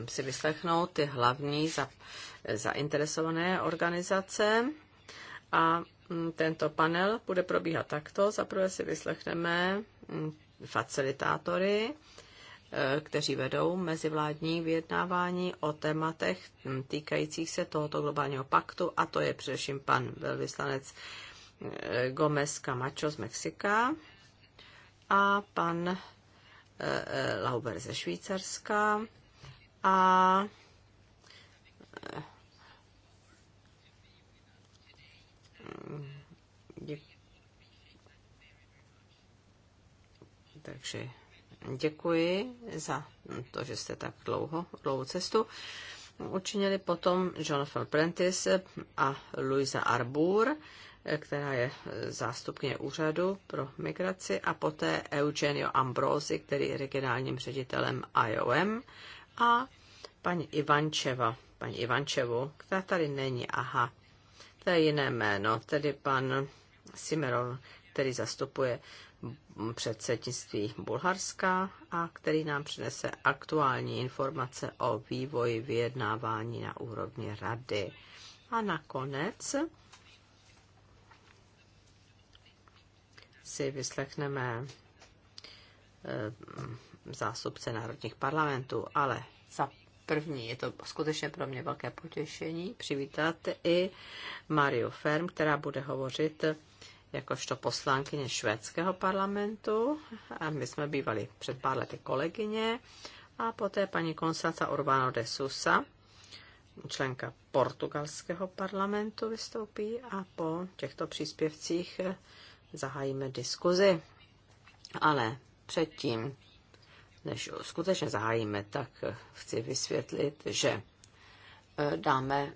S3: si vyslechnout ty hlavní za, zainteresované organizace. A tento panel bude probíhat takto. Zaprvé si vyslechneme facilitátory kteří vedou mezivládní vyjednávání o tématech týkajících se tohoto globálního paktu, a to je především pan velvyslanec eh, Gomez Camacho z Mexika a pan eh, eh, Lauber ze Švýcarska a mm, takže děkuji za to, že jste tak dlouho, dlouhou cestu učinili potom Jonathan Prentice a Luisa Arbour, která je zástupkyně úřadu pro migraci, a poté Eugenio Ambrosi, který je regionálním ředitelem IOM, a paní Ivančeva, paní Ivančevu, která tady není, aha, to je jiné jméno, tedy pan Simeron, který zastupuje předsednictví Bulharska a který nám přinese aktuální informace o vývoji vyjednávání na úrovni rady. A nakonec si vyslechneme eh, zástupce národních parlamentů, ale za první je to skutečně pro mě velké potěšení přivítat i Mario Ferm, která bude hovořit jakožto poslankyně švédského parlamentu a my jsme bývali před pár lety kolegyně a poté paní Konstanta Urbano de Sousa, členka portugalského parlamentu, vystoupí a po těchto příspěvcích eh, zahájíme diskuzi. Ale předtím, než skutečně zahájíme, tak eh, chci vysvětlit, že eh, dáme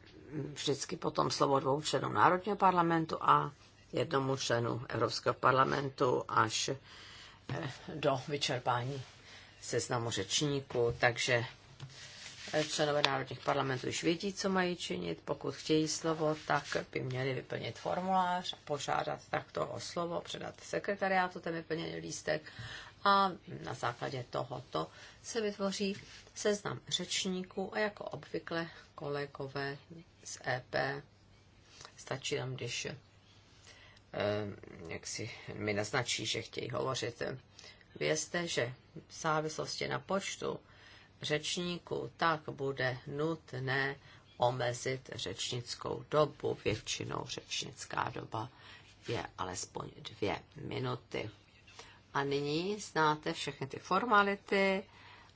S3: vždycky potom slovo dvou členům Národního parlamentu a jednomu členu Evropského parlamentu až eh, do vyčerpání seznamu řečníků, takže eh, členové národních parlamentů už vědí, co mají činit. Pokud chtějí slovo, tak by měli vyplnit formulář, požádat takto o slovo, předat sekretariátu ten vyplněný lístek a na základě tohoto se vytvoří seznam řečníků a jako obvykle kolegové z EP stačí nám, když Eh, jak si mi naznačí, že chtějí hovořit. Vězte, že v závislosti na počtu řečníků tak bude nutné omezit řečnickou dobu. Většinou řečnická doba je alespoň dvě minuty. A nyní znáte všechny ty formality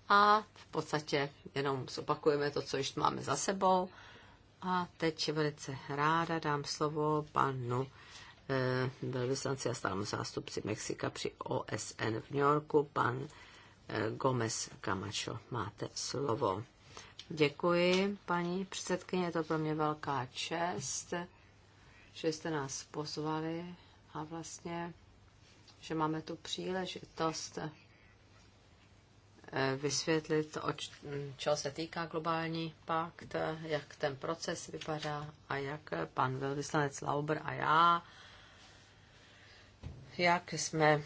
S3: a v podstatě jenom zopakujeme to, co již máme za sebou. A teď velice ráda dám slovo panu Eh, velvyslanci a stálemu zástupci Mexika při OSN v New Yorku, pan eh, Gomez Camacho. Máte slovo. Děkuji, paní předsedkyně, je to pro mě velká čest, že jste nás pozvali a vlastně, že máme tu příležitost eh, vysvětlit, o čeho se týká globální pakt, jak ten proces vypadá a jak pan velvyslanec Lauber a já jak jsme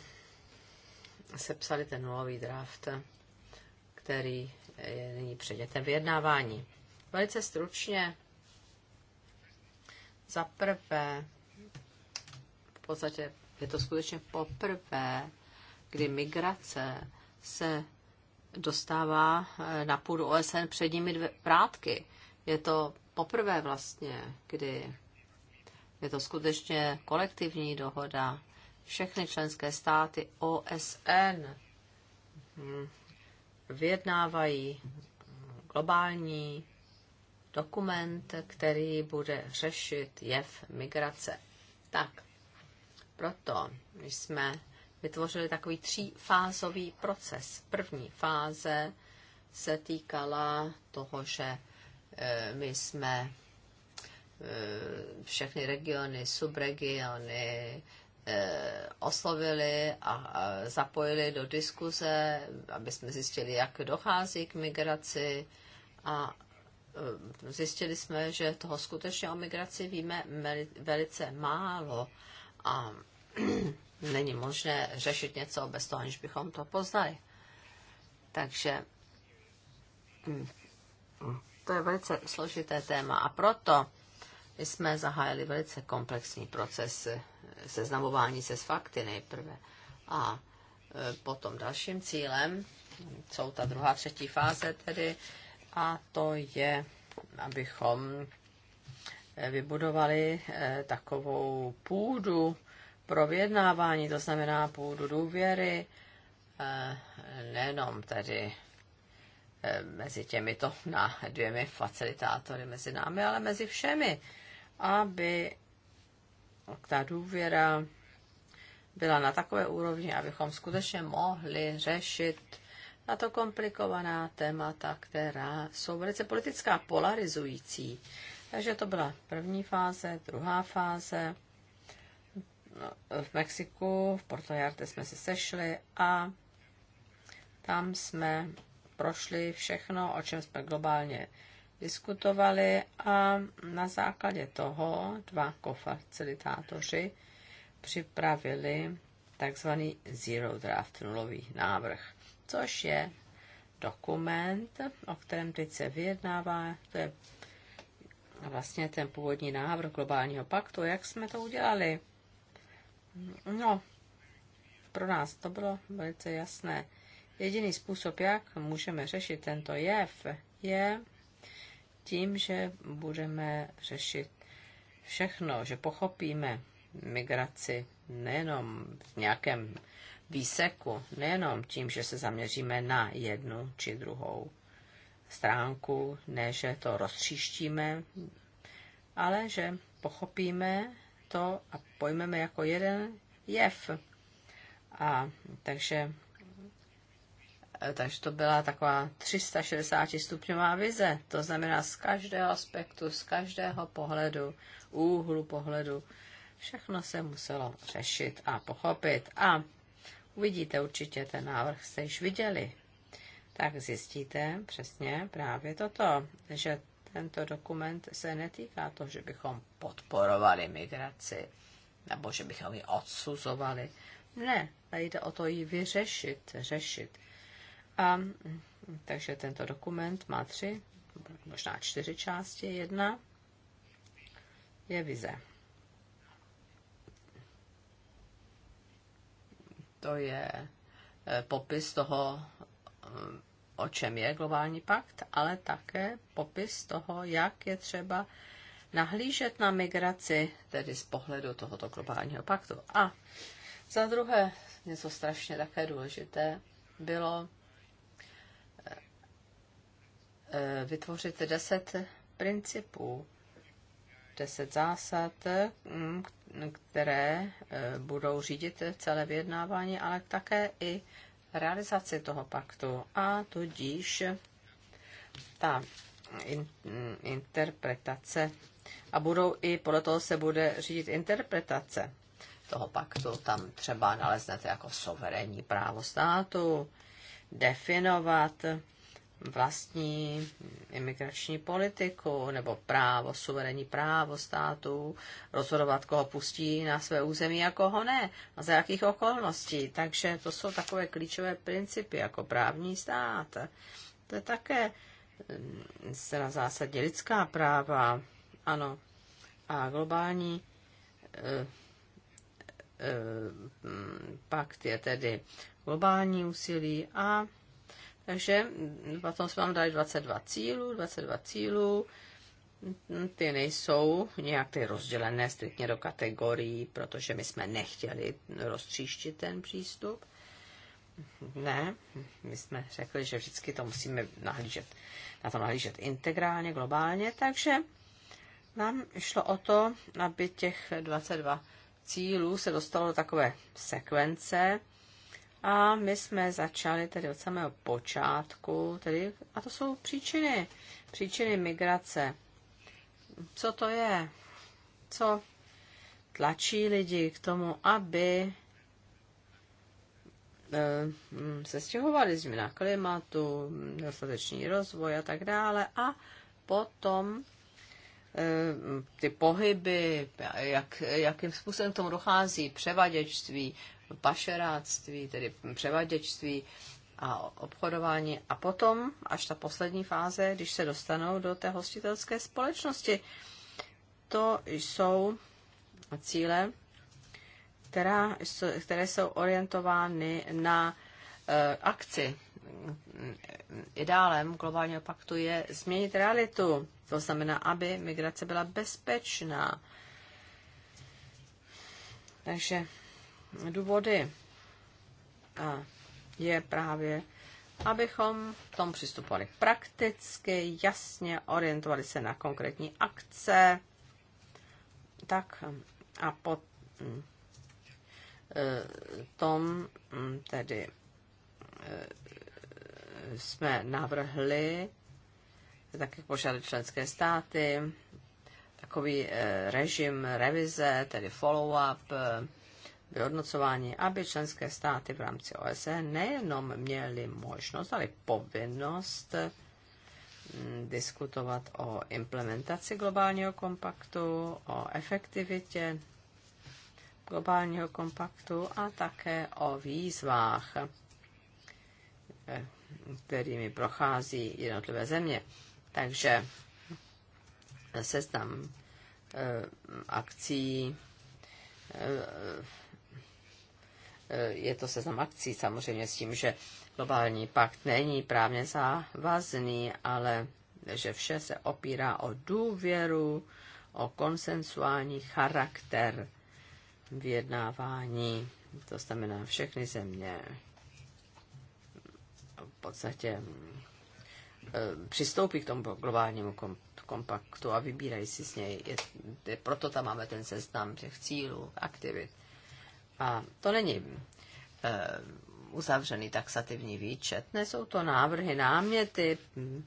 S3: sepsali ten nulový draft, který je nyní předmětem vyjednávání. Velice stručně, za prvé, v podstatě je to skutečně poprvé, kdy migrace se dostává eh, na půdu OSN nimi dvě prátky. Je to poprvé vlastně, kdy je to skutečně kolektivní dohoda všechny členské státy OSN hm, vyjednávají globální dokument, který bude řešit jev migrace. Tak, proto jsme vytvořili takový třífázový proces. První fáze se týkala toho, že eh, my jsme eh, všechny regiony, subregiony, Eh, oslovili a zapojili do diskuze, aby jsme zjistili, jak dochází k migraci a eh, zjistili jsme, že toho skutečně o migraci víme velice málo a *clears throat* není možné řešit něco bez toho, aniž bychom to poznali. Takže mm, to je velice složité téma a proto jsme zahájili velice komplexní proces seznamování se s fakty nejprve. A e, potom dalším cílem jsou ta druhá, třetí fáze tedy, a to je, abychom e, vybudovali e, takovou půdu pro vyjednávání, to znamená půdu důvěry, nejenom tedy mezi těmito na dvěmi facilitátory mezi námi, ale mezi všemi aby ta důvěra byla na takové úrovni, abychom skutečně mohli řešit na to komplikovaná témata, která jsou velice politická, polarizující. Takže to byla první fáze, druhá fáze. No, v Mexiku, v Porto Jarte jsme se sešli a tam jsme prošli všechno, o čem jsme globálně diskutovali a na základě toho dva kofacilitátoři připravili takzvaný Zero Draft nulový návrh, což je dokument, o kterém teď se vyjednává. To je vlastně ten původní návrh globálního paktu. Jak jsme to udělali? No, pro nás to bylo velice jasné. Jediný způsob, jak můžeme řešit tento jev, je tím, že budeme řešit všechno, že pochopíme migraci nejenom v nějakém výseku, nejenom tím, že se zaměříme na jednu či druhou stránku, ne že to rozstříštíme, ale že pochopíme to a pojmeme jako jeden jev. A takže Eh, takže to byla taková 360 stupňová vize, to znamená z každého aspektu, z každého pohledu, úhlu pohledu, všechno se muselo řešit a pochopit. A uvidíte určitě ten návrh, jste již viděli, tak zjistíte přesně právě toto, že tento dokument se netýká toho, že bychom podporovali migraci nebo že bychom ji odsuzovali. Ne, tady jde o to ji vyřešit, řešit. A mm, takže tento dokument má tři, možná čtyři části. Jedna je vize. To je e, popis toho, e, o čem je globální pakt, ale také popis toho, jak je třeba nahlížet na migraci, tedy z pohledu tohoto globálního paktu. A za druhé, něco strašně také důležité, bylo Eh, vytvořit deset principů, deset zásad, mm, které eh, budou řídit celé vyjednávání, ale také i realizaci toho paktu. A tudíž ta in, mm, interpretace. A budou i podle toho se bude řídit interpretace toho paktu. Tam třeba naleznete jako soverénní právo státu, definovat vlastní imigrační politiku nebo právo, suverénní právo států rozhodovat, koho pustí na své území a koho ne a za jakých okolností. Takže to jsou takové klíčové principy jako právní stát. To je také se mm, na zásadě lidská práva, ano, a globální e, e, pakt je tedy globální úsilí a takže potom jsme vám dali 22 cílů, 22 cílů, ty nejsou nějak ty rozdělené striktně do kategorií, protože my jsme nechtěli roztříštit ten přístup. Ne, my jsme řekli, že vždycky to musíme nahlížet, na to nahlížet integrálně, globálně, takže nám šlo o to, aby těch 22 cílů se dostalo do takové sekvence, a my jsme začali tedy od samého počátku, tedy, a to jsou příčiny, příčiny migrace. Co to je? Co tlačí lidi k tomu, aby eh, mm, se stěhovali změna klimatu, dostatečný rozvoj a tak dále. A potom eh, ty pohyby, jak, jakým způsobem k tomu dochází, převaděčství, pašeráctví, tedy převaděčství a obchodování. A potom, až ta poslední fáze, když se dostanou do té hostitelské společnosti, to jsou cíle, která, které jsou orientovány na eh, akci. Ideálem globálního paktu je změnit realitu. To znamená, aby migrace byla bezpečná. Takže důvody je právě, abychom v tom přistupovali prakticky, jasně orientovali se na konkrétní akce, tak a po hm, e, tom hm, tedy e, jsme navrhli, tak jak požádali členské státy, takový e, režim revize, tedy follow-up, vyhodnocování, aby členské státy v rámci OSN nejenom měly možnost, ale povinnost mm, diskutovat o implementaci globálního kompaktu, o efektivitě globálního kompaktu a také o výzvách, eh, kterými prochází jednotlivé země. Takže seznam eh, akcí eh, Eh, je to seznam akcí samozřejmě s tím, že globální pakt není právně závazný, ale že vše se opírá o důvěru, o konsensuální charakter vyjednávání. To znamená všechny země v podstatě mm, eh, přistoupí k tomu globálnímu kompaktu a vybírají si z něj. Je, je, proto tam máme ten seznam těch cílů, aktivit. A to není eh, uzavřený taxativní výčet. nejsou jsou to návrhy, náměty, hm,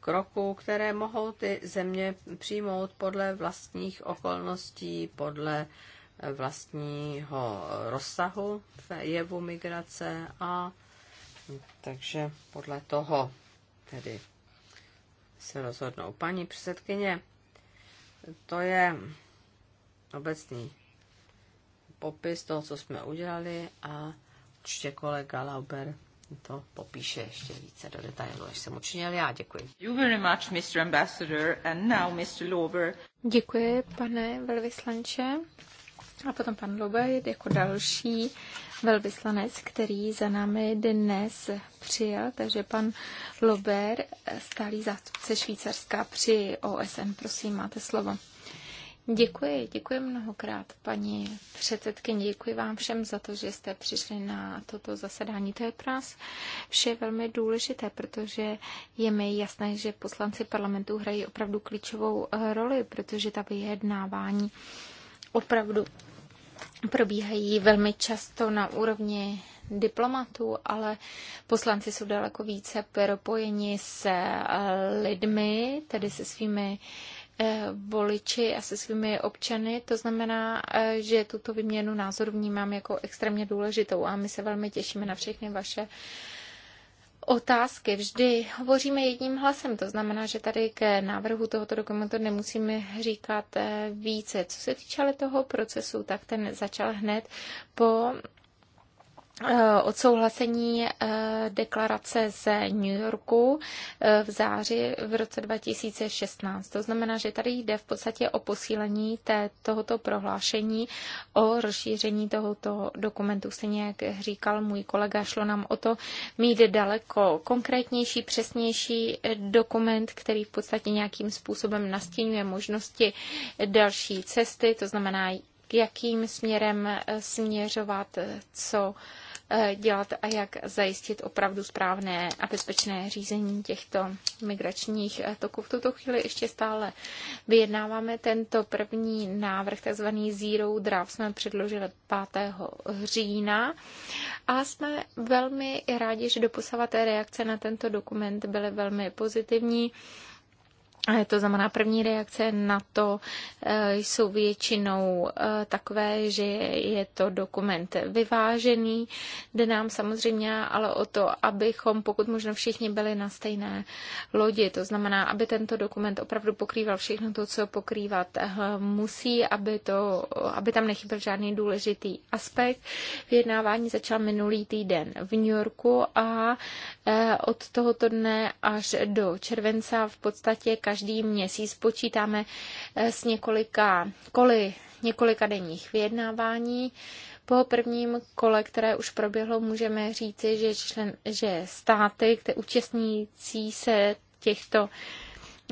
S3: kroků, které mohou ty země přijmout podle vlastních okolností, podle eh, vlastního rozsahu jevu migrace a hm, takže podle toho tedy se rozhodnou. Paní předsedkyně, to je obecný popis toho, co jsme udělali a určitě kolega Lauber to popíše ještě více do detailu, až jsem učinil já. Děkuji. You very much, Mr. Ambassador, and now Mr. Lauber.
S2: Děkuji, pane velvyslanče. A potom pan je jako další velvyslanec, který za námi dnes přijel, takže pan Lober, stálý zástupce Švýcarska při OSN, prosím, máte slovo. Děkuji, děkuji mnohokrát, paní předsedkyně. Děkuji vám všem za to, že jste přišli na toto zasedání. To je pro nás vše velmi důležité, protože je mi jasné, že poslanci parlamentu hrají opravdu klíčovou roli, protože ta vyjednávání opravdu probíhají velmi často na úrovni diplomatů, ale poslanci jsou daleko více propojeni s lidmi, tedy se svými Eh, voliči a se svými občany. To znamená, eh, že tuto vyměnu názoru vnímám jako extrémně důležitou a my se velmi těšíme na všechny vaše otázky. Vždy hovoříme jedním hlasem, to znamená, že tady k návrhu tohoto dokumentu nemusíme říkat eh, více. Co se týče ale toho procesu, tak ten začal hned po Eh, odsouhlasení eh, deklarace ze New Yorku eh, v září v roce 2016. To znamená, že tady jde v podstatě o posílení té, tohoto prohlášení, o rozšíření tohoto dokumentu. Stejně jak říkal můj kolega, šlo nám o to mít daleko konkrétnější, přesnější dokument, který v podstatě nějakým způsobem nastínuje možnosti další cesty, to znamená, jakým směrem směřovat, co Eh, dělat a jak zajistit opravdu správné a bezpečné řízení těchto migračních eh, toků. V tuto chvíli ještě stále vyjednáváme tento první návrh, takzvaný Zero Draft, jsme předložili 5. října a jsme velmi rádi, že doposavaté reakce na tento dokument byly velmi pozitivní. To znamená, první reakce na to eh, jsou většinou eh, takové, že je to dokument vyvážený. Jde nám samozřejmě ale o to, abychom pokud možno všichni byli na stejné lodi. To znamená, aby tento dokument opravdu pokrýval všechno to, co pokrývat eh, musí, aby, to, aby tam nechyběl žádný důležitý aspekt. Vyjednávání začal minulý týden v New Yorku a od tohoto dne až do července v podstatě každý každý měsíc počítáme eh, s několika koly, několika denních vyjednávání. Po prvním kole, které už proběhlo, můžeme říci, že, člen, že státy, které účastnící se těchto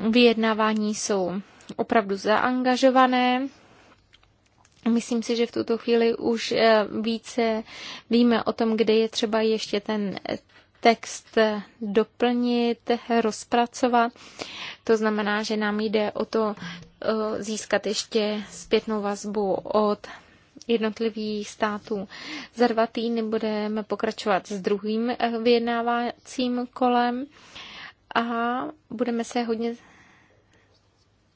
S2: vyjednávání jsou opravdu zaangažované. Myslím si, že v tuto chvíli už eh, více víme o tom, kde je třeba ještě ten text doplnit, rozpracovat. To znamená, že nám jde o to eh, získat ještě zpětnou vazbu od jednotlivých států. Za dva týdny budeme pokračovat s druhým eh, vyjednávacím kolem a budeme se hodně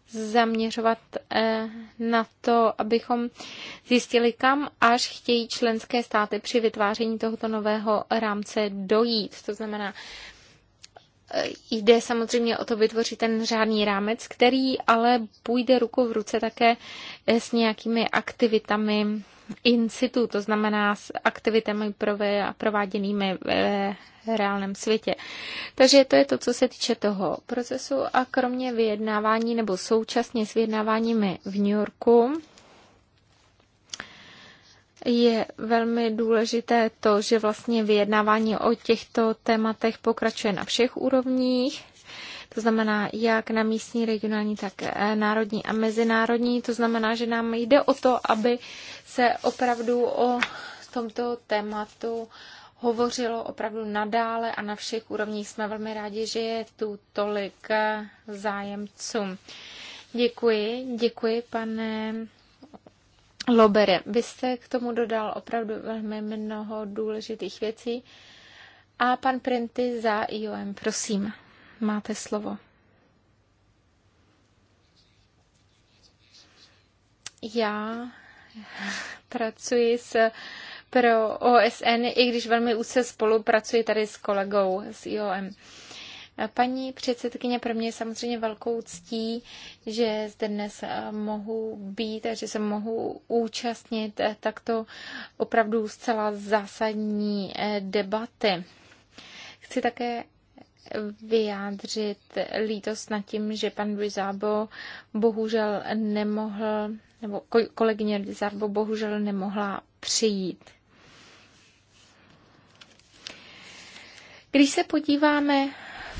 S2: zaměřovat eh, na to, abychom zjistili, kam až chtějí členské státy při vytváření tohoto nového rámce dojít. To znamená, jde samozřejmě o to vytvořit ten řádný rámec, který ale půjde ruku v ruce také s nějakými aktivitami in situ, to znamená s aktivitami prováděnými v reálném světě. Takže to je to, co se týče toho procesu a kromě vyjednávání nebo současně s vyjednáváními v New Yorku, je velmi důležité to, že vlastně vyjednávání o těchto tématech pokračuje na všech úrovních. To znamená jak na místní, regionální, tak eh, národní a mezinárodní. To znamená, že nám jde o to, aby se opravdu o tomto tématu hovořilo opravdu nadále a na všech úrovních. Jsme velmi rádi, že je tu tolik eh, zájemců. Děkuji, děkuji pane Lobere, vy jste k tomu dodal opravdu velmi mnoho důležitých věcí. A pan Printy za IOM, prosím, máte slovo. Já pracuji s pro OSN, i když velmi úzce spolupracuji tady s kolegou z IOM. Paní předsedkyně, pro mě je samozřejmě velkou ctí, že zde dnes eh, mohu být a že se mohu účastnit eh, takto opravdu zcela zásadní eh, debaty. Chci také vyjádřit lítost nad tím, že pan Rizabo bohužel nemohl, nebo kolegyně Rizabo bohužel nemohla přijít. Když se podíváme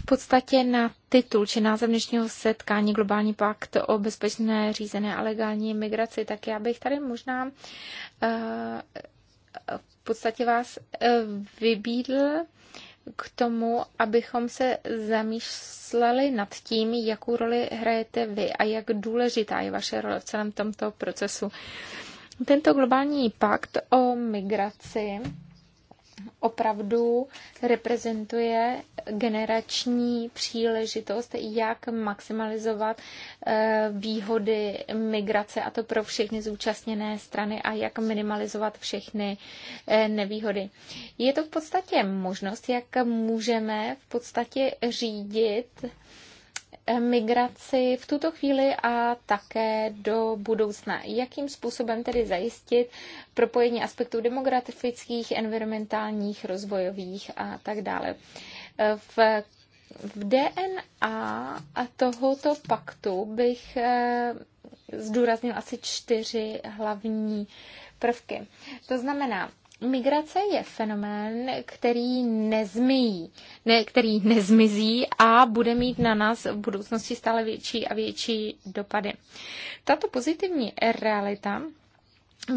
S2: podstatě na titul či název dnešního setkání Globální pakt o bezpečné, řízené a legální migraci, tak já bych tady možná eh, v podstatě vás eh, vybídl k tomu, abychom se zamýšleli nad tím, jakou roli hrajete vy a jak důležitá je vaše role v celém tomto procesu. Tento globální pakt o migraci opravdu reprezentuje generační příležitost, jak maximalizovat eh, výhody migrace, a to pro všechny zúčastněné strany, a jak minimalizovat všechny eh, nevýhody. Je to v podstatě možnost, jak můžeme v podstatě řídit migraci v tuto chvíli a také do budoucna. Jakým způsobem tedy zajistit propojení aspektů demografických, environmentálních, rozvojových a tak dále. V v DNA tohoto paktu bych eh, zdůraznil asi čtyři hlavní prvky. To znamená Migrace je fenomén, který nezmizí, ne, který nezmizí a bude mít na nás v budoucnosti stále větší a větší dopady. Tato pozitivní realita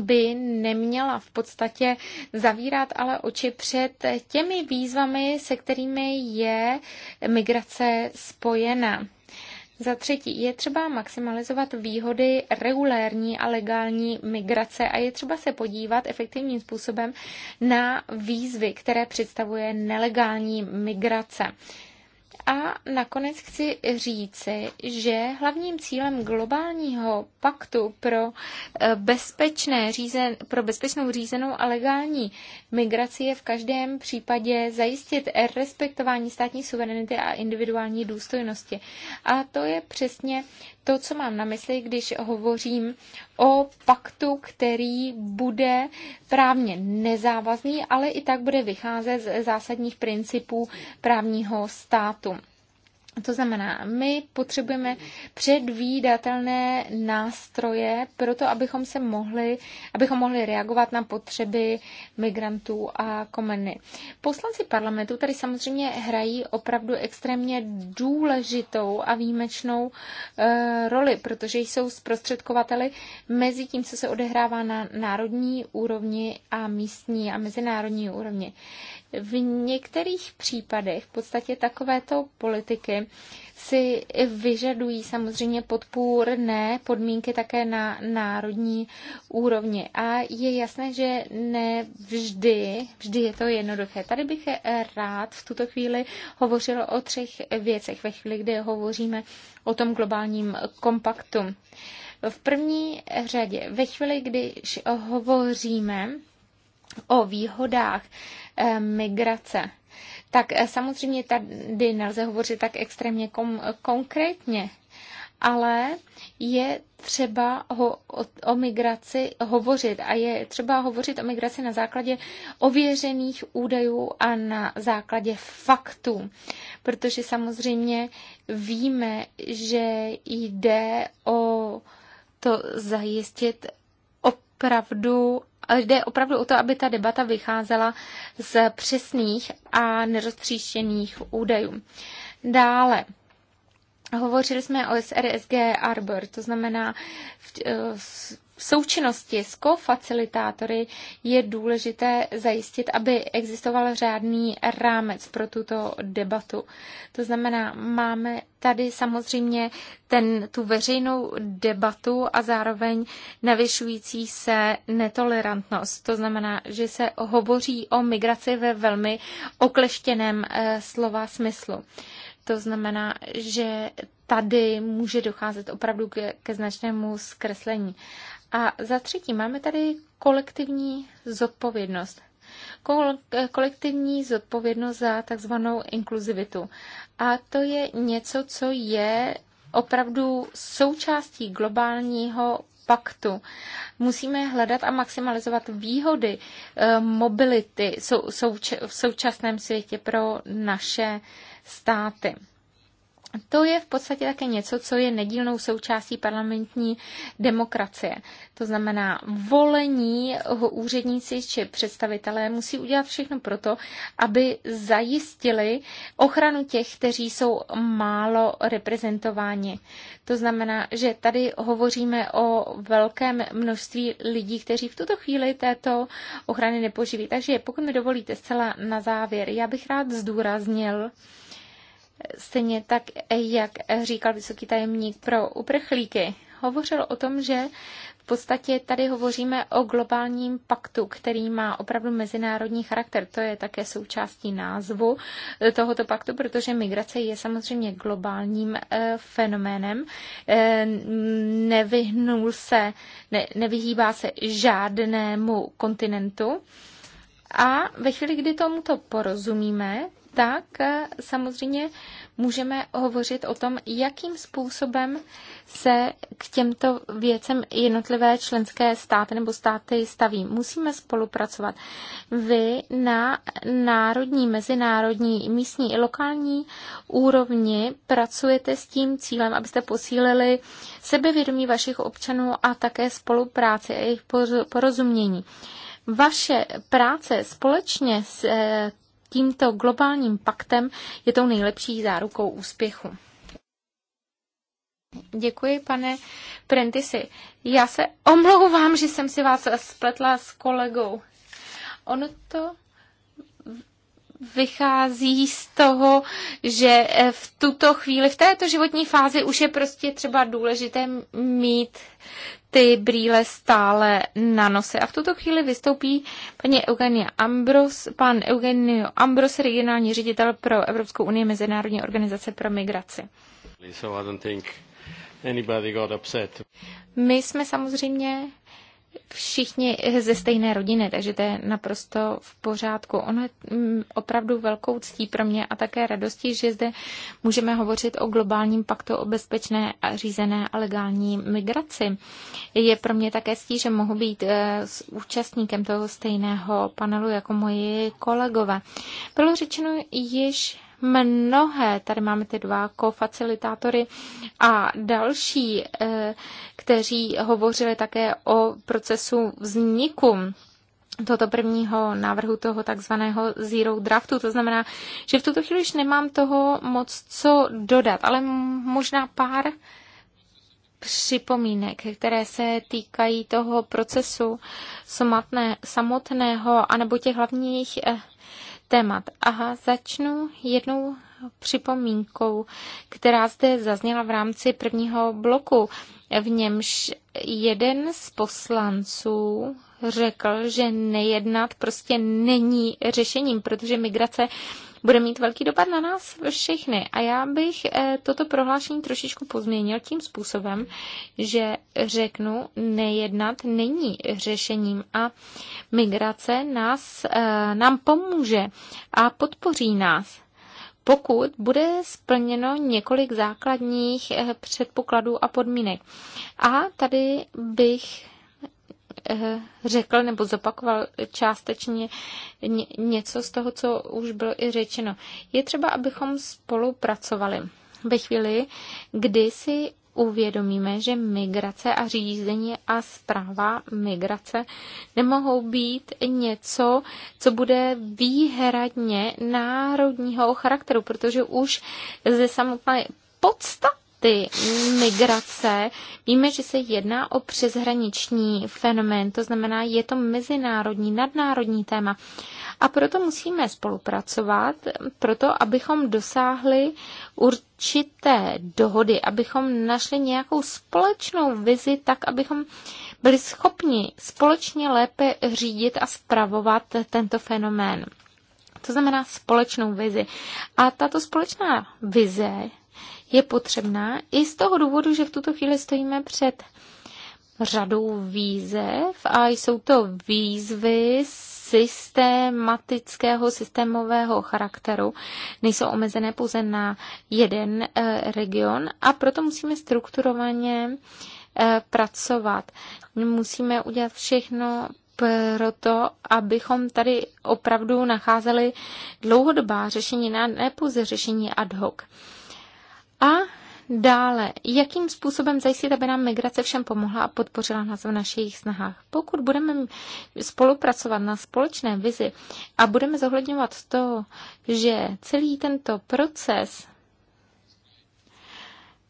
S2: by neměla v podstatě zavírat ale oči před těmi výzvami, se kterými je migrace spojena. Za třetí, je třeba maximalizovat výhody regulérní a legální migrace a je třeba se podívat efektivním způsobem na výzvy, které představuje nelegální migrace. A nakonec chci říci, že hlavním cílem globálního paktu pro, eh, bezpečné, řízen, pro bezpečnou řízenou a legální migraci je v každém případě zajistit respektování státní suverenity a individuální důstojnosti. A to je přesně to, co mám na mysli, když hovořím o paktu, který bude právně nezávazný, ale i tak bude vycházet z zásadních principů právního státu. To znamená, my potřebujeme předvídatelné nástroje pro to, abychom se mohli, abychom mohli reagovat na potřeby migrantů a komeny. Poslanci parlamentu tady samozřejmě hrají opravdu extrémně důležitou a výjimečnou e, roli, protože jsou zprostředkovateli mezi tím, co se odehrává na národní úrovni a místní a mezinárodní úrovni v některých případech v podstatě takovéto politiky si vyžadují samozřejmě podpůrné podmínky také na národní úrovni. A je jasné, že ne vždy, vždy je to jednoduché. Tady bych rád v tuto chvíli hovořil o třech věcech ve chvíli, kdy hovoříme o tom globálním kompaktu. V první řadě, ve chvíli, když hovoříme o výhodách Eh, migrace. Tak eh, samozřejmě tady nelze hovořit tak extrémně kom- konkrétně, ale je třeba ho, o, o migraci hovořit a je třeba hovořit o migraci na základě ověřených údajů a na základě faktů, protože samozřejmě víme, že jde o to zajistit opravdu ale jde opravdu o to, aby ta debata vycházela z přesných a neroztříštěných údajů. Dále, Hovořili jsme o SRSG Arbor, to znamená v, eh, v, v součinnosti s kofacilitátory je důležité zajistit, aby existoval řádný rámec pro tuto debatu. To znamená, máme tady samozřejmě ten, tu veřejnou debatu a zároveň navyšující se netolerantnost. To znamená, že se hovoří o migraci ve velmi okleštěném eh, slova smyslu. To znamená, že tady může docházet opravdu ke, ke značnému zkreslení. A za třetí máme tady kolektivní zodpovědnost. Kol- eh, kolektivní zodpovědnost za takzvanou inkluzivitu. A to je něco, co je opravdu součástí globálního paktu. Musíme hledat a maximalizovat výhody eh, mobility v současném světě pro naše státy to je v podstatě také něco, co je nedílnou součástí parlamentní demokracie. To znamená, volení úředníci či představitelé musí udělat všechno proto, aby zajistili ochranu těch, kteří jsou málo reprezentováni. To znamená, že tady hovoříme o velkém množství lidí, kteří v tuto chvíli této ochrany nepoživí. Takže pokud mi dovolíte zcela na závěr, já bych rád zdůraznil, stejně tak, jak říkal vysoký tajemník pro uprchlíky. Hovořil o tom, že v podstatě tady hovoříme o globálním paktu, který má opravdu mezinárodní charakter. To je také součástí názvu tohoto paktu, protože migrace je samozřejmě globálním eh, fenoménem. Eh, nevyhnul se, ne, nevyhýbá se žádnému kontinentu. A ve chvíli, kdy tomuto porozumíme, tak eh, samozřejmě můžeme hovořit o tom, jakým způsobem se k těmto věcem jednotlivé členské státy nebo státy staví. Musíme spolupracovat. Vy na národní, mezinárodní, místní i lokální úrovni pracujete s tím cílem, abyste posílili sebevědomí vašich občanů a také spolupráci a jejich porozumění vaše práce společně s eh, tímto globálním paktem je tou nejlepší zárukou úspěchu. Děkuji, pane Prentisi. Já se omlouvám, že jsem si vás spletla s kolegou. Ono to vychází z toho, že v tuto chvíli, v této životní fázi už je prostě třeba důležité mít ty brýle stále na nose. A v tuto chvíli vystoupí paní Eugenia Ambros, pan Eugenio Ambros, regionální ředitel pro Evropskou unii Mezinárodní organizace pro migraci. So My jsme samozřejmě všichni ze stejné rodiny, takže to je naprosto v pořádku. Ono je mm, opravdu velkou ctí pro mě a také radostí, že zde můžeme hovořit o globálním paktu o bezpečné a řízené a legální migraci. Je pro mě také ctí, že mohu být eh, s účastníkem toho stejného panelu jako moji kolegové. Bylo řečeno již mnohé. Tady máme ty dva kofacilitátory a další, eh, kteří hovořili také o procesu vzniku tohoto prvního návrhu, toho takzvaného zero draftu. To znamená, že v tuto chvíli už nemám toho moc co dodat, ale možná pár připomínek, které se týkají toho procesu samotné, samotného anebo těch hlavních eh, témat. Aha, začnu jednou připomínkou, která zde zazněla v rámci prvního bloku, v němž jeden z poslanců řekl, že nejednat prostě není řešením, protože migrace bude mít velký dopad na nás všechny. A já bych eh, toto prohlášení trošičku pozměnil tím způsobem, že řeknu, nejednat není řešením a migrace nás, eh, nám pomůže a podpoří nás pokud bude splněno několik základních eh, předpokladů a podmínek. A tady bych Eh, řekl nebo zopakoval částečně něco z toho, co už bylo i řečeno. Je třeba, abychom spolupracovali ve chvíli, kdy si uvědomíme, že migrace a řízení a zpráva migrace nemohou být něco, co bude výhradně národního charakteru, protože už ze samotné podstaty ty migrace, víme, že se jedná o přeshraniční fenomén, to znamená, je to mezinárodní, nadnárodní téma. A proto musíme spolupracovat, proto abychom dosáhli určité dohody, abychom našli nějakou společnou vizi, tak abychom byli schopni společně lépe řídit a spravovat tento fenomén. To znamená společnou vizi. A tato společná vize je potřebná i z toho důvodu, že v tuto chvíli stojíme před řadou výzev a jsou to výzvy systematického, systémového charakteru. Nejsou omezené pouze na jeden eh, region a proto musíme strukturovaně eh, pracovat. Musíme udělat všechno proto, abychom tady opravdu nacházeli dlouhodobá řešení, ne pouze řešení ad hoc. A Dále, jakým způsobem zajistit, aby nám migrace všem pomohla a podpořila nás v našich snahách? Pokud budeme spolupracovat na společné vizi a budeme zohledňovat to, že celý tento proces,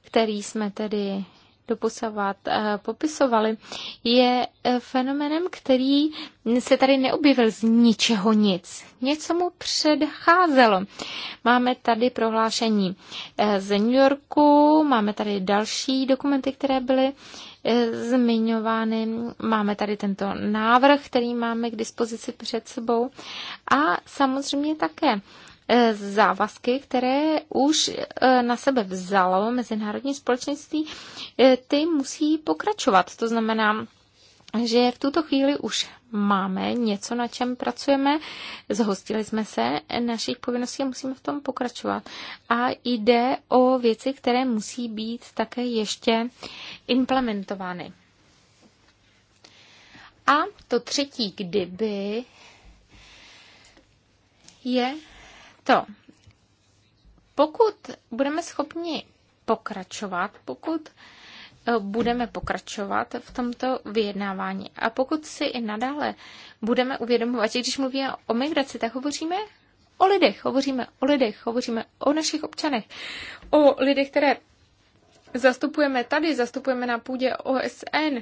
S2: který jsme tedy doposavat eh, popisovali, je eh, fenomenem, který se tady neobjevil z ničeho nic. Něco mu předcházelo. Máme tady prohlášení eh, z New Yorku, máme tady další dokumenty, které byly zmiňovány. Máme tady tento návrh, který máme k dispozici před sebou. A samozřejmě také E, závazky, které už e, na sebe vzalo mezinárodní společenství, e, ty musí pokračovat. To znamená, že v tuto chvíli už máme něco, na čem pracujeme, zhostili jsme se našich povinností a musíme v tom pokračovat. A jde o věci, které musí být také ještě implementovány. A to třetí, kdyby, je to, pokud budeme schopni pokračovat, pokud eh, budeme pokračovat v tomto vyjednávání a pokud si i nadále budeme uvědomovat, že když mluvíme o migraci, tak hovoříme o lidech, hovoříme o lidech, hovoříme o našich občanech, o lidech, které zastupujeme tady, zastupujeme na půdě OSN,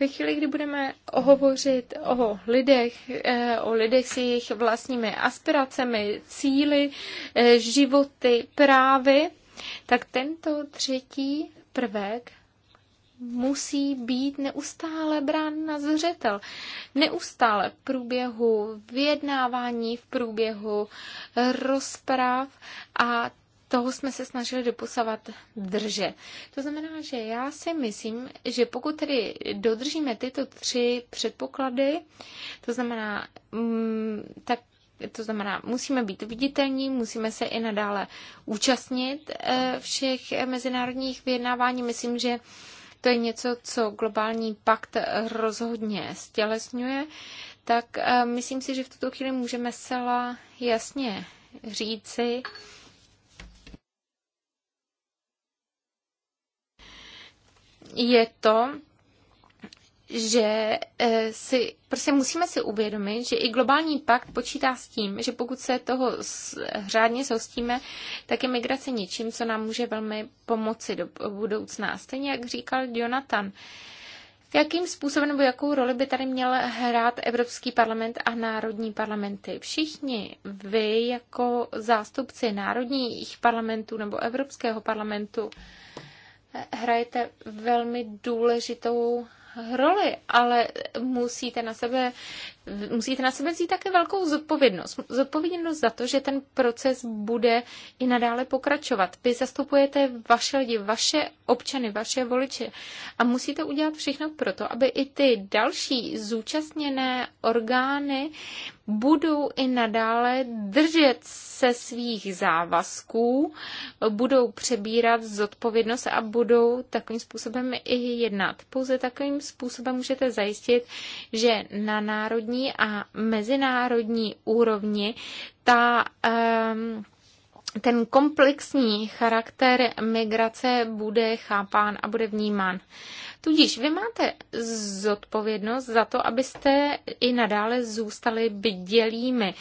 S2: ve chvíli, kdy budeme hovořit o lidech, eh, o lidech s jejich vlastními aspiracemi, cíly, eh, životy, právy, tak tento třetí prvek musí být neustále brán na zřetel. Neustále v průběhu vyjednávání, v průběhu rozprav a toho jsme se snažili doposavat drže. To znamená, že já si myslím, že pokud tedy dodržíme tyto tři předpoklady, to znamená, mm, tak to znamená, musíme být viditelní, musíme se i nadále účastnit eh, všech mezinárodních vyjednávání. Myslím, že to je něco, co globální pakt rozhodně stělesňuje. Tak eh, myslím si, že v tuto chvíli můžeme zcela jasně říci, je to, že eh, si, prostě musíme si uvědomit, že i globální pakt počítá s tím, že pokud se toho řádně soustíme, tak je migrace něčím, co nám může velmi pomoci do budoucna. Stejně jak říkal Jonathan, jakým způsobem nebo jakou roli by tady měl hrát Evropský parlament a národní parlamenty? Všichni vy jako zástupci národních parlamentů nebo Evropského parlamentu, hrajete velmi důležitou roli, ale musíte na sebe musíte na sebe vzít také velkou zodpovědnost. Zodpovědnost za to, že ten proces bude i nadále pokračovat. Vy zastupujete vaše lidi, vaše občany, vaše voliče a musíte udělat všechno pro to, aby i ty další zúčastněné orgány budou i nadále držet se svých závazků, budou přebírat zodpovědnost a budou takovým způsobem i jednat. Pouze takovým způsobem můžete zajistit, že na národní národní a mezinárodní úrovni ta um, ten komplexní charakter migrace bude chápán a bude vnímán. Tudíž vy máte zodpovědnost za to, abyste i nadále zůstali bdělými,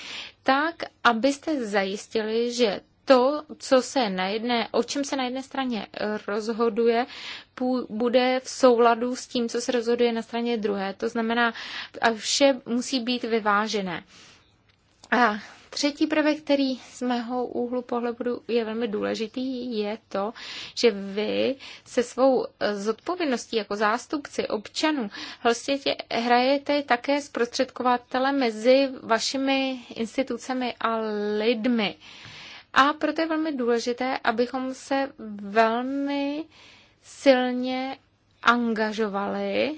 S2: tak abyste zajistili, že to, co se na jedné, o čem se na jedné straně rozhoduje, bude v souladu s tím, co se rozhoduje na straně druhé. To znamená, a vše musí být vyvážené. A Třetí prvek, který z mého úhlu pohledu je velmi důležitý, je to, že vy se svou zodpovědností jako zástupci občanů vlastně hrajete také zprostředkovatele mezi vašimi institucemi a lidmi. A proto je velmi důležité, abychom se velmi silně angažovali,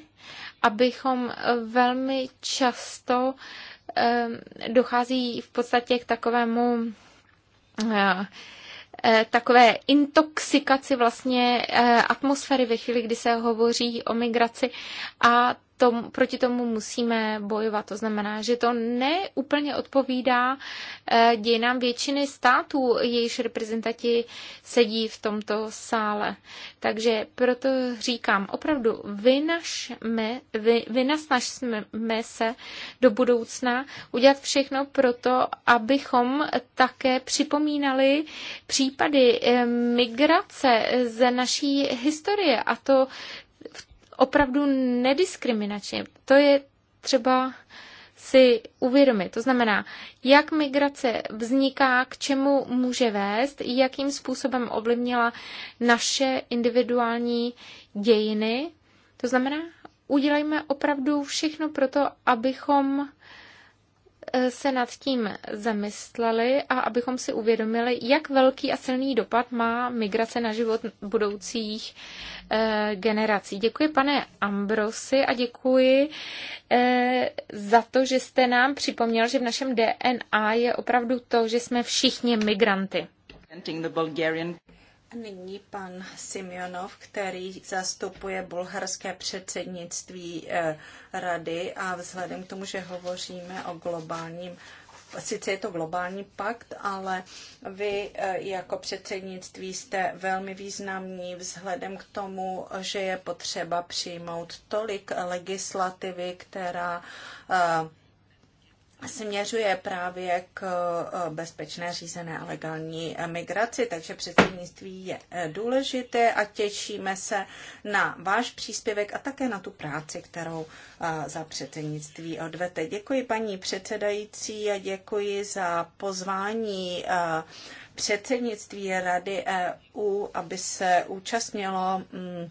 S2: abychom velmi často dochází v podstatě k takovému eh, eh, takové intoxikaci vlastně eh, atmosféry ve chvíli, kdy se hovoří o migraci a tom, proti tomu musíme bojovat. To znamená, že to neúplně odpovídá eh, dějinám většiny států, jejichž reprezentanti sedí v tomto sále. Takže proto říkám, opravdu vynažme, vy, se do budoucna udělat všechno pro to, abychom také připomínali případy eh, migrace ze naší historie a to opravdu nediskriminačně. To je třeba si uvědomit. To znamená, jak migrace vzniká, k čemu může vést, jakým způsobem ovlivnila naše individuální dějiny. To znamená, udělejme opravdu všechno pro to, abychom Eh, se nad tím zamysleli a abychom si uvědomili, jak velký a silný dopad má migrace na život budoucích eh, generací. Děkuji, pane Ambrosi, a děkuji eh, za to, že jste nám připomněl, že v našem DNA je opravdu to, že jsme všichni migranty.
S1: Nyní pan Simionov, který zastupuje bulharské předsednictví eh, rady a vzhledem k tomu, že hovoříme o globálním sice je to globální pakt, ale vy eh, jako předsednictví jste velmi významní vzhledem k tomu, že je potřeba přijmout tolik legislativy, která eh, směřuje právě k eh, bezpečné, řízené a legální migraci, takže předsednictví je eh, důležité a těšíme se na váš příspěvek a také na tu práci, kterou eh, za předsednictví odvete. Děkuji paní předsedající a děkuji za pozvání předsednictví Rady EU, aby se účastnilo mm,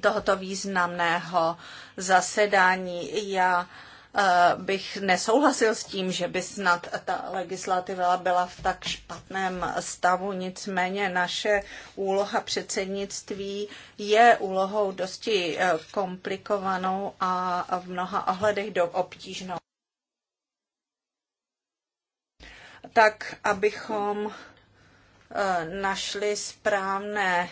S1: tohoto významného zasedání. Já Eh, bych nesouhlasil s tím, že by snad ta legislativa byla v tak špatném stavu. Nicméně naše úloha předsednictví je úlohou dosti eh, komplikovanou a v mnoha ohledech do obtížnou. Tak, abychom eh, našli správné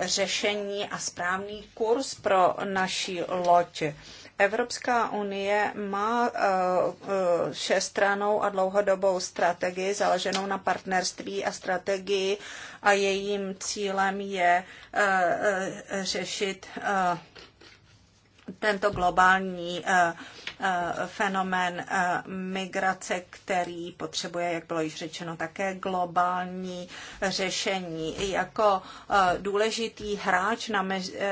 S1: řešení a správný kurz pro naší loď. Evropská unie má eh, eh, šestranou a dlouhodobou strategii založenou na partnerství a strategii a jejím cílem je eh, řešit tento globální Eh, fenomén eh, migrace, který potřebuje, jak bylo již řečeno, také globální řešení. Jako eh, důležitý hráč na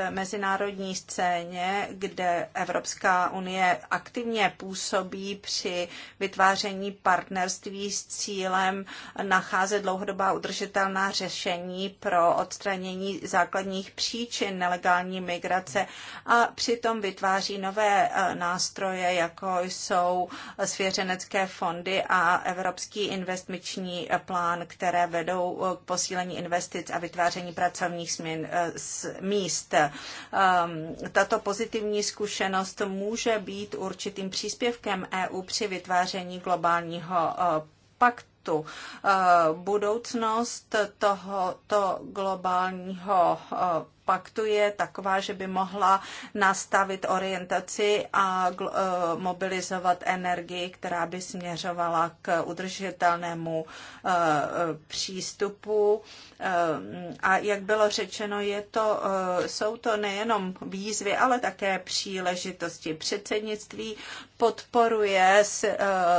S1: mezinárodní scéně, kde Evropská unie aktivně působí při vytváření partnerství s cílem nacházet dlouhodobá udržitelná řešení pro odstranění základních příčin nelegální migrace a přitom vytváří nové nástroje, jako jsou svěřenecké fondy a Evropský investiční plán, které vedou k posílení investic a vytváření pracovních eh, s míst. Ehm, tato pozitivní zkušenost může být určitým příspěvkem EU při vytváření globálního eh, paktu eh, budoucnost tohoto globálního paktu je taková, že by mohla nastavit orientaci a e, mobilizovat energii, která by směřovala k udržitelnému e, e, přístupu. A jak bylo řečeno, je to, jsou to nejenom výzvy, ale také příležitosti. Předsednictví podporuje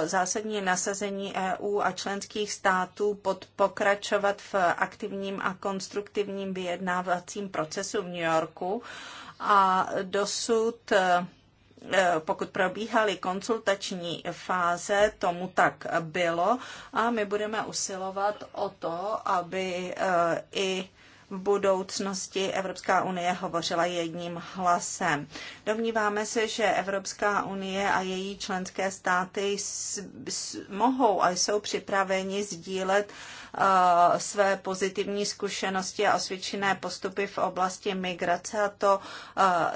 S1: zásadní nasazení EU a členských států pod pokračovat v aktivním a konstruktivním vyjednávacím procesu procesu v New Yorku a dosud eh, eh, pokud probíhaly konsultační fáze, tomu tak bylo a my budeme usilovat o to, aby eh, i v budoucnosti Evropská unie hovořila jedním hlasem. Domníváme se, že Evropská unie a její členské státy mohou a jsou připraveni sdílet své pozitivní zkušenosti a osvědčené postupy v oblasti migrace a to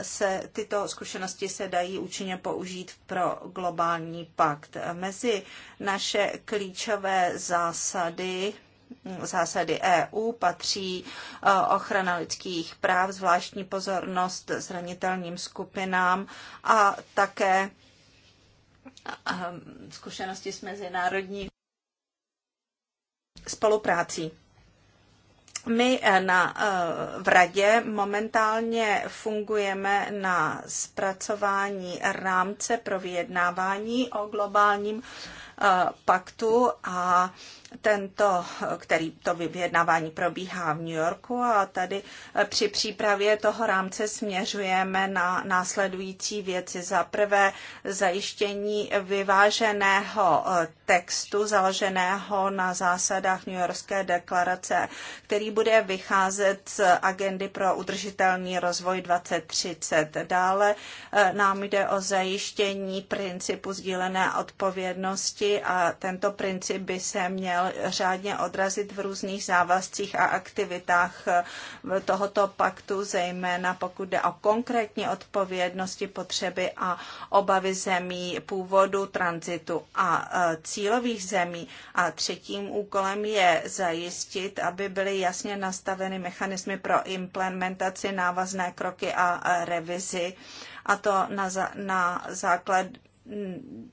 S1: se, tyto zkušenosti se dají účinně použít pro globální pakt. Mezi naše klíčové zásady zásady EU patří ochrana lidských práv, zvláštní pozornost zranitelným skupinám a také zkušenosti s mezinárodní spolupráci. My eh, na, eh, v radě momentálně fungujeme na zpracování rámce pro vyjednávání o globálním eh, paktu a tento, který to vyjednávání probíhá v New Yorku a tady eh, při přípravě toho rámce směřujeme na následující věci. Za prvé zajištění vyváženého eh, textu založeného na zásadách New Yorkské deklarace, který bude vycházet z agendy pro udržitelný rozvoj 2030. Dále eh, nám jde o zajištění principu sdílené odpovědnosti a tento princip by se měl měl řádně odrazit v různých závazcích a aktivitách tohoto paktu, zejména pokud jde o konkrétní odpovědnosti, potřeby a obavy zemí původu, tranzitu a e, cílových zemí. A třetím úkolem je zajistit, aby byly jasně nastaveny mechanismy pro implementaci, návazné kroky a e, revizi a to na, na základ,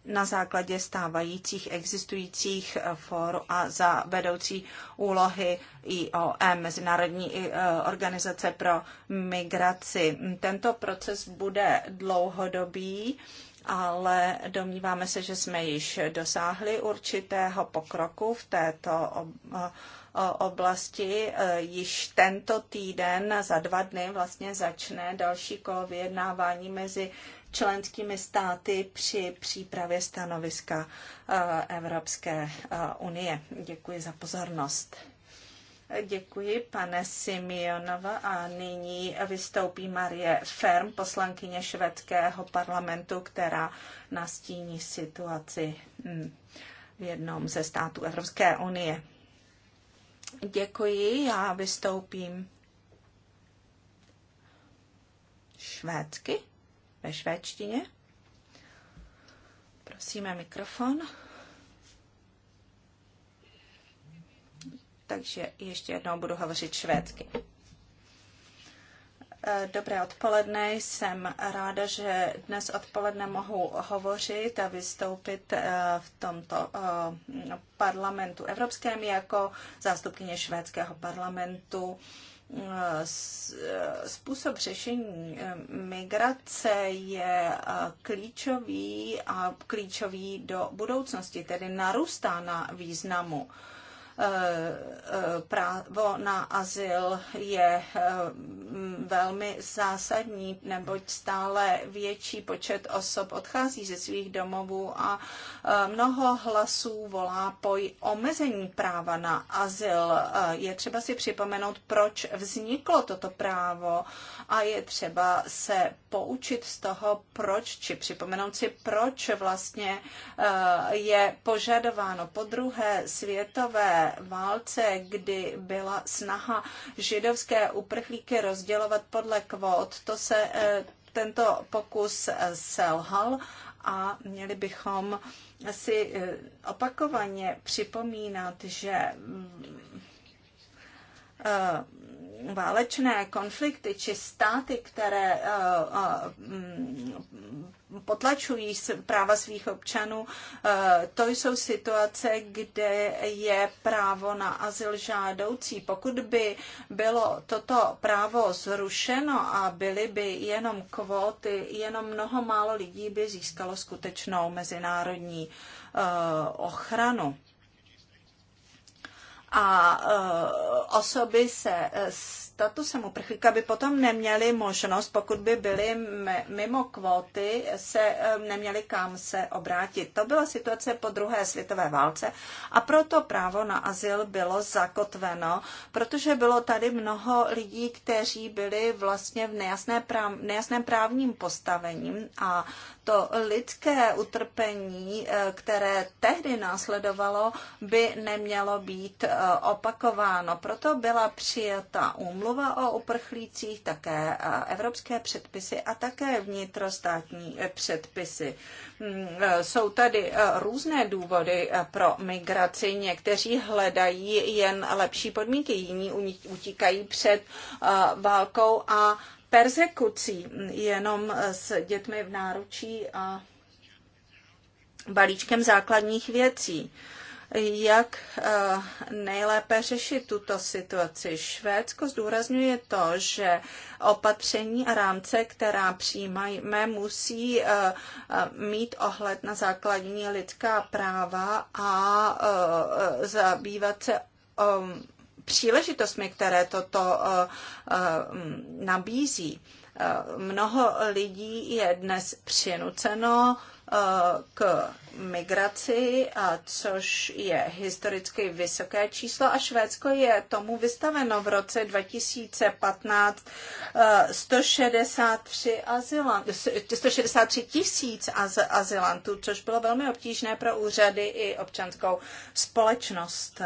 S1: na základě stávajících existujících eh, for a za vedoucí úlohy IOM, Mezinárodní eh, organizace pro migraci. Tento proces bude dlouhodobý ale domníváme se, že jsme již dosáhli určitého pokroku v této eh, oblasti. Již tento týden za dva dny vlastně začne další kolo vyjednávání mezi členskými státy při přípravě stanoviska eh, Evropské eh, unie. Děkuji za pozornost. Děkuji, pane Simionova. A nyní vystoupí Marie Ferm, poslankyně švédského parlamentu, která nastíní situaci hm, v jednom ze států Evropské unie. Děkuji, já vystoupím švédsky ve švédštině. Prosíme mikrofon. Takže ještě jednou budu hovořit švédsky. Eh, dobré odpoledne, jsem ráda, že dnes odpoledne mohu hovořit a vystoupit eh, v tomto eh, no, parlamentu evropském jako zástupkyně švédského parlamentu způsob řešení eh, migrace je eh, klíčový a klíčový do budoucnosti, tedy narůstá na významu právo na azyl je mm, velmi zásadní, neboť stále větší počet osob odchází ze svých domovů a e, mnoho hlasů volá po omezení práva na azyl. E, je třeba si připomenout, proč vzniklo toto právo a je třeba se poučit z toho, proč, či připomenout si, proč vlastně eh, je požadováno. Po druhé světové válce, kdy byla snaha židovské uprchlíky rozdělovat podle kvót, to se eh, tento pokus eh, selhal a měli bychom si opakovaně připomínat, že mm, válečné konflikty či státy, které eh, eh, potlačují práva svých občanů, eh, to jsou situace, kde je právo na azyl žádoucí. Pokud by bylo toto právo zrušeno a byly by jenom kvóty, jenom mnoho málo lidí by získalo skutečnou mezinárodní ochranu a eh, osoby se eh, statusem uprchlíka by potom neměly možnost, pokud by byly mimo kvóty, se eh, neměly kam se obrátit. To byla situace po druhé světové válce a proto právo na azyl bylo zakotveno, protože bylo tady mnoho lidí, kteří byli vlastně v nejasné práv, nejasném právním postavením a to lidské utrpení, eh, které tehdy následovalo, by nemělo být eh, opakováno. Proto byla přijata úmluva o uprchlících, také eh, evropské předpisy a také vnitrostátní předpisy. Hmm, jsou tady různé důvody pro migraci. Někteří hledají jen lepší podmínky, jiní utíkají před válkou a persekucí jenom s dětmi v náručí a balíčkem základních věcí jak eh, nejlépe řešit tuto situaci. Švédsko zdůrazňuje to, že opatření a rámce, která přijímáme, musí eh, mít ohled na základní lidská práva a eh, zabývat se um, příležitostmi, které toto eh, eh, nabízí. Eh, mnoho lidí je dnes přinuceno k migraci, což je historicky vysoké číslo a Švédsko je tomu vystaveno v roce 2015 163, azylant, 163 tisíc azylantů, což bylo velmi obtížné pro úřady i občanskou společnost.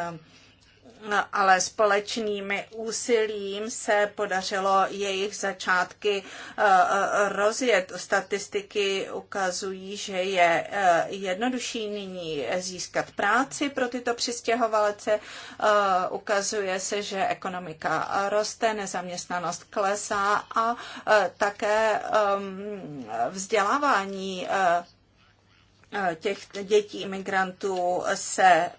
S1: No, ale společnými úsilím se podařilo jejich začátky eh, eh, rozjet. Statistiky ukazují, že je eh, jednodušší nyní získat práci pro tyto přistěhovalce. Ukazuje se, že ekonomika roste, nezaměstnanost klesá a také vzdělávání těch dětí imigrantů se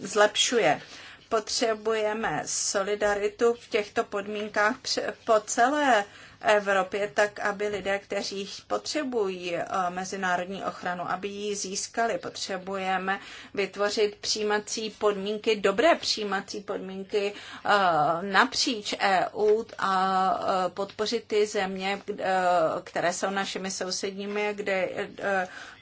S1: zlepšuje. Potřebujeme solidaritu v těchto podmínkách po celé Evropě, tak aby lidé, kteří potřebují eh, mezinárodní ochranu, aby ji získali. Potřebujeme vytvořit přijímací podmínky, dobré přijímací podmínky eh, napříč EU a eh, podpořit ty země, které jsou našimi sousedními, kde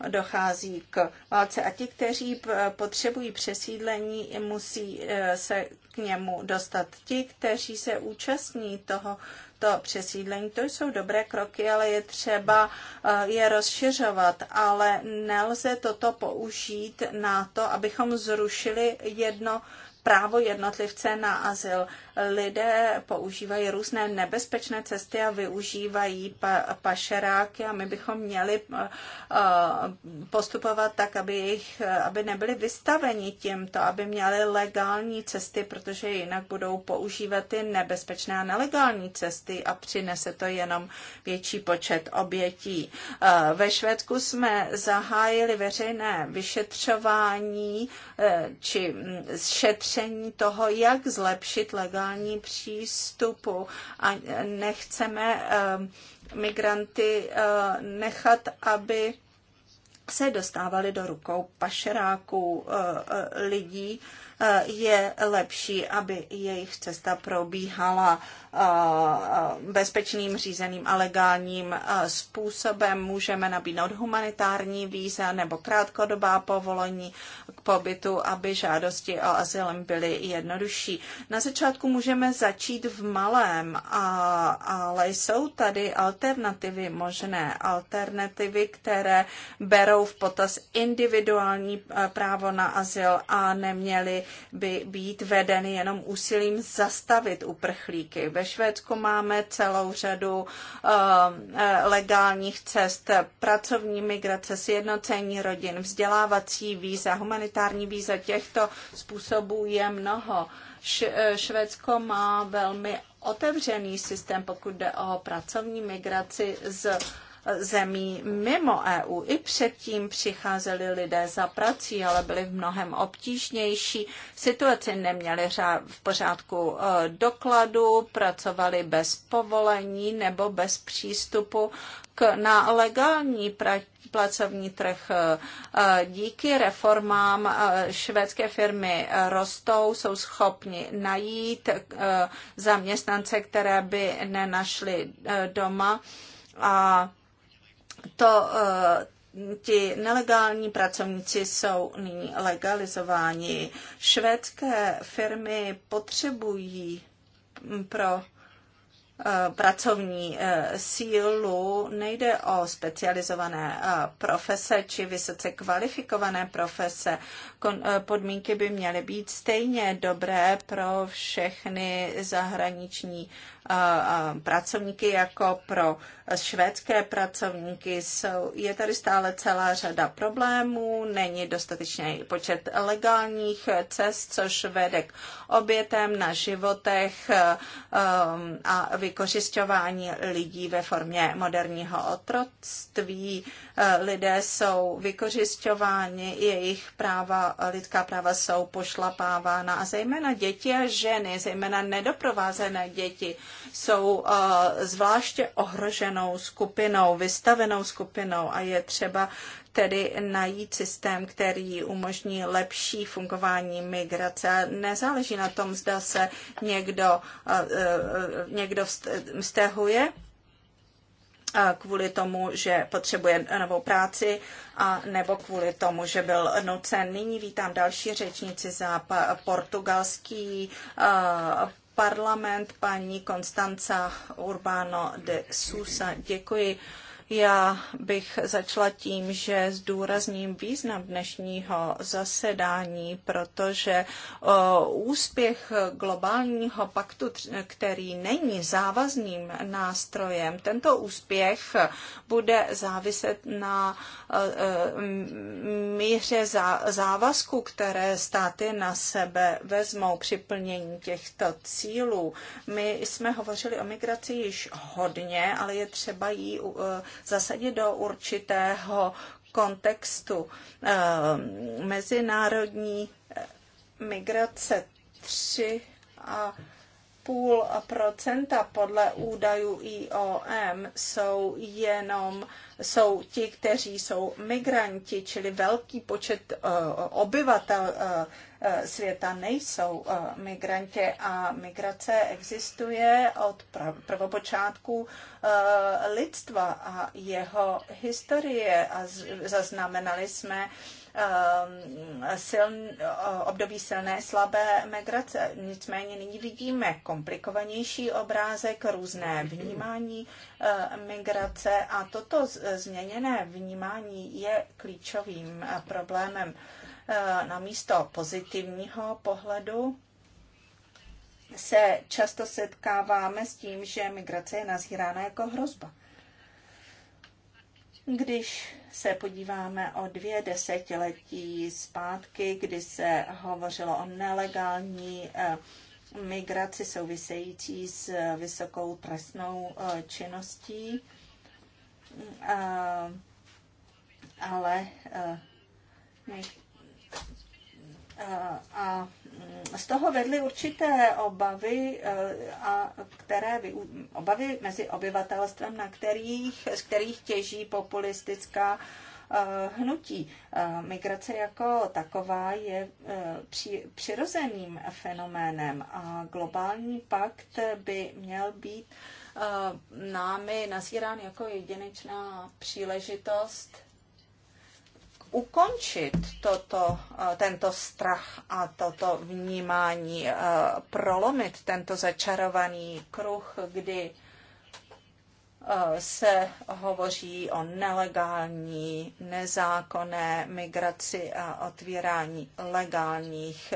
S1: dochází k válce. A ti, kteří potřebují přesídlení, musí se k němu dostat. Ti, kteří se účastní toho to přesídlení. To jsou dobré kroky, ale je třeba eh, je rozšiřovat, ale nelze toto použít na to, abychom zrušili jedno právo jednotlivce na azyl lidé používají různé nebezpečné cesty a využívají pa, pašeráky a my bychom měli eh, eh, postupovat tak, aby, jich, aby nebyli vystaveni tímto, aby měli legální cesty, protože jinak budou používat ty nebezpečné a nelegální cesty a přinese to jenom větší počet obětí. Eh, ve Švédsku jsme zahájili veřejné vyšetřování či mm, šetření toho, jak zlepšit legální legální přístupu a nechceme ehm, migranty ehm, nechat, aby se dostávali do rukou pašeráků ehm, lidí, je lepší, aby jejich cesta probíhala eh, eh, bezpečným, řízeným a legálním eh, způsobem. Můžeme nabídnout humanitární víza nebo krátkodobá povolení k pobytu, aby žádosti o azyl byly jednodušší. Na začátku můžeme začít v malém, ale jsou tady alternativy možné, alternativy, které berou v potaz individuální právo na azyl a neměly by být vedeny jenom úsilím zastavit uprchlíky. Ve Švédsku máme celou řadu eh, eh, legálních cest, pracovní migrace, sjednocení rodin, vzdělávací víza, humanitární víza. Těchto způsobů je mnoho. Eh, Švédsko má velmi otevřený systém, pokud jde o pracovní migraci z zemí mimo EU. I předtím přicházeli lidé za prací, ale byli v mnohem obtížnější situaci, neměli v pořádku eh, dokladu, pracovali bez povolení nebo bez přístupu k, na legální prací pracovní trh. Eh, eh, díky reformám švédské firmy rostou, jsou schopni najít zaměstnance, které by nenašli doma a to, eh, ti nelegální pracovníci jsou nyní legalizováni. Švédské firmy potřebují pro eh, pracovní eh, sílu, nejde o specializované profese či vysoce kvalifikované profese. Podmínky by měly být stejně dobré pro všechny zahraniční pracovníky jako pro švédské pracovníky. Jsou, je tady stále celá řada problémů, není dostatečný počet legálních cest, což vede k obětem na životech a vykořišťování lidí ve formě moderního otroctví lidé jsou vykořišťováni, jejich práva, lidská práva jsou pošlapávána a zejména děti a ženy, zejména nedoprovázené děti, jsou eh, zvláště ohroženou skupinou, vystavenou skupinou a je třeba tedy najít systém, který umožní lepší fungování migrace. Nezáleží na tom, zda se někdo, eh, eh, někdo vztahuje kvůli tomu, že potřebuje novou práci a nebo kvůli tomu, že byl nucen. Nyní vítám další řečnici za portugalský parlament, paní Konstanca Urbano de Sousa. Děkuji já bych začala tím, že zdůrazním význam dnešního zasedání, protože úspěch globálního paktu, který není závazným nástrojem, tento úspěch bude záviset na míře závazku, které státy na sebe vezmou při plnění těchto cílů. My jsme hovořili o migraci již hodně, ale je třeba ji zasadit do určitého kontextu. Ehm, mezinárodní eh, migrace 3 a 2,5 podle údajů IOM jsou jenom jsou ti, kteří jsou migranti, čili velký počet eh, obyvatel eh, eh, světa nejsou migranti a migrace existuje od prvopočátku lidstva a jeho historie a zaznamenali jsme Um, siln, období silné, slabé migrace. Nicméně nyní vidíme komplikovanější obrázek, různé vnímání eh, migrace a toto změněné vnímání je klíčovým eh, problémem. Eh, na místo pozitivního pohledu se často setkáváme s tím, že migrace je nazírána jako hrozba. Když se podíváme o dvě desetiletí zpátky, kdy se hovořilo o nelegální eh, migraci související s vysokou trestnou eh, činností, eh, ale a z toho vedly určité obavy, eh, a které vy, obavy mezi obyvatelstvem, na kterých, z kterých těží populistická eh, hnutí. Eh, migrace jako taková je přirozeným fenoménem a globální pakt by měl být námi nazírán jako jedinečná příležitost ukončit toto, eh, tento strach a toto vnímání, eh, prolomit tento začarovaný kruh, kdy eh, se hovoří o nelegální, nezákonné migraci a otvírání legálních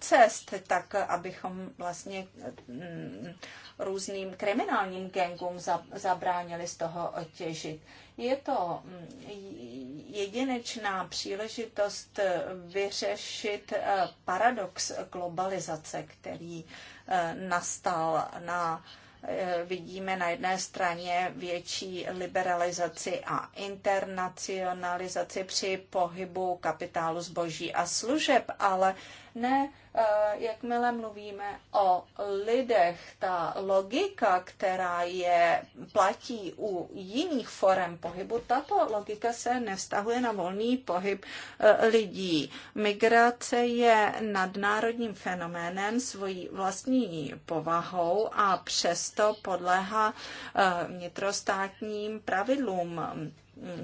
S1: cest, tak abychom vlastně mm, různým kriminálním gangům zabránili z toho těžit. Je to mm, jedinečná příležitost vyřešit eh, paradox globalizace, který eh, nastal na eh, vidíme na jedné straně větší liberalizaci a internacionalizaci při pohybu kapitálu zboží a služeb, ale ne, eh, jakmile mluvíme o lidech, ta logika, která je platí u jiných forem pohybu, tato logika se nevztahuje na volný pohyb eh, lidí. Migrace je nadnárodním fenoménem svojí vlastní povahou a přesto podléhá eh, vnitrostátním pravidlům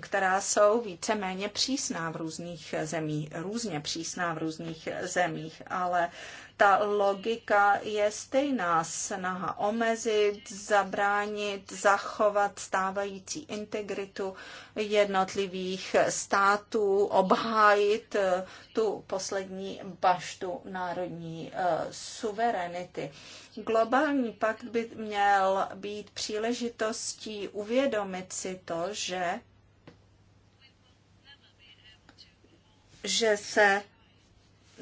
S1: která jsou víceméně přísná v různých zemích, různě přísná v různých zemích, ale ta logika je stejná. Snaha omezit, zabránit, zachovat stávající integritu jednotlivých států, obhájit eh, tu poslední baštu národní eh, suverenity. Globální pakt by měl být příležitostí uvědomit si to, že že se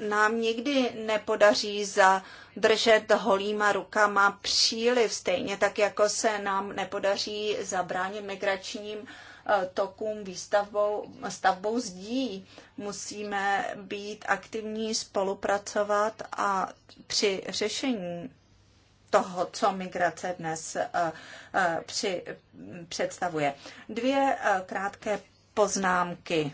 S1: nám nikdy nepodaří zadržet holýma rukama příliv, stejně tak jako se nám nepodaří zabránit migračním eh, tokům výstavbou, stavbou zdí. Musíme být aktivní, spolupracovat a při řešení toho, co migrace dnes eh, eh, při, představuje. Dvě krátké poznámky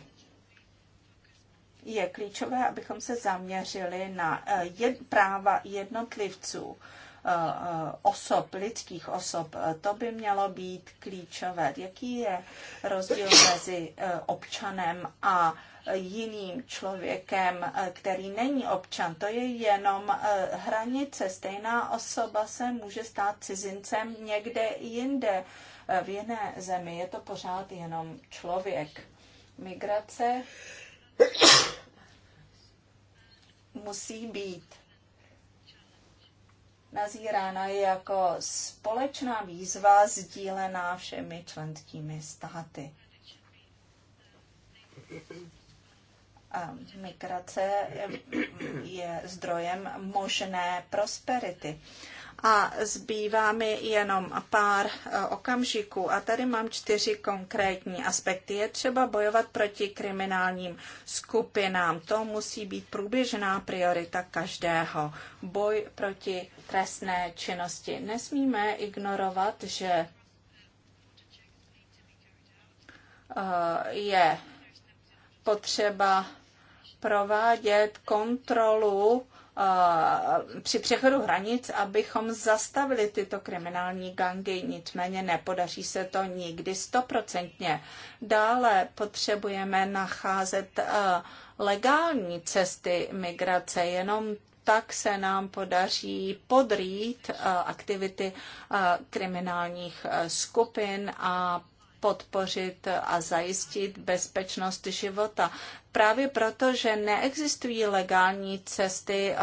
S1: je klíčové, abychom se zaměřili na eh, jed, práva jednotlivců, eh, eh, osob, lidských osob. To by mělo být klíčové. Jaký je rozdíl mezi občanem a jiným člověkem, který není občan. To je jenom hranice. Stejná osoba se může stát cizincem někde jinde, v jiné zemi. Je to pořád jenom člověk. Migrace musí být nazírána jako společná výzva sdílená všemi členskými státy. A migrace je zdrojem možné prosperity a zbývá mi jenom pár eh, okamžiků. A tady mám čtyři konkrétní aspekty. Je třeba bojovat proti kriminálním skupinám. To musí být průběžná priorita každého. Boj proti trestné činnosti. Nesmíme ignorovat, že eh, je potřeba provádět kontrolu Eh, při přechodu hranic, abychom zastavili tyto kriminální gangy, nicméně nepodaří se to nikdy stoprocentně. Dále potřebujeme nacházet eh, legální cesty migrace, jenom tak se nám podaří podrít eh, aktivity kriminálních skupin a podpořit a zajistit bezpečnost života. Právě proto, že neexistují legální cesty, eh,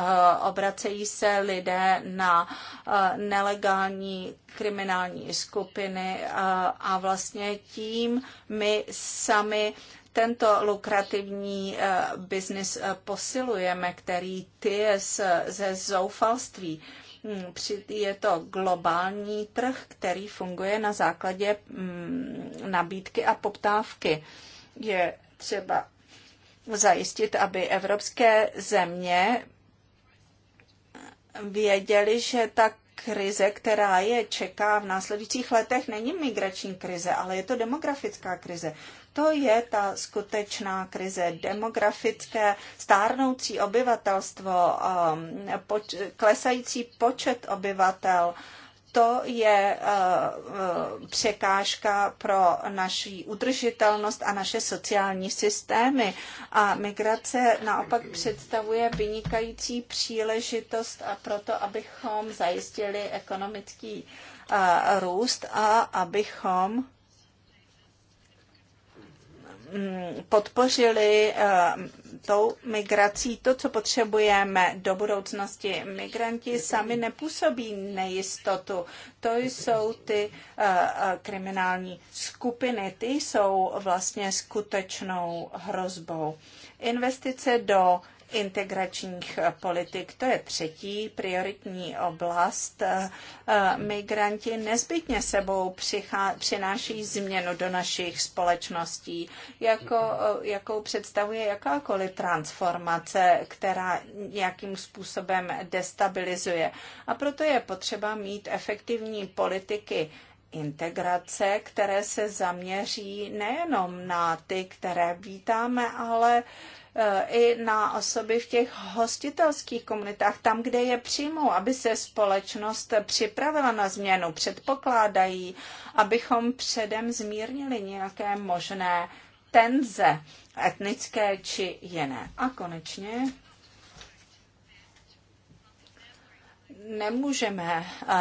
S1: obracejí se lidé na eh, nelegální kriminální skupiny eh, a vlastně tím my sami tento lukrativní biznis posilujeme, který ty ze zoufalství. Hmm, je to globální trh, který funguje na základě mm, nabídky a poptávky. Je třeba zajistit, aby evropské země věděli, že ta krize, která je čeká v následujících letech, není migrační krize, ale je to demografická krize. To je ta skutečná krize demografické, stárnoucí obyvatelstvo, um, klesající počet obyvatel, to je uh, uh, překážka pro naši udržitelnost a naše sociální systémy. A migrace naopak představuje vynikající příležitost a proto, abychom zajistili ekonomický uh, růst a abychom Mm, podpořili eh, tou migrací to, co potřebujeme do budoucnosti. Migranti sami nepůsobí nejistotu. To jsou ty eh, eh, kriminální skupiny. Ty jsou vlastně skutečnou hrozbou. Investice do integračních politik. To je třetí prioritní oblast. Migranti nezbytně sebou přináší změnu do našich společností, jako, jakou představuje jakákoliv transformace, která nějakým způsobem destabilizuje. A proto je potřeba mít efektivní politiky integrace, které se zaměří nejenom na ty, které vítáme, ale uh, Eh, i na osoby v těch hostitelských komunitách, tam, kde je přijmou, aby se společnost připravila na změnu, předpokládají, abychom předem zmírnili nějaké možné tenze etnické či jiné. A konečně nemůžeme eh,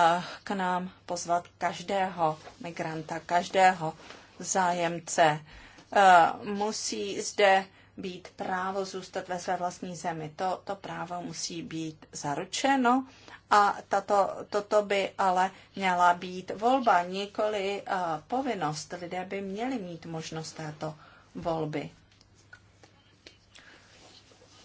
S1: k nám pozvat každého migranta, každého zájemce. Eh, musí zde být právo zůstat ve své vlastní zemi. To, to právo musí být zaručeno a tato, toto by ale měla být volba, nikoli uh, povinnost. Lidé by měli mít možnost této volby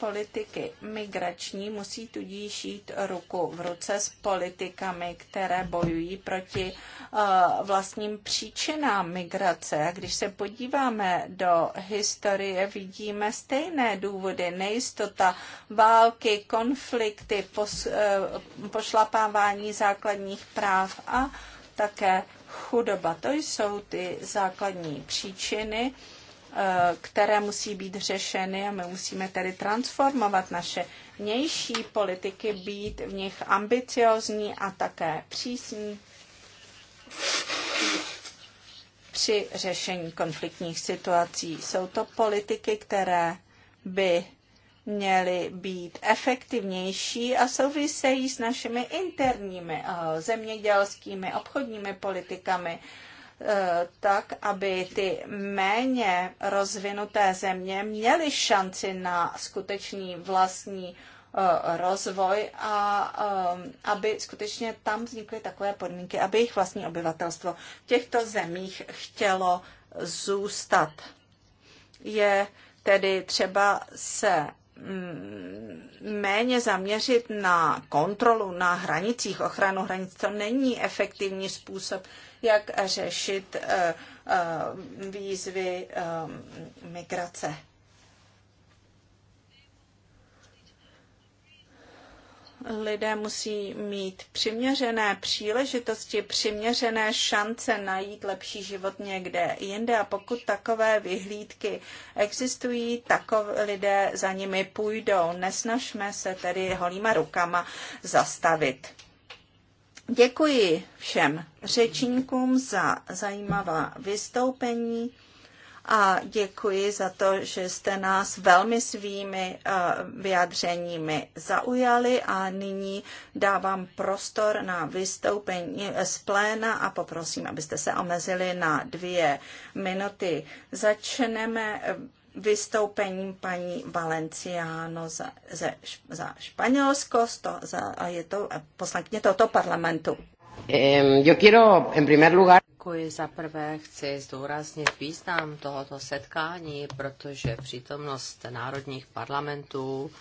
S1: politiky migrační musí tudíž jít ruku v ruce s politikami, které bojují proti eh, vlastním příčinám migrace. A když se podíváme do historie, vidíme stejné důvody, nejistota, války, konflikty, pos, eh, pošlapávání základních práv a také chudoba. To jsou ty základní příčiny Eh, které musí být řešeny a my musíme tedy transformovat naše vnější politiky, být v nich ambiciozní a také přísní při řešení konfliktních situací. Jsou to politiky, které by měly být efektivnější a souvisejí s našimi interními eh, zemědělskými obchodními politikami Eh, tak, aby ty méně rozvinuté země měly šanci na skutečný vlastní eh, rozvoj a eh, aby skutečně tam vznikly takové podmínky, aby jejich vlastní obyvatelstvo v těchto zemích chtělo zůstat. Je tedy třeba se Mm, méně zaměřit na kontrolu na hranicích, ochranu hranic, to není efektivní způsob, jak řešit eh, eh, výzvy eh, migrace. lidé musí mít přiměřené příležitosti, přiměřené šance najít lepší život někde jinde a pokud takové vyhlídky existují, takov lidé za nimi půjdou. Nesnažme se tedy holýma rukama zastavit. Děkuji všem řečníkům za zajímavá vystoupení a děkuji za to, že jste nás velmi svými eh, vyjádřeními zaujali a nyní dávám prostor na vystoupení z pléna a poprosím, abyste se omezili na dvě minuty. Začneme eh, vystoupením paní Valenciano za, ze, za
S3: Španělsko sto, za, a je to eh, poslankyně tohoto parlamentu. Yo quiero, en primer lugar... Děkuji. Za prvé chci zdůraznit význam tohoto setkání, protože přítomnost národních parlamentů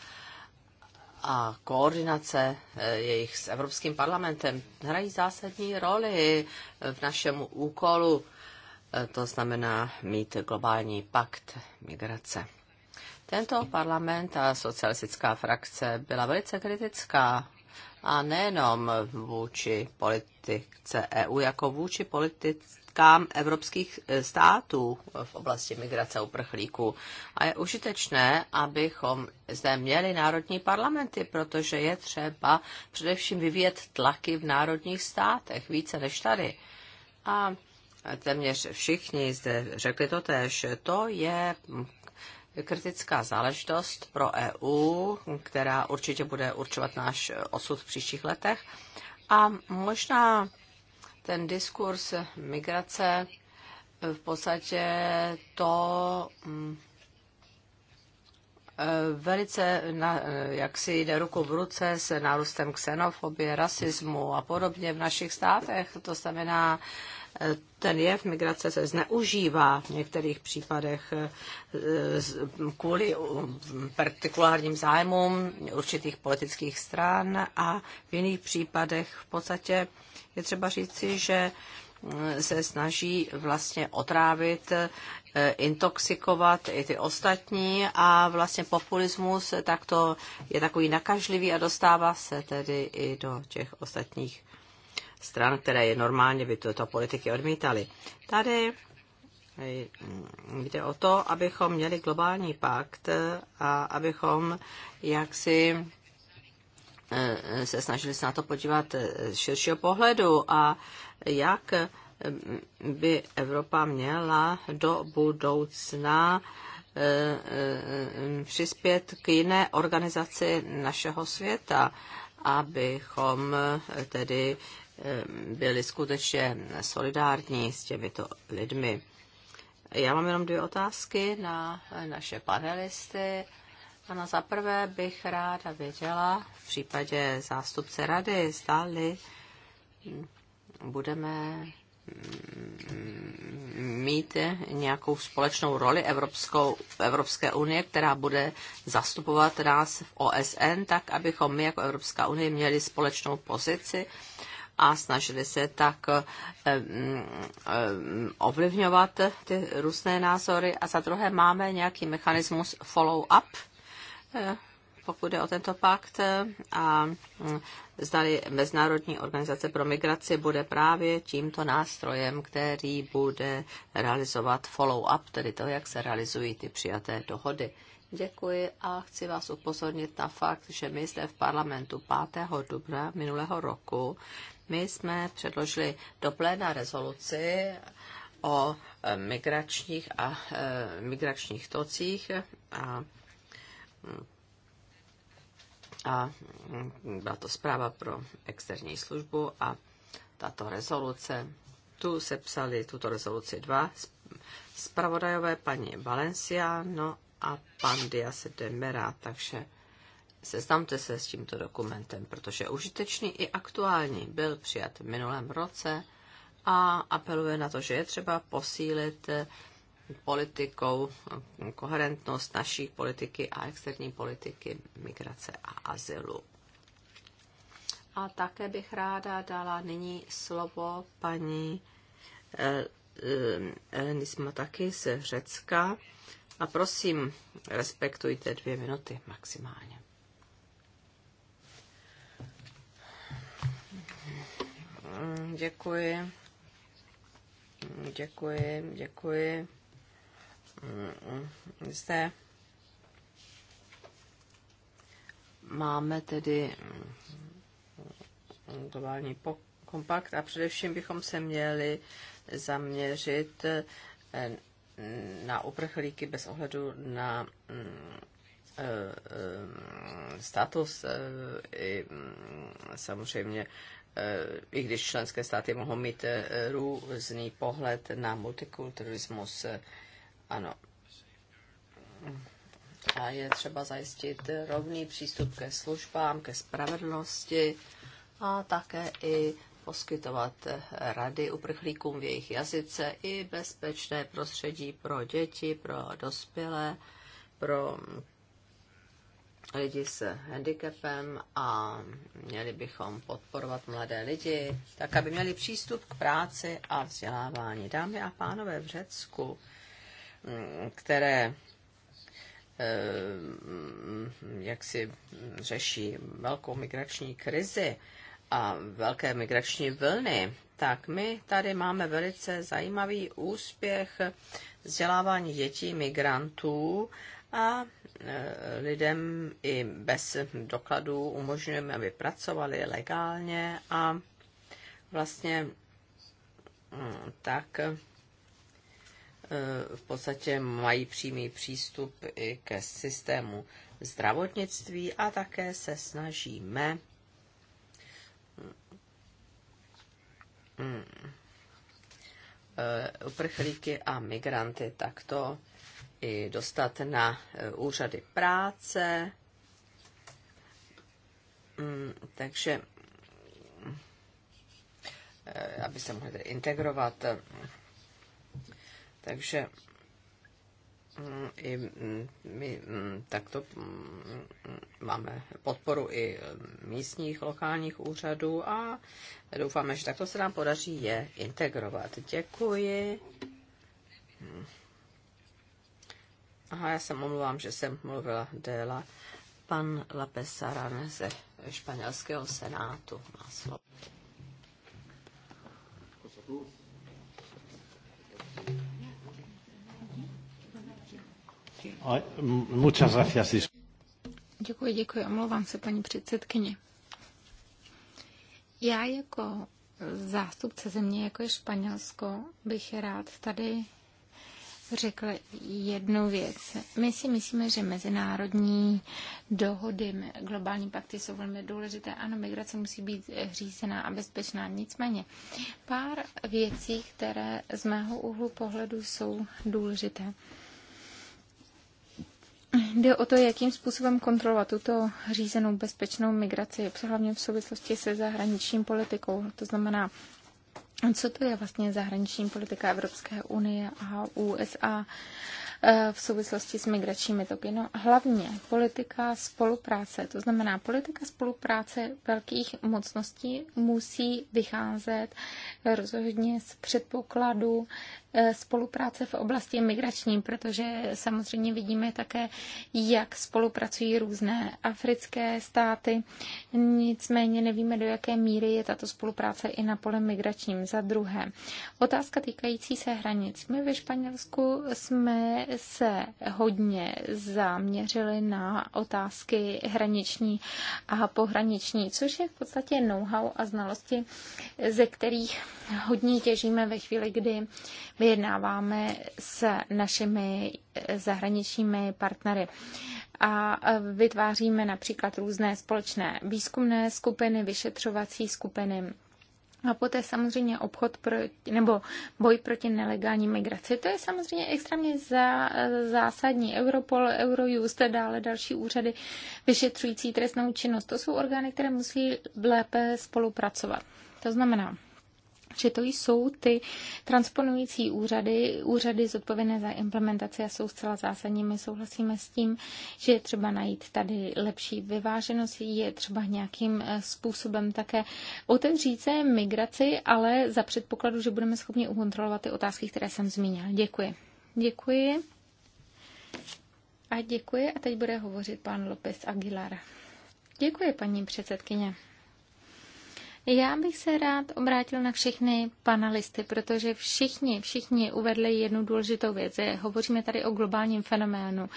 S3: a koordinace eh, jejich s Evropským parlamentem hrají zásadní roli v našem úkolu, eh, to znamená mít globální pakt migrace. Tento parlament a socialistická frakce byla velice kritická a nejenom vůči politice EU, jako vůči politikám evropských e, států v oblasti migrace a uprchlíků. A je užitečné, abychom zde měli národní parlamenty, protože je třeba především vyvíjet tlaky v národních státech více než tady. A téměř všichni zde řekli to tež. To je kritická záležitost pro EU, která určitě bude určovat náš osud v příštích letech. A možná ten diskurs migrace v podstatě to mm, e, velice na, jak si jde ruku v ruce s nárůstem xenofobie, rasismu a podobně v našich státech. To znamená, ten jev migrace se zneužívá v některých případech eh, kvůli eh, partikulárním zájmům určitých politických stran a v jiných případech v podstatě je třeba říci, že mm, se snaží vlastně otrávit, eh, intoxikovat i ty ostatní a vlastně populismus takto je takový nakažlivý a dostává se tedy i do těch ostatních stran, které je normálně by tyto politiky odmítali. Tady eh, jde o to, abychom měli globální pakt eh, a abychom jaksi eh, se snažili se na to podívat z širšího pohledu a jak by Evropa měla do budoucna přispět k jiné organizaci našeho světa, abychom tedy Eh, byli skutečně solidární s těmito lidmi. Já mám jenom dvě otázky na naše panelisty. Ano, na zaprvé bych ráda věděla v případě zástupce rady, zdali budeme mm, mít nějakou společnou roli Evropskou, Evropské unie, která bude zastupovat nás v OSN, tak abychom my jako Evropská unie měli společnou pozici a snažili se tak eh, mm, eh, ovlivňovat ty různé názory. A za druhé máme nějaký mechanismus follow-up, eh, pokud je o tento pakt a mm, zdali Mezinárodní organizace pro migraci bude právě tímto nástrojem, který bude realizovat follow-up, tedy to, jak se realizují ty přijaté dohody. Děkuji a chci vás upozornit na fakt, že my zde v parlamentu 5. dubna minulého roku my jsme předložili do pléna rezoluci o e, migračních a e, migračních tocích a a byla to zpráva pro externí službu a tato rezoluce, tu se psali tuto rezoluci dva zpravodajové paní Valenciano a pan Dias de Mera, takže Seznamte se s tímto dokumentem, protože užitečný i aktuální. Byl přijat v minulém roce a apeluje na to, že je třeba posílit eh, politikou eh, koherentnost naší politiky a externí politiky migrace a azylu. A také bych ráda dala nyní slovo paní eh, Nismataky z Řecka. A prosím, respektujte dvě minuty maximálně. Mm, děkuji. Děkuji, děkuji. Jste. Mm, máme tedy mm, globální kompakt a především bychom se měli zaměřit eh, na uprchlíky bez ohledu na eh, eh, status i samozřejmě Eh, i když členské státy mohou mít eh, různý pohled na multikulturalismus, eh, ano. A je třeba zajistit rovný přístup ke službám, ke spravedlnosti a také i poskytovat rady uprchlíkům v jejich jazyce i bezpečné prostředí pro děti, pro dospělé, pro lidi s handicapem a měli bychom podporovat mladé lidi, tak aby měli přístup k práci a vzdělávání. Dámy a pánové v Řecku, mm, které eh, jak si řeší velkou migrační krizi a velké migrační vlny, tak my tady máme velice zajímavý úspěch vzdělávání dětí migrantů a e, lidem i bez dokladů umožňujeme, aby pracovali legálně a vlastně mm, tak e, v podstatě mají přímý přístup i ke systému zdravotnictví a také se snažíme mm, mm, e, uprchlíky a migranty takto i dostat na e, úřady práce. Mm, takže e, aby se mohli integrovat. Takže mm, i mm, my takto máme podporu i místních lokálních úřadů a doufáme, že takto se nám podaří je integrovat. Děkuji. Aha, já se omluvám, že jsem mluvila déle. Pan Lapesaran ze španělského senátu má slovo.
S2: Děkuji, děkuji. Omlouvám se, paní předsedkyně. Já jako zástupce země, jako je Španělsko, bych rád tady řekl jednu věc. My si myslíme, že mezinárodní dohody, globální pakty jsou velmi důležité. Ano, migrace musí být eh, řízená a bezpečná. Nicméně, pár věcí, které z mého úhlu pohledu jsou důležité. Jde o to, jakým způsobem kontrolovat tuto řízenou bezpečnou migraci, hlavně v souvislosti se zahraniční politikou. To znamená co to je vlastně zahraniční politika Evropské unie a USA eh, v souvislosti s migračními toky? No hlavně politika spolupráce, to znamená politika spolupráce velkých mocností musí vycházet rozhodně z předpokladu Eh, spolupráce v oblasti migrační, protože samozřejmě vidíme také, jak spolupracují různé africké státy. Nicméně nevíme, do jaké míry je tato spolupráce i na poli migračním. Za druhé, otázka týkající se hranic. My ve Španělsku jsme se hodně zaměřili na otázky hraniční a pohraniční, což je v podstatě know-how a znalosti, ze kterých hodně těžíme ve chvíli, kdy vyjednáváme s našimi eh, zahraničními partnery. A eh, vytváříme například různé společné výzkumné skupiny, vyšetřovací skupiny. A poté samozřejmě obchod pro, nebo boj proti nelegální migraci. To je samozřejmě extrémně za, eh, zásadní. Europol, Eurojust, dále další úřady vyšetřující trestnou činnost. To jsou orgány, které musí lépe spolupracovat. To znamená, že to jsou ty transponující úřady, úřady zodpovědné za implementaci a jsou zcela zásadní. My souhlasíme s tím, že je třeba najít tady lepší vyváženost, je třeba nějakým eh, způsobem také otevřít se migraci, ale za předpokladu, že budeme schopni ukontrolovat ty otázky, které jsem zmínila. Děkuji. Děkuji. A děkuji. A teď bude hovořit pan López Aguilar. Děkuji, paní předsedkyně. Já bych se rád obrátil na všechny panelisty, protože všichni, všichni uvedli jednu důležitou věc. Hovoříme tady o globálním fenoménu.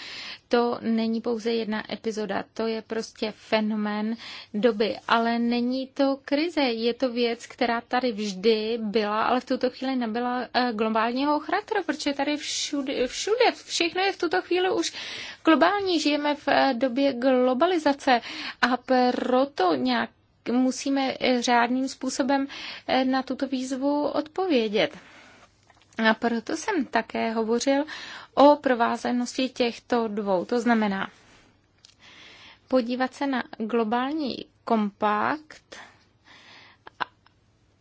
S2: To není pouze jedna epizoda, to je prostě fenomén doby, ale není to krize, je to věc, která tady vždy byla, ale v tuto chvíli nebyla eh, globálního charakteru, protože tady všude, všude, všechno je v tuto chvíli už globální, žijeme v eh, době globalizace a proto nějak musíme eh, řádným způsobem eh, na tuto výzvu odpovědět. A proto jsem také hovořil o provázenosti těchto dvou. To znamená podívat se na globální kompakt,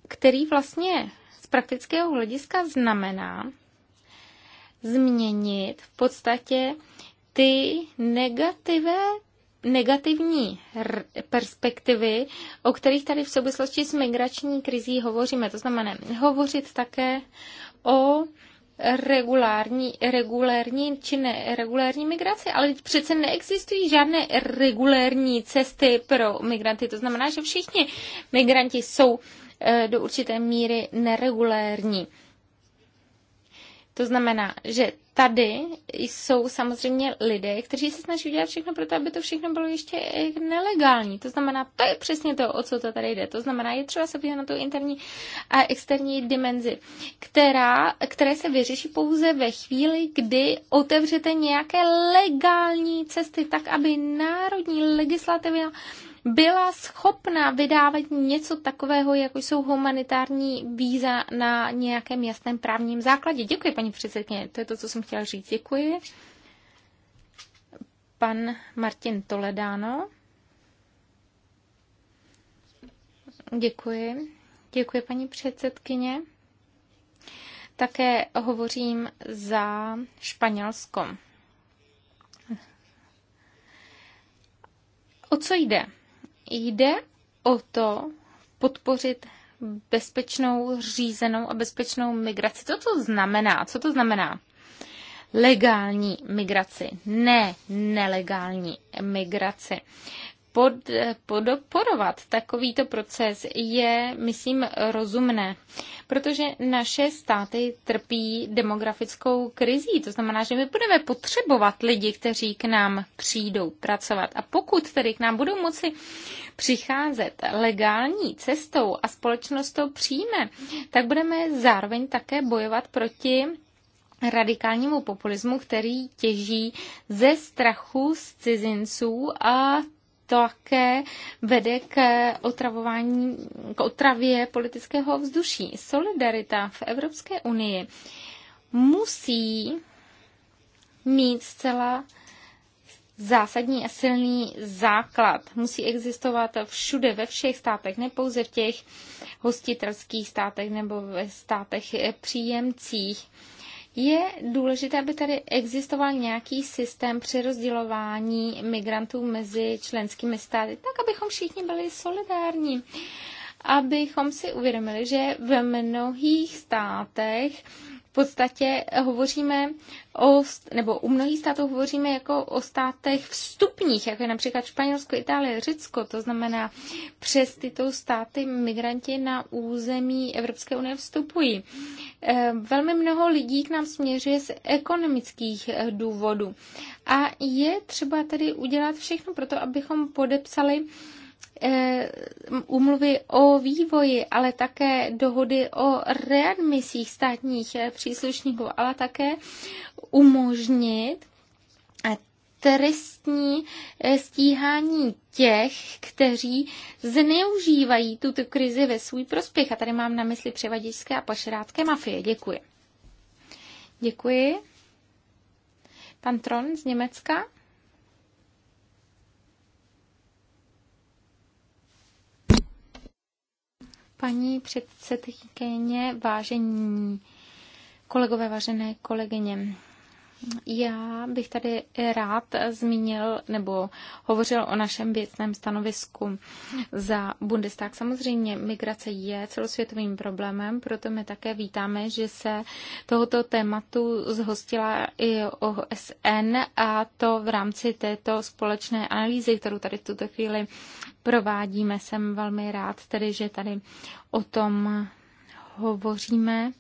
S2: který vlastně z praktického hlediska znamená změnit v podstatě ty negativé negativní perspektivy, o kterých tady v souvislosti s migrační krizí hovoříme. To znamená hovořit také o regulární, regulární či neregulární migraci, ale přece neexistují žádné regulární cesty pro migranty. To znamená, že všichni migranti jsou eh, do určité míry neregulérní. To znamená, že tady jsou samozřejmě lidé, kteří se snaží udělat všechno pro to, aby to všechno bylo ještě eh, nelegální. To znamená, to je přesně to, o co to tady jde. To znamená, je třeba se podívat na tu interní a externí dimenzi, která, které se vyřeší pouze ve chvíli, kdy otevřete nějaké legální cesty, tak aby národní legislativa byla schopna vydávat něco takového, jako jsou humanitární víza na nějakém jasném právním základě. Děkuji, paní předsedkyně, to je to, co jsem chtěla říct. Děkuji. Pan Martin Toledano. Děkuji. Děkuji, paní předsedkyně. Také hovořím za Španělsko. O co jde? Jde o to podpořit bezpečnou, řízenou a bezpečnou migraci. Co to znamená? Co to znamená? Legální migraci, ne nelegální migraci pod, podporovat takovýto proces je, myslím, rozumné, protože naše státy trpí demografickou krizí. To znamená, že my budeme potřebovat lidi, kteří k nám přijdou pracovat. A pokud tedy k nám budou moci přicházet legální cestou a společnost to přijme, tak budeme zároveň také bojovat proti radikálnímu populismu, který těží ze strachu z cizinců a také vede k otravování, k otravě politického vzduší. Solidarita v Evropské unii musí mít zcela zásadní a silný základ. Musí existovat všude, ve všech státech, ne pouze v těch hostitelských státech nebo ve státech příjemcích. Je důležité, aby tady existoval nějaký systém při rozdělování migrantů mezi členskými státy, tak abychom všichni byli solidární abychom si uvědomili, že v mnohých státech podstatě hovoříme o, nebo u mnohých států hovoříme jako o státech vstupních, jako je například Španělsko, Itálie, Řecko, to znamená přes tyto státy migranti na území Evropské unie vstupují. Eh, velmi mnoho lidí k nám směřuje z ekonomických eh, důvodů a je třeba tedy udělat všechno pro to, abychom podepsali Eh, umluvy o vývoji, ale také dohody o readmisích státních eh, příslušníků, ale také umožnit eh, trestní stíhání těch, kteří zneužívají tuto krizi ve svůj prospěch. A tady mám na mysli převaděčské a pašerátké mafie. Děkuji. Děkuji. Pan Tron z Německa. Paní předsedkyně, vážení kolegové, vážené kolegyně, já bych tady rád zmínil nebo hovořil o našem věcném stanovisku za Bundestag. Samozřejmě migrace je celosvětovým problémem, proto my také vítáme, že se tohoto tématu zhostila i OSN a to v rámci této společné analýzy, kterou tady v tuto chvíli provádíme. Jsem velmi rád tedy, že tady o tom hovoříme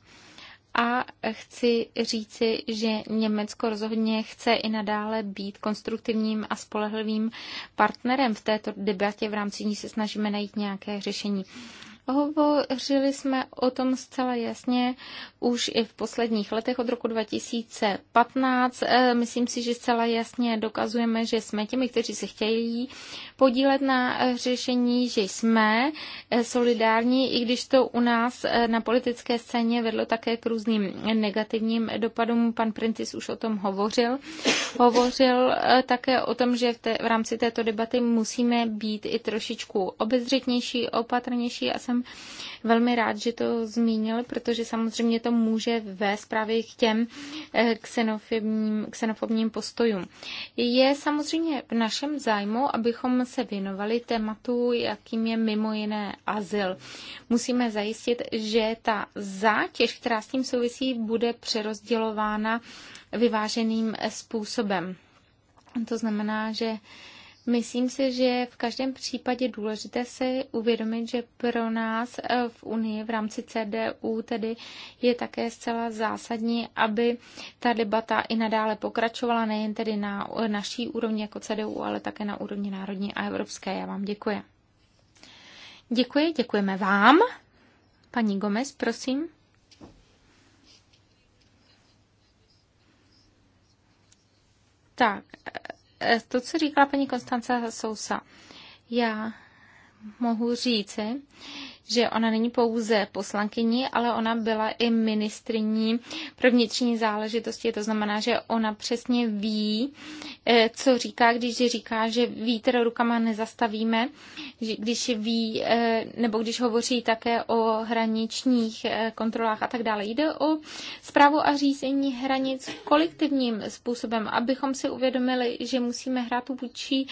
S2: a chci říci, že Německo rozhodně chce i nadále být konstruktivním a spolehlivým partnerem v této debatě, v rámci ní se snažíme najít nějaké řešení. Hovořili jsme o tom zcela jasně už i v posledních letech od roku 2015. Eh, myslím si, že zcela jasně dokazujeme, že jsme těmi, kteří se chtějí podílet na eh, řešení, že jsme eh, solidární, i když to u nás na politické scéně vedlo také k různým negativním dopadům. Pan Princis už o tom hovořil. Hovořil také o tom, že v, té, v rámci této debaty musíme být i trošičku obezřetnější, opatrnější a jsem jsem velmi rád, že to zmínil, protože samozřejmě to může vést právě k těm eh, ksenofobním, ksenofobním postojům. Je samozřejmě v našem zájmu, abychom se věnovali tématu, jakým je mimo jiné azyl. Musíme zajistit, že ta zátěž, která s tím souvisí, bude přerozdělována vyváženým způsobem. To znamená, že Myslím si, že je v každém případě důležité si uvědomit, že pro nás eh, v Unii v rámci CDU tedy je také zcela zásadní, aby ta debata i nadále pokračovala nejen tedy na naší úrovni jako CDU, ale také na úrovni národní a evropské. Já vám děkuji. Děkuji, děkujeme vám. Paní Gomez, prosím. Tak, to, co říkala paní Konstance Sousa, já mohu říci, že ona není pouze poslankyní, ale ona byla i ministriní pro vnitřní záležitosti. To znamená, že ona přesně ví, eh, co říká, když říká, že vítr rukama nezastavíme, když ví, eh, nebo když hovoří také o hraničních eh, kontrolách a tak dále. Jde o zprávu a řízení hranic kolektivním způsobem, abychom si uvědomili, že musíme hrát tu vůči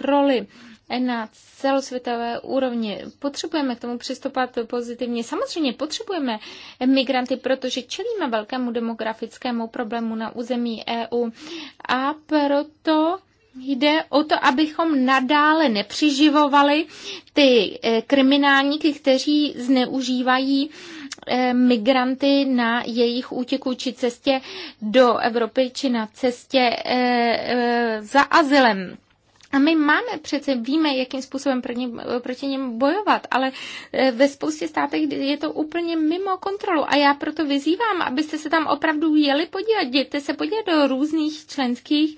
S2: roli na celosvětové úrovni. Potřebujeme k tomu přistupovat pozitivně. Samozřejmě potřebujeme migranty, protože čelíme velkému demografickému problému na území EU a proto Jde o to, abychom nadále nepřiživovali ty eh, kriminálníky, kteří zneužívají eh, migranty na jejich útěku či cestě do Evropy či na cestě eh, za azylem. A my máme přece, víme, jakým způsobem pro ně, proti něm bojovat, ale eh, ve spoustě státech je to úplně mimo kontrolu. A já proto vyzývám, abyste se tam opravdu jeli podívat. Jděte se podívat do různých členských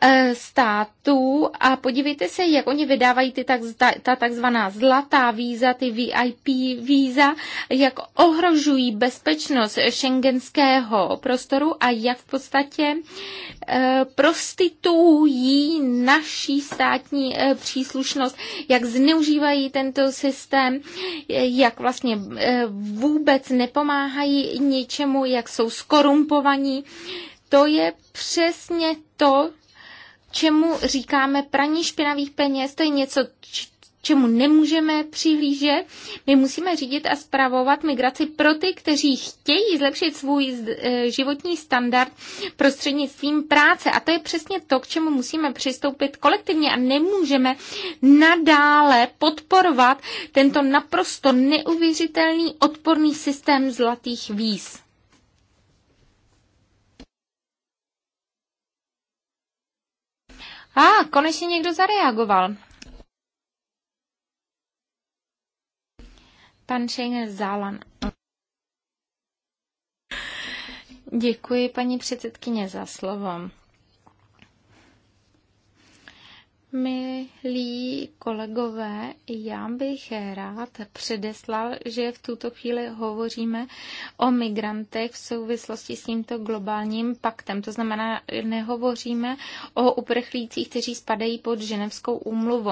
S2: Eh, států a podívejte se, jak oni vydávají ty tak, ta takzvaná zlatá víza, ty VIP víza, jak ohrožují bezpečnost šengenského prostoru a jak v podstatě eh, prostituují naší státní eh, příslušnost, jak zneužívají tento systém, jak vlastně vůbec nepomáhají ničemu, jak jsou skorumpovaní to je přesně to, čemu říkáme praní špinavých peněz, to je něco, čemu nemůžeme přihlížet. My musíme řídit a zpravovat migraci pro ty, kteří chtějí zlepšit svůj e, životní standard prostřednictvím práce. A to je přesně to, k čemu musíme přistoupit kolektivně a nemůžeme nadále podporovat tento naprosto neuvěřitelný odporný systém zlatých víz. A, ah, konečně někdo zareagoval. Pan Šejner Zálan. Děkuji, paní předsedkyně, za slovo. Milí kolegové, já bych rád předeslal, že v tuto chvíli hovoříme o migrantech v souvislosti s tímto globálním paktem. To znamená, nehovoříme o uprchlících, kteří spadají pod ženevskou úmluvu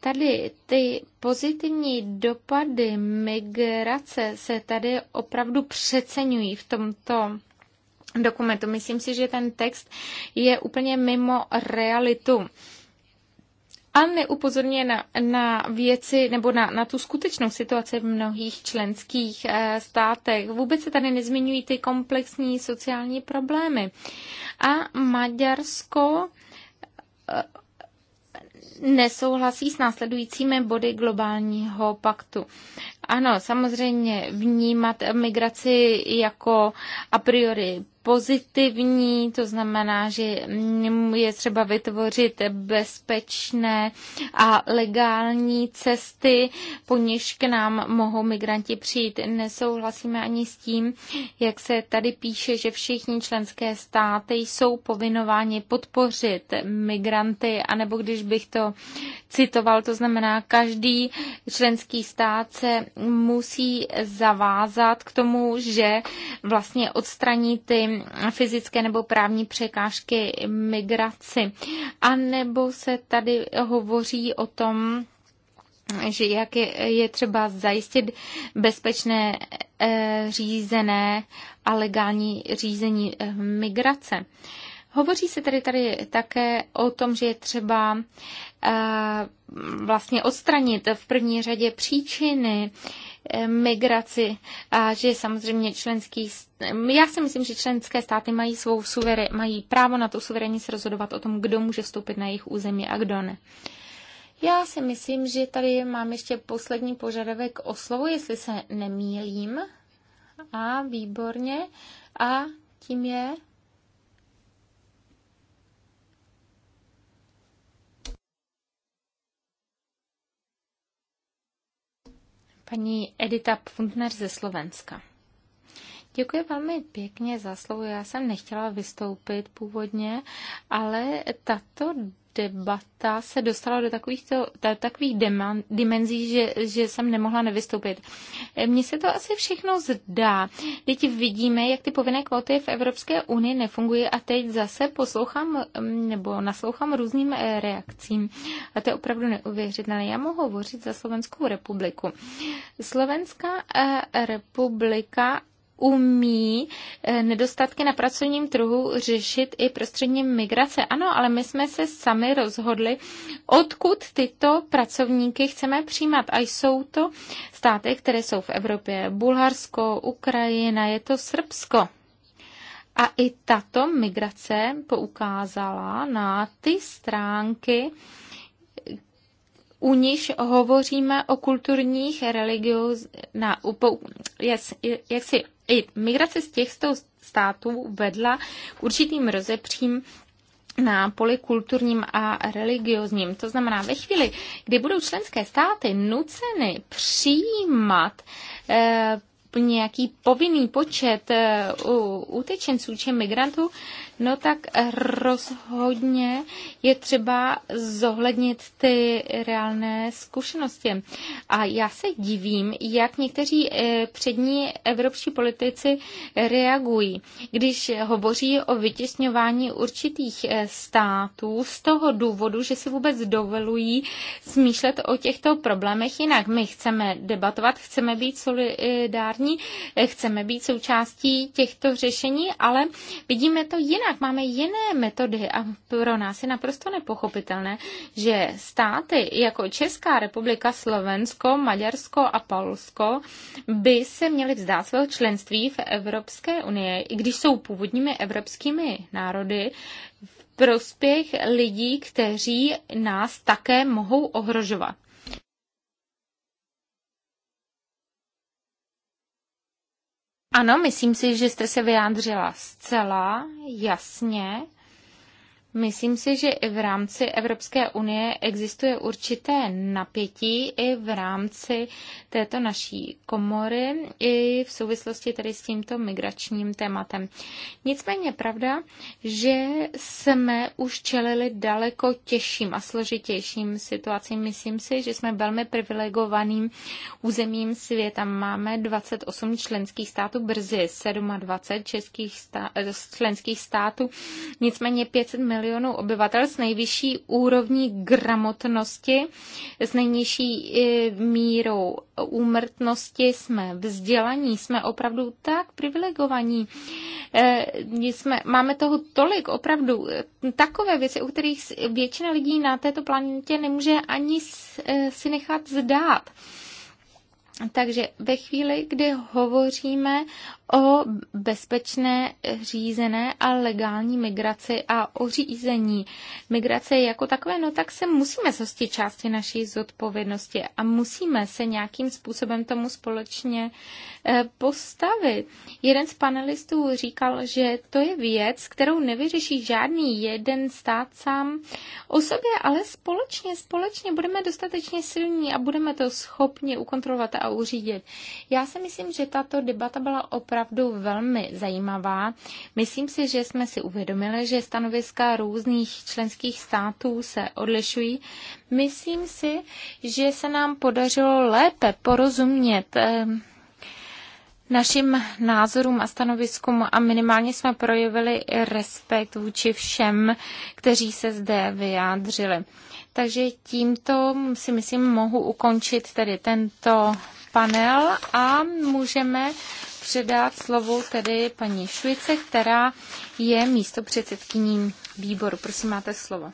S2: tady ty pozitivní dopady migrace se tady opravdu přeceňují v tomto dokumentu. Myslím si, že ten text je úplně mimo realitu a neupozorňuje na, na věci nebo na, na tu skutečnou situaci v mnohých členských e, státech. Vůbec se tady nezmiňují ty komplexní sociální problémy. A Maďarsko e, nesouhlasí s následujícími body globálního paktu. Ano, samozřejmě vnímat migraci jako a priori pozitivní, to znamená, že je třeba vytvořit bezpečné a legální cesty, po něž k nám mohou migranti přijít. Nesouhlasíme ani s tím, jak se tady píše, že všichni členské státy jsou povinováni podpořit migranty, anebo když bych to citoval, to znamená, každý členský stát se musí zavázat k tomu, že vlastně odstraní ty Eh, fyzické nebo právní překážky migraci. A nebo se tady hovoří o tom, že jak je, je třeba zajistit bezpečné e, řízené a legální řízení e, migrace. Hovoří se tady tady také o tom, že je třeba e, vlastně odstranit v první řadě příčiny e, Eh, migraci a že samozřejmě členský já si myslím, že členské státy mají svou suveri, mají právo na to suverénně rozhodovat o tom, kdo může vstoupit na jejich území a kdo ne. Já si myslím, že tady mám ještě poslední požadavek o slovo, jestli se nemýlím. A výborně. A tím je paní Edita Funtner ze Slovenska. Děkuji velmi pěkně za slovo. Já jsem nechtěla vystoupit původně, ale tato debata se dostala do takových, to, do takových deman, dimenzí, že, že jsem nemohla nevystoupit. Mně se to asi všechno zdá. Teď vidíme, jak ty povinné kvóty v Evropské unii nefungují a teď zase poslouchám mm, nebo naslouchám různým eh, reakcím. A to je opravdu neuvěřitelné. Já mohu hovořit za Slovenskou republiku. Slovenská eh, republika umí eh, nedostatky na pracovním trhu řešit i prostředním migrace. Ano, ale my jsme se sami rozhodli, odkud tyto pracovníky chceme přijímat. A jsou to státy, které jsou v Evropě. Bulharsko, Ukrajina, je to Srbsko. A i tato migrace poukázala na ty stránky, u níž hovoříme o kulturních religiozních, jak, si i migrace z těchto států vedla k určitým rozepřím na poli kulturním a religiozním. To znamená, ve chvíli, kdy budou členské státy nuceny přijímat eh, nějaký povinný počet eh, utečenců či migrantů, no tak rozhodně je třeba zohlednit ty reálné zkušenosti. A já se divím, jak někteří eh, přední evropští politici reagují, když hovoří o vytěsňování určitých eh, států z toho důvodu, že si vůbec dovolují smýšlet o těchto problémech jinak. My chceme debatovat, chceme být solidární, eh, chceme být součástí těchto řešení, ale vidíme to jinak jinak, máme jiné metody a pro nás je naprosto nepochopitelné, že státy jako Česká republika, Slovensko, Maďarsko a Polsko by se měly vzdát svého členství v Evropské unii, i když jsou původními evropskými národy, v prospěch lidí, kteří nás také mohou ohrožovat. Ano, myslím si, že jste se vyjádřila zcela jasně. Myslím si, že i v rámci Evropské unie existuje určité napětí i v rámci této naší komory, i v souvislosti tedy s tímto migračním tématem. Nicméně pravda, že jsme už čelili daleko těžším a složitějším situacím. Myslím si, že jsme velmi privilegovaným územím světa. Máme 28 členských států, brzy 27 českých stá- členských států, nicméně 500 milionů milionů obyvatel s nejvyšší úrovní gramotnosti, s nejnižší e, mírou úmrtnosti, jsme vzdělaní, jsme opravdu tak privilegovaní. E, jsme, máme toho tolik, opravdu e, takové věci, u kterých většina lidí na této planetě nemůže ani si nechat zdát. Takže ve chvíli, kdy hovoříme o bezpečné, řízené a legální migraci a o řízení migrace jako takové, no tak se musíme zhostit části naší zodpovědnosti a musíme se nějakým způsobem tomu společně eh, postavit. Jeden z panelistů říkal, že to je věc, kterou nevyřeší žádný jeden stát sám o sobě, ale společně, společně budeme dostatečně silní a budeme to schopni ukontrolovat a uřídit. Já si myslím, že tato debata byla opravdu opravdu velmi zajímavá. Myslím si, že jsme si uvědomili, že stanoviska různých členských států se odlišují. Myslím si, že se nám podařilo lépe porozumět ehm, našim názorům a stanoviskům a minimálně jsme projevili i respekt vůči všem, kteří se zde vyjádřili. Takže tímto si myslím mohu ukončit tedy tento panel a můžeme předat slovo tedy paní Švice, která je místo předsedkyní výboru. Prosím, máte slovo.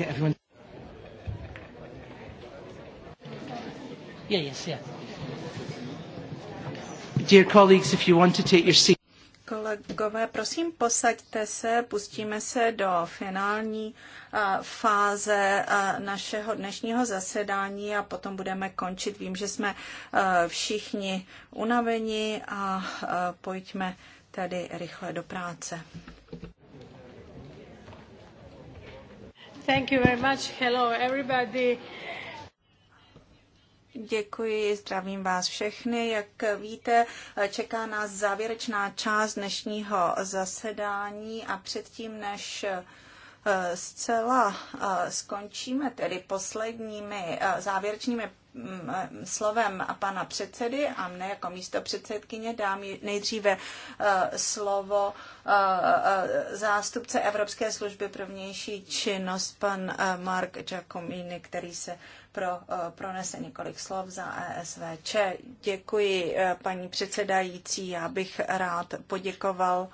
S2: get everyone. Yeah, yes, yeah. Dear colleagues, if you want to take your seat.
S1: Kolegové, prosím, posaďte se, pustíme se do finální uh, fáze uh, našeho dnešního zasedání a potom budeme končit. Vím, že jsme uh, všichni unaveni a uh, pojďme tedy rychle do práce. Děkuji, zdravím vás všechny. Jak víte, čeká nás závěrečná část dnešního zasedání a předtím, než eh, zcela eh, skončíme tedy posledními eh, závěrečnými Mm, slovem a pana předsedy a mne jako místo předsedkyně dám nejdříve eh, slovo eh, eh, zástupce Evropské služby pro vnější činnost, pan Mark Giacomini, který se pro, pronese několik slov za ESVČ. Děkuji, paní předsedající. Já bych rád poděkoval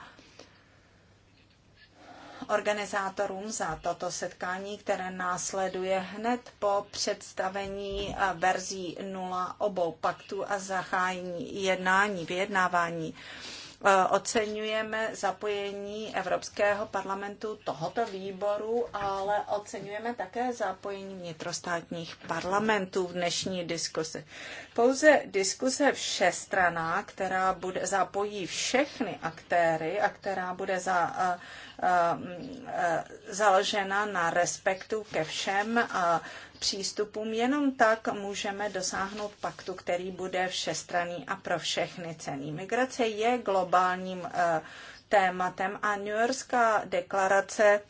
S1: organizátorům za toto setkání, které následuje hned po představení verzí 0 obou paktů a zahájení jednání, vyjednávání e, oceňujeme zapojení Evropského parlamentu tohoto výboru, ale oceňujeme také zapojení vnitrostátních parlamentů v dnešní diskusi. Pouze diskuse všestraná, která bude, zapojí všechny aktéry a která bude za, e, Eh, založena na respektu ke všem eh, přístupům. Jenom tak můžeme dosáhnout paktu, který bude všestraný a pro všechny cený. Migrace je globálním eh, tématem a New Yorkská deklarace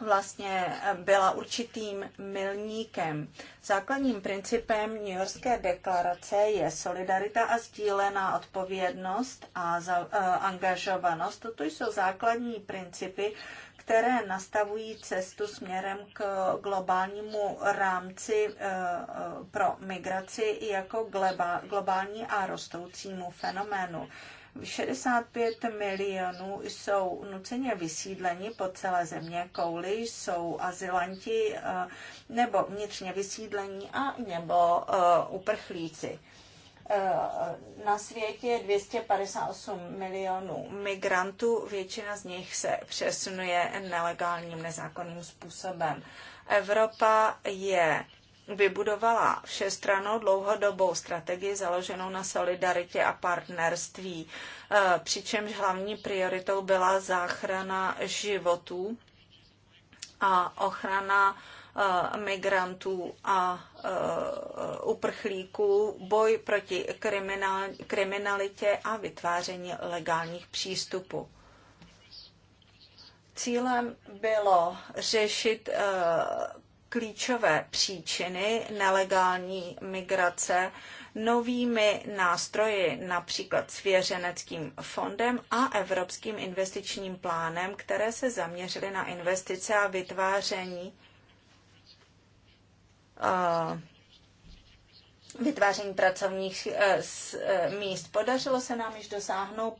S1: vlastně eh, byla určitým milníkem. Základním principem New Yorkské deklarace je solidarita a sdílená odpovědnost a za, uh, angažovanost. Toto jsou základní principy, které nastavují cestu směrem k globálnímu rámci uh, pro migraci jako globální a rostoucímu fenoménu. 65 milionů jsou nuceně vysídleni po celé země kouli, jsou azylanti eh, nebo vnitřně vysídlení a nebo eh, uprchlíci eh, na světě je 258 milionů migrantů, většina z nich se přesunuje nelegálním, nezákonným způsobem. Evropa je vybudovala všestranou dlouhodobou strategii založenou na solidaritě a partnerství, eh, přičemž hlavní prioritou byla záchrana životů a ochrana eh, migrantů a eh, uprchlíků, boj proti kriminalitě a vytváření legálních přístupů. Cílem bylo řešit klíčové příčiny nelegální migrace novými nástroji, například svěřeneckým fondem a Evropským investičním plánem, které se zaměřily na investice a vytváření uh, vytváření pracovních eh, eh, míst. Podařilo se nám již dosáhnout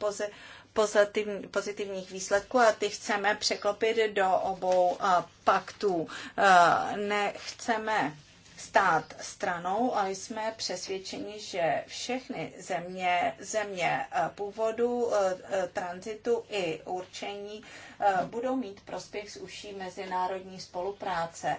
S1: pozitivní, pozitivních výsledků a ty chceme překlopit do obou paktů. Nechceme stát stranou a jsme přesvědčeni, že všechny země, země původu, tranzitu i určení budou mít prospěch z užší mezinárodní spolupráce.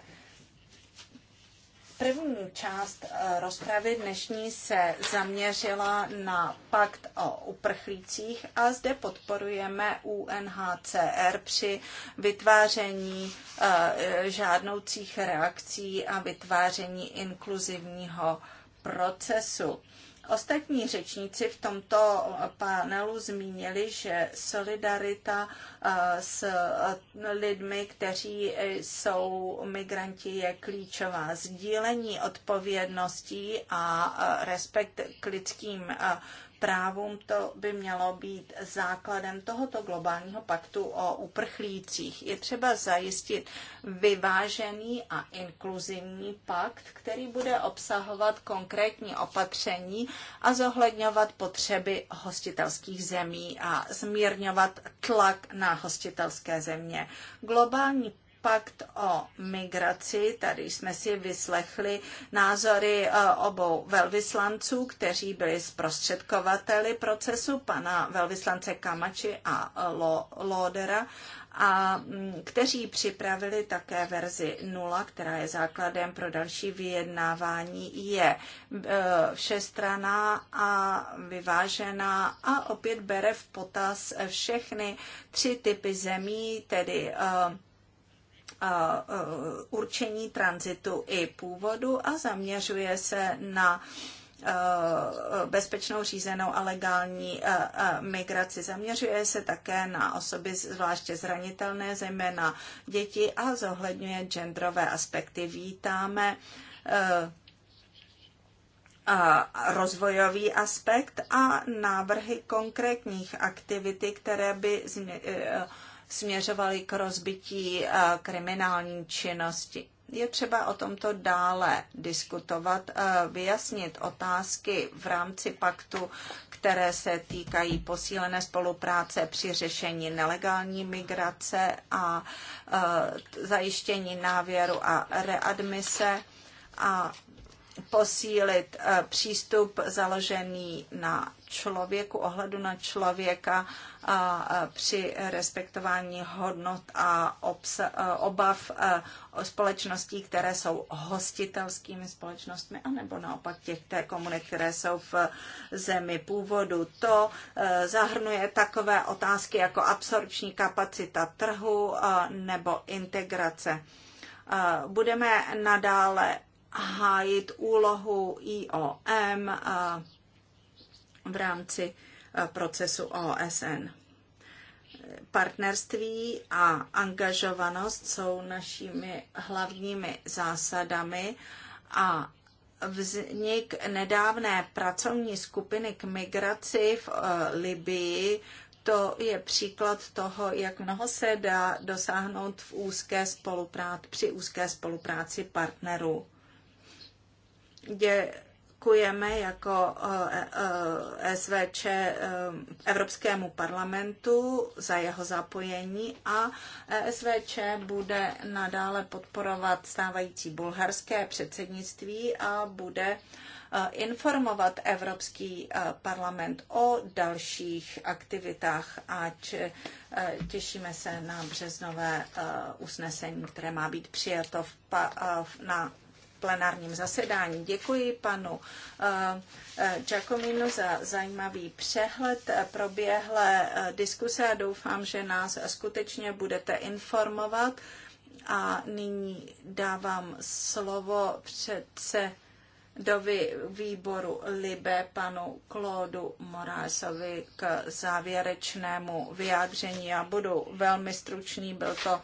S1: První část eh, rozpravy dnešní se zaměřila na pakt o uprchlících a zde podporujeme UNHCR při vytváření eh, žádnoucích reakcí a vytváření inkluzivního procesu. Ostatní řečníci v tomto panelu zmínili, že solidarita eh, s eh, lidmi, kteří eh, jsou migranti, je klíčová. Sdílení odpovědností a respekt k lidským právům, to by mělo být základem tohoto globálního paktu o uprchlících. Je třeba zajistit vyvážený a inkluzivní pakt, který bude obsahovat konkrétní opatření a zohledňovat potřeby hostitelských zemí a zmírňovat tlak na hostitelské země. Globální pakt o migraci. Tady jsme si vyslechli názory eh, obou velvyslanců, kteří byli zprostředkovateli procesu, pana velvyslance Kamači a eh, Lodera a mm, kteří připravili také verzi 0, která je základem pro další vyjednávání, je eh, všestraná a vyvážená a opět bere v potaz všechny tři typy zemí, tedy určení tranzitu i původu a zaměřuje se na bezpečnou, řízenou a legální migraci. Zaměřuje se také na osoby zvláště zranitelné, zejména děti a zohledňuje genderové aspekty. Vítáme rozvojový aspekt a návrhy konkrétních aktivity, které by e, směřovaly k rozbití eh, kriminální činnosti. Je třeba o tomto dále diskutovat, eh, vyjasnit otázky v rámci paktu, které se týkají posílené spolupráce při řešení nelegální migrace a eh, zajištění návěru a readmise a posílit eh, přístup založený na člověku, ohledu na člověka a při respektování hodnot a eh, obav eh, společností, které jsou hostitelskými společnostmi, anebo naopak těch té komunit, které jsou v zemi původu. To zahrnuje takové otázky jako absorpční kapacita trhu nebo integrace budeme nadále hájit úlohu IOM eh, v rámci eh, procesu OSN. Partnerství a angažovanost jsou našimi hlavními zásadami a vznik nedávné pracovní skupiny k migraci v eh, Libii to je příklad toho, jak mnoho se dá dosáhnout v úzké spolupráci, při úzké spolupráci partnerů. Děkujeme jako eh, eh, SVČ eh, Evropskému parlamentu za jeho zapojení a SVČ bude nadále podporovat stávající bulharské předsednictví a bude informovat Evropský parlament o dalších aktivitách a těšíme se na březnové usnesení, které má být přijato na plenárním zasedání. Děkuji panu eh, Giacomino za zajímavý přehled eh, proběhlé eh, diskuse a doufám, že nás skutečně budete informovat. A nyní dávám slovo předce do výboru Libe panu Klódu Morásovi k závěrečnému vyjádření. Já budu velmi stručný, byl to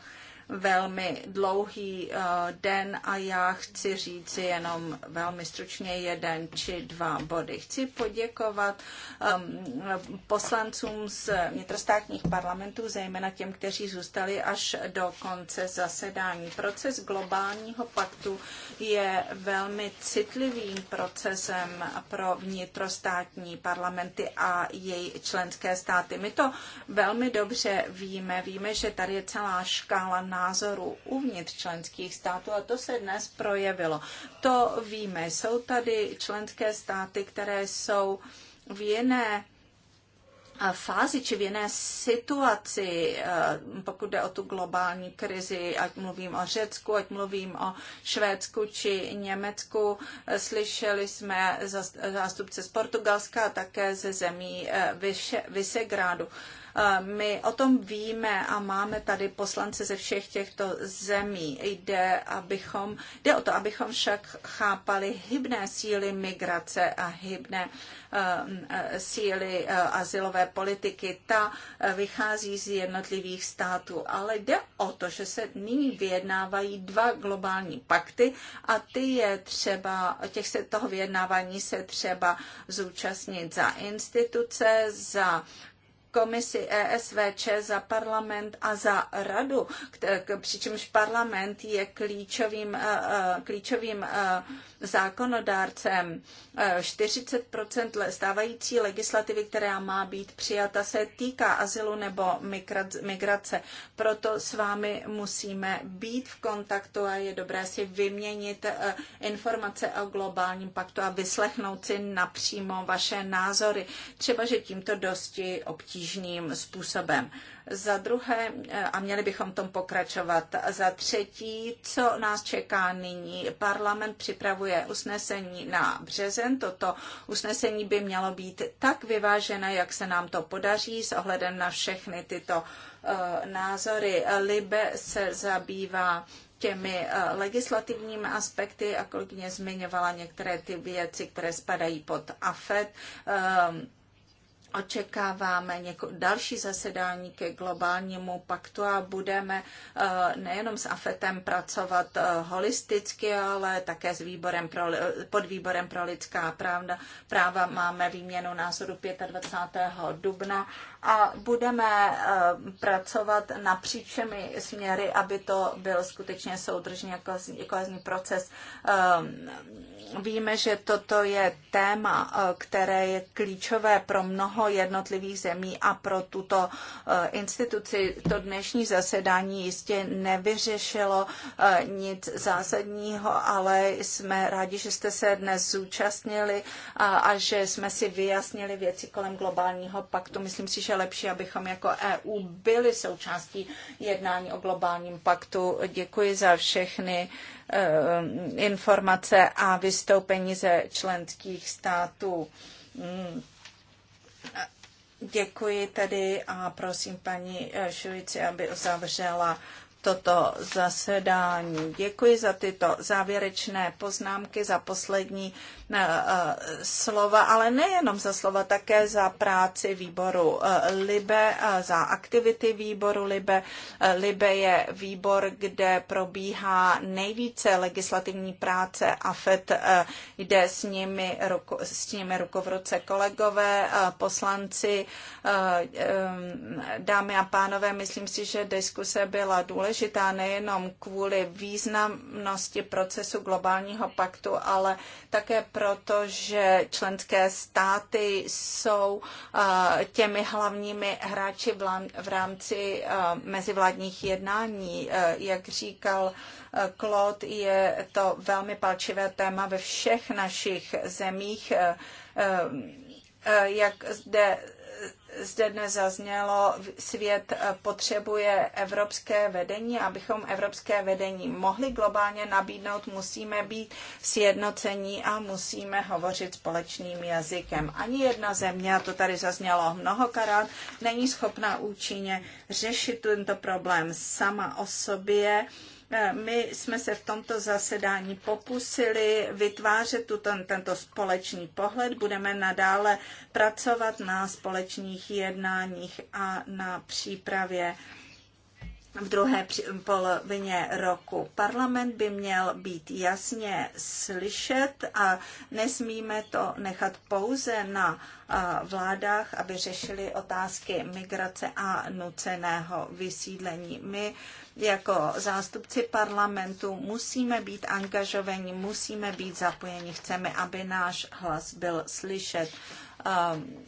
S1: velmi dlouhý eh, den a já chci říct jenom velmi stručně jeden či dva body. Chci poděkovat ehm, poslancům z vnitrostátních parlamentů, zejména těm, kteří zůstali až do konce zasedání. Proces globálního paktu je velmi citlivým procesem pro vnitrostátní parlamenty a její členské státy. My to velmi dobře víme. Víme, že tady je celá škála na názorů uvnitř členských států a to se dnes projevilo. To víme. Jsou tady členské státy, které jsou v jiné fázi či v jiné situaci, eh, pokud jde o tu globální krizi, ať mluvím o Řecku, ať mluvím o Švédsku či Německu. Eh, slyšeli jsme zástupce z Portugalska a také ze zemí Vysegrádu. Eh, Vyše, my o tom víme a máme tady poslance ze všech těchto zemí. Jde, abychom, jde o to, abychom však chápali hybné síly migrace a hybné um, eh, síly eh, asilové politiky. Ta eh, vychází z jednotlivých států, ale jde o to, že se nyní vyjednávají dva globální pakty a ty je třeba, těch se toho vyjednávání se třeba zúčastnit za instituce, za komisi ESVČ, za parlament a za radu, přičemž parlament je klíčovým, e, e, klíčovým e, zákonodárcem. 40 stávající legislativy, která má být přijata, se týká azylu nebo migrace. Proto s vámi musíme být v kontaktu a je dobré si vyměnit informace o globálním paktu a vyslechnout si napřímo vaše názory. Třeba, že tímto dosti obtížíme obtížným způsobem. Za druhé, eh, a měli bychom tom pokračovat, za třetí, co nás čeká nyní. Parlament připravuje usnesení na březen. Toto usnesení by mělo být tak vyvážené, jak se nám to podaří s ohledem na všechny tyto eh, názory. Libe se zabývá těmi eh, legislativními aspekty a kolegyně zmiňovala některé ty věci, které spadají pod AFET. Ehm, očekáváme něko- další zasedání ke globálnímu paktu a budeme eh, nejenom s AFETem pracovat eh, holisticky, ale také s výborem pro, pod výborem pro lidská práva. práva. Máme výměnu názoru 25. dubna a budeme eh, pracovat napříč všemi směry, aby to byl skutečně soudržný jako, jako proces ehm, Víme, že toto je téma, eh, které je klíčové pro mnoho jednotlivých zemí a pro tuto eh, instituci. To dnešní zasedání jistě nevyřešilo eh, nic zásadního, ale jsme rádi, že jste se dnes zúčastnili a, a že jsme si vyjasnili věci kolem globálního paktu. Myslím si, že je lepší, abychom jako EU byli součástí jednání o globálním paktu. Děkuji za všechny Eh, informace a vystoupení ze členských států. Mm. Děkuji tedy a prosím paní Šujici, aby uzavřela toto zasedání. Děkuji za tyto závěrečné poznámky, za poslední Eh, slova, ale nejenom za slova, také za práci výboru eh, LIBE, eh, za aktivity výboru LIBE. LIBE je výbor, kde probíhá nejvíce legislativní práce a FED jde s nimi, ruku, s nimi ruku v ruce kolegové, poslanci, dámy a pánové, myslím si, že diskuse byla důležitá nejenom kvůli významnosti procesu globálního paktu, ale také protože členské státy jsou eh, těmi hlavními hráči v rámci eh, mezivládních jednání. Eh, jak říkal Claude, je to velmi palčivé téma ve všech našich zemích. Jak zde zde dnes zaznělo, svět potřebuje evropské vedení. Abychom evropské vedení mohli globálně nabídnout, musíme být sjednocení a musíme hovořit společným jazykem. Ani jedna země, a to tady zaznělo mnohokrát, není schopna účinně řešit tento problém sama o sobě my jsme se v tomto zasedání pokusili vytvářet tuto, tento společný pohled. Budeme nadále pracovat na společných jednáních a na přípravě v druhé polovině roku. Parlament by měl být jasně slyšet a nesmíme to nechat pouze na vládách, aby řešili otázky migrace a nuceného vysídlení. My jako zástupci parlamentu musíme být angažovaní, musíme být zapojeni, chceme, aby náš hlas byl slyšet. Ehm,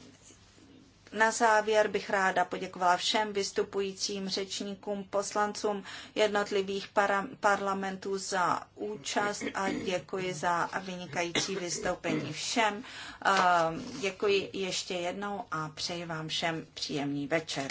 S1: na závěr bych ráda poděkovala všem vystupujícím řečníkům, poslancům jednotlivých para- parlamentů za účast a děkuji za vynikající vystoupení všem. Ehm, děkuji ještě jednou a přeji vám všem příjemný večer.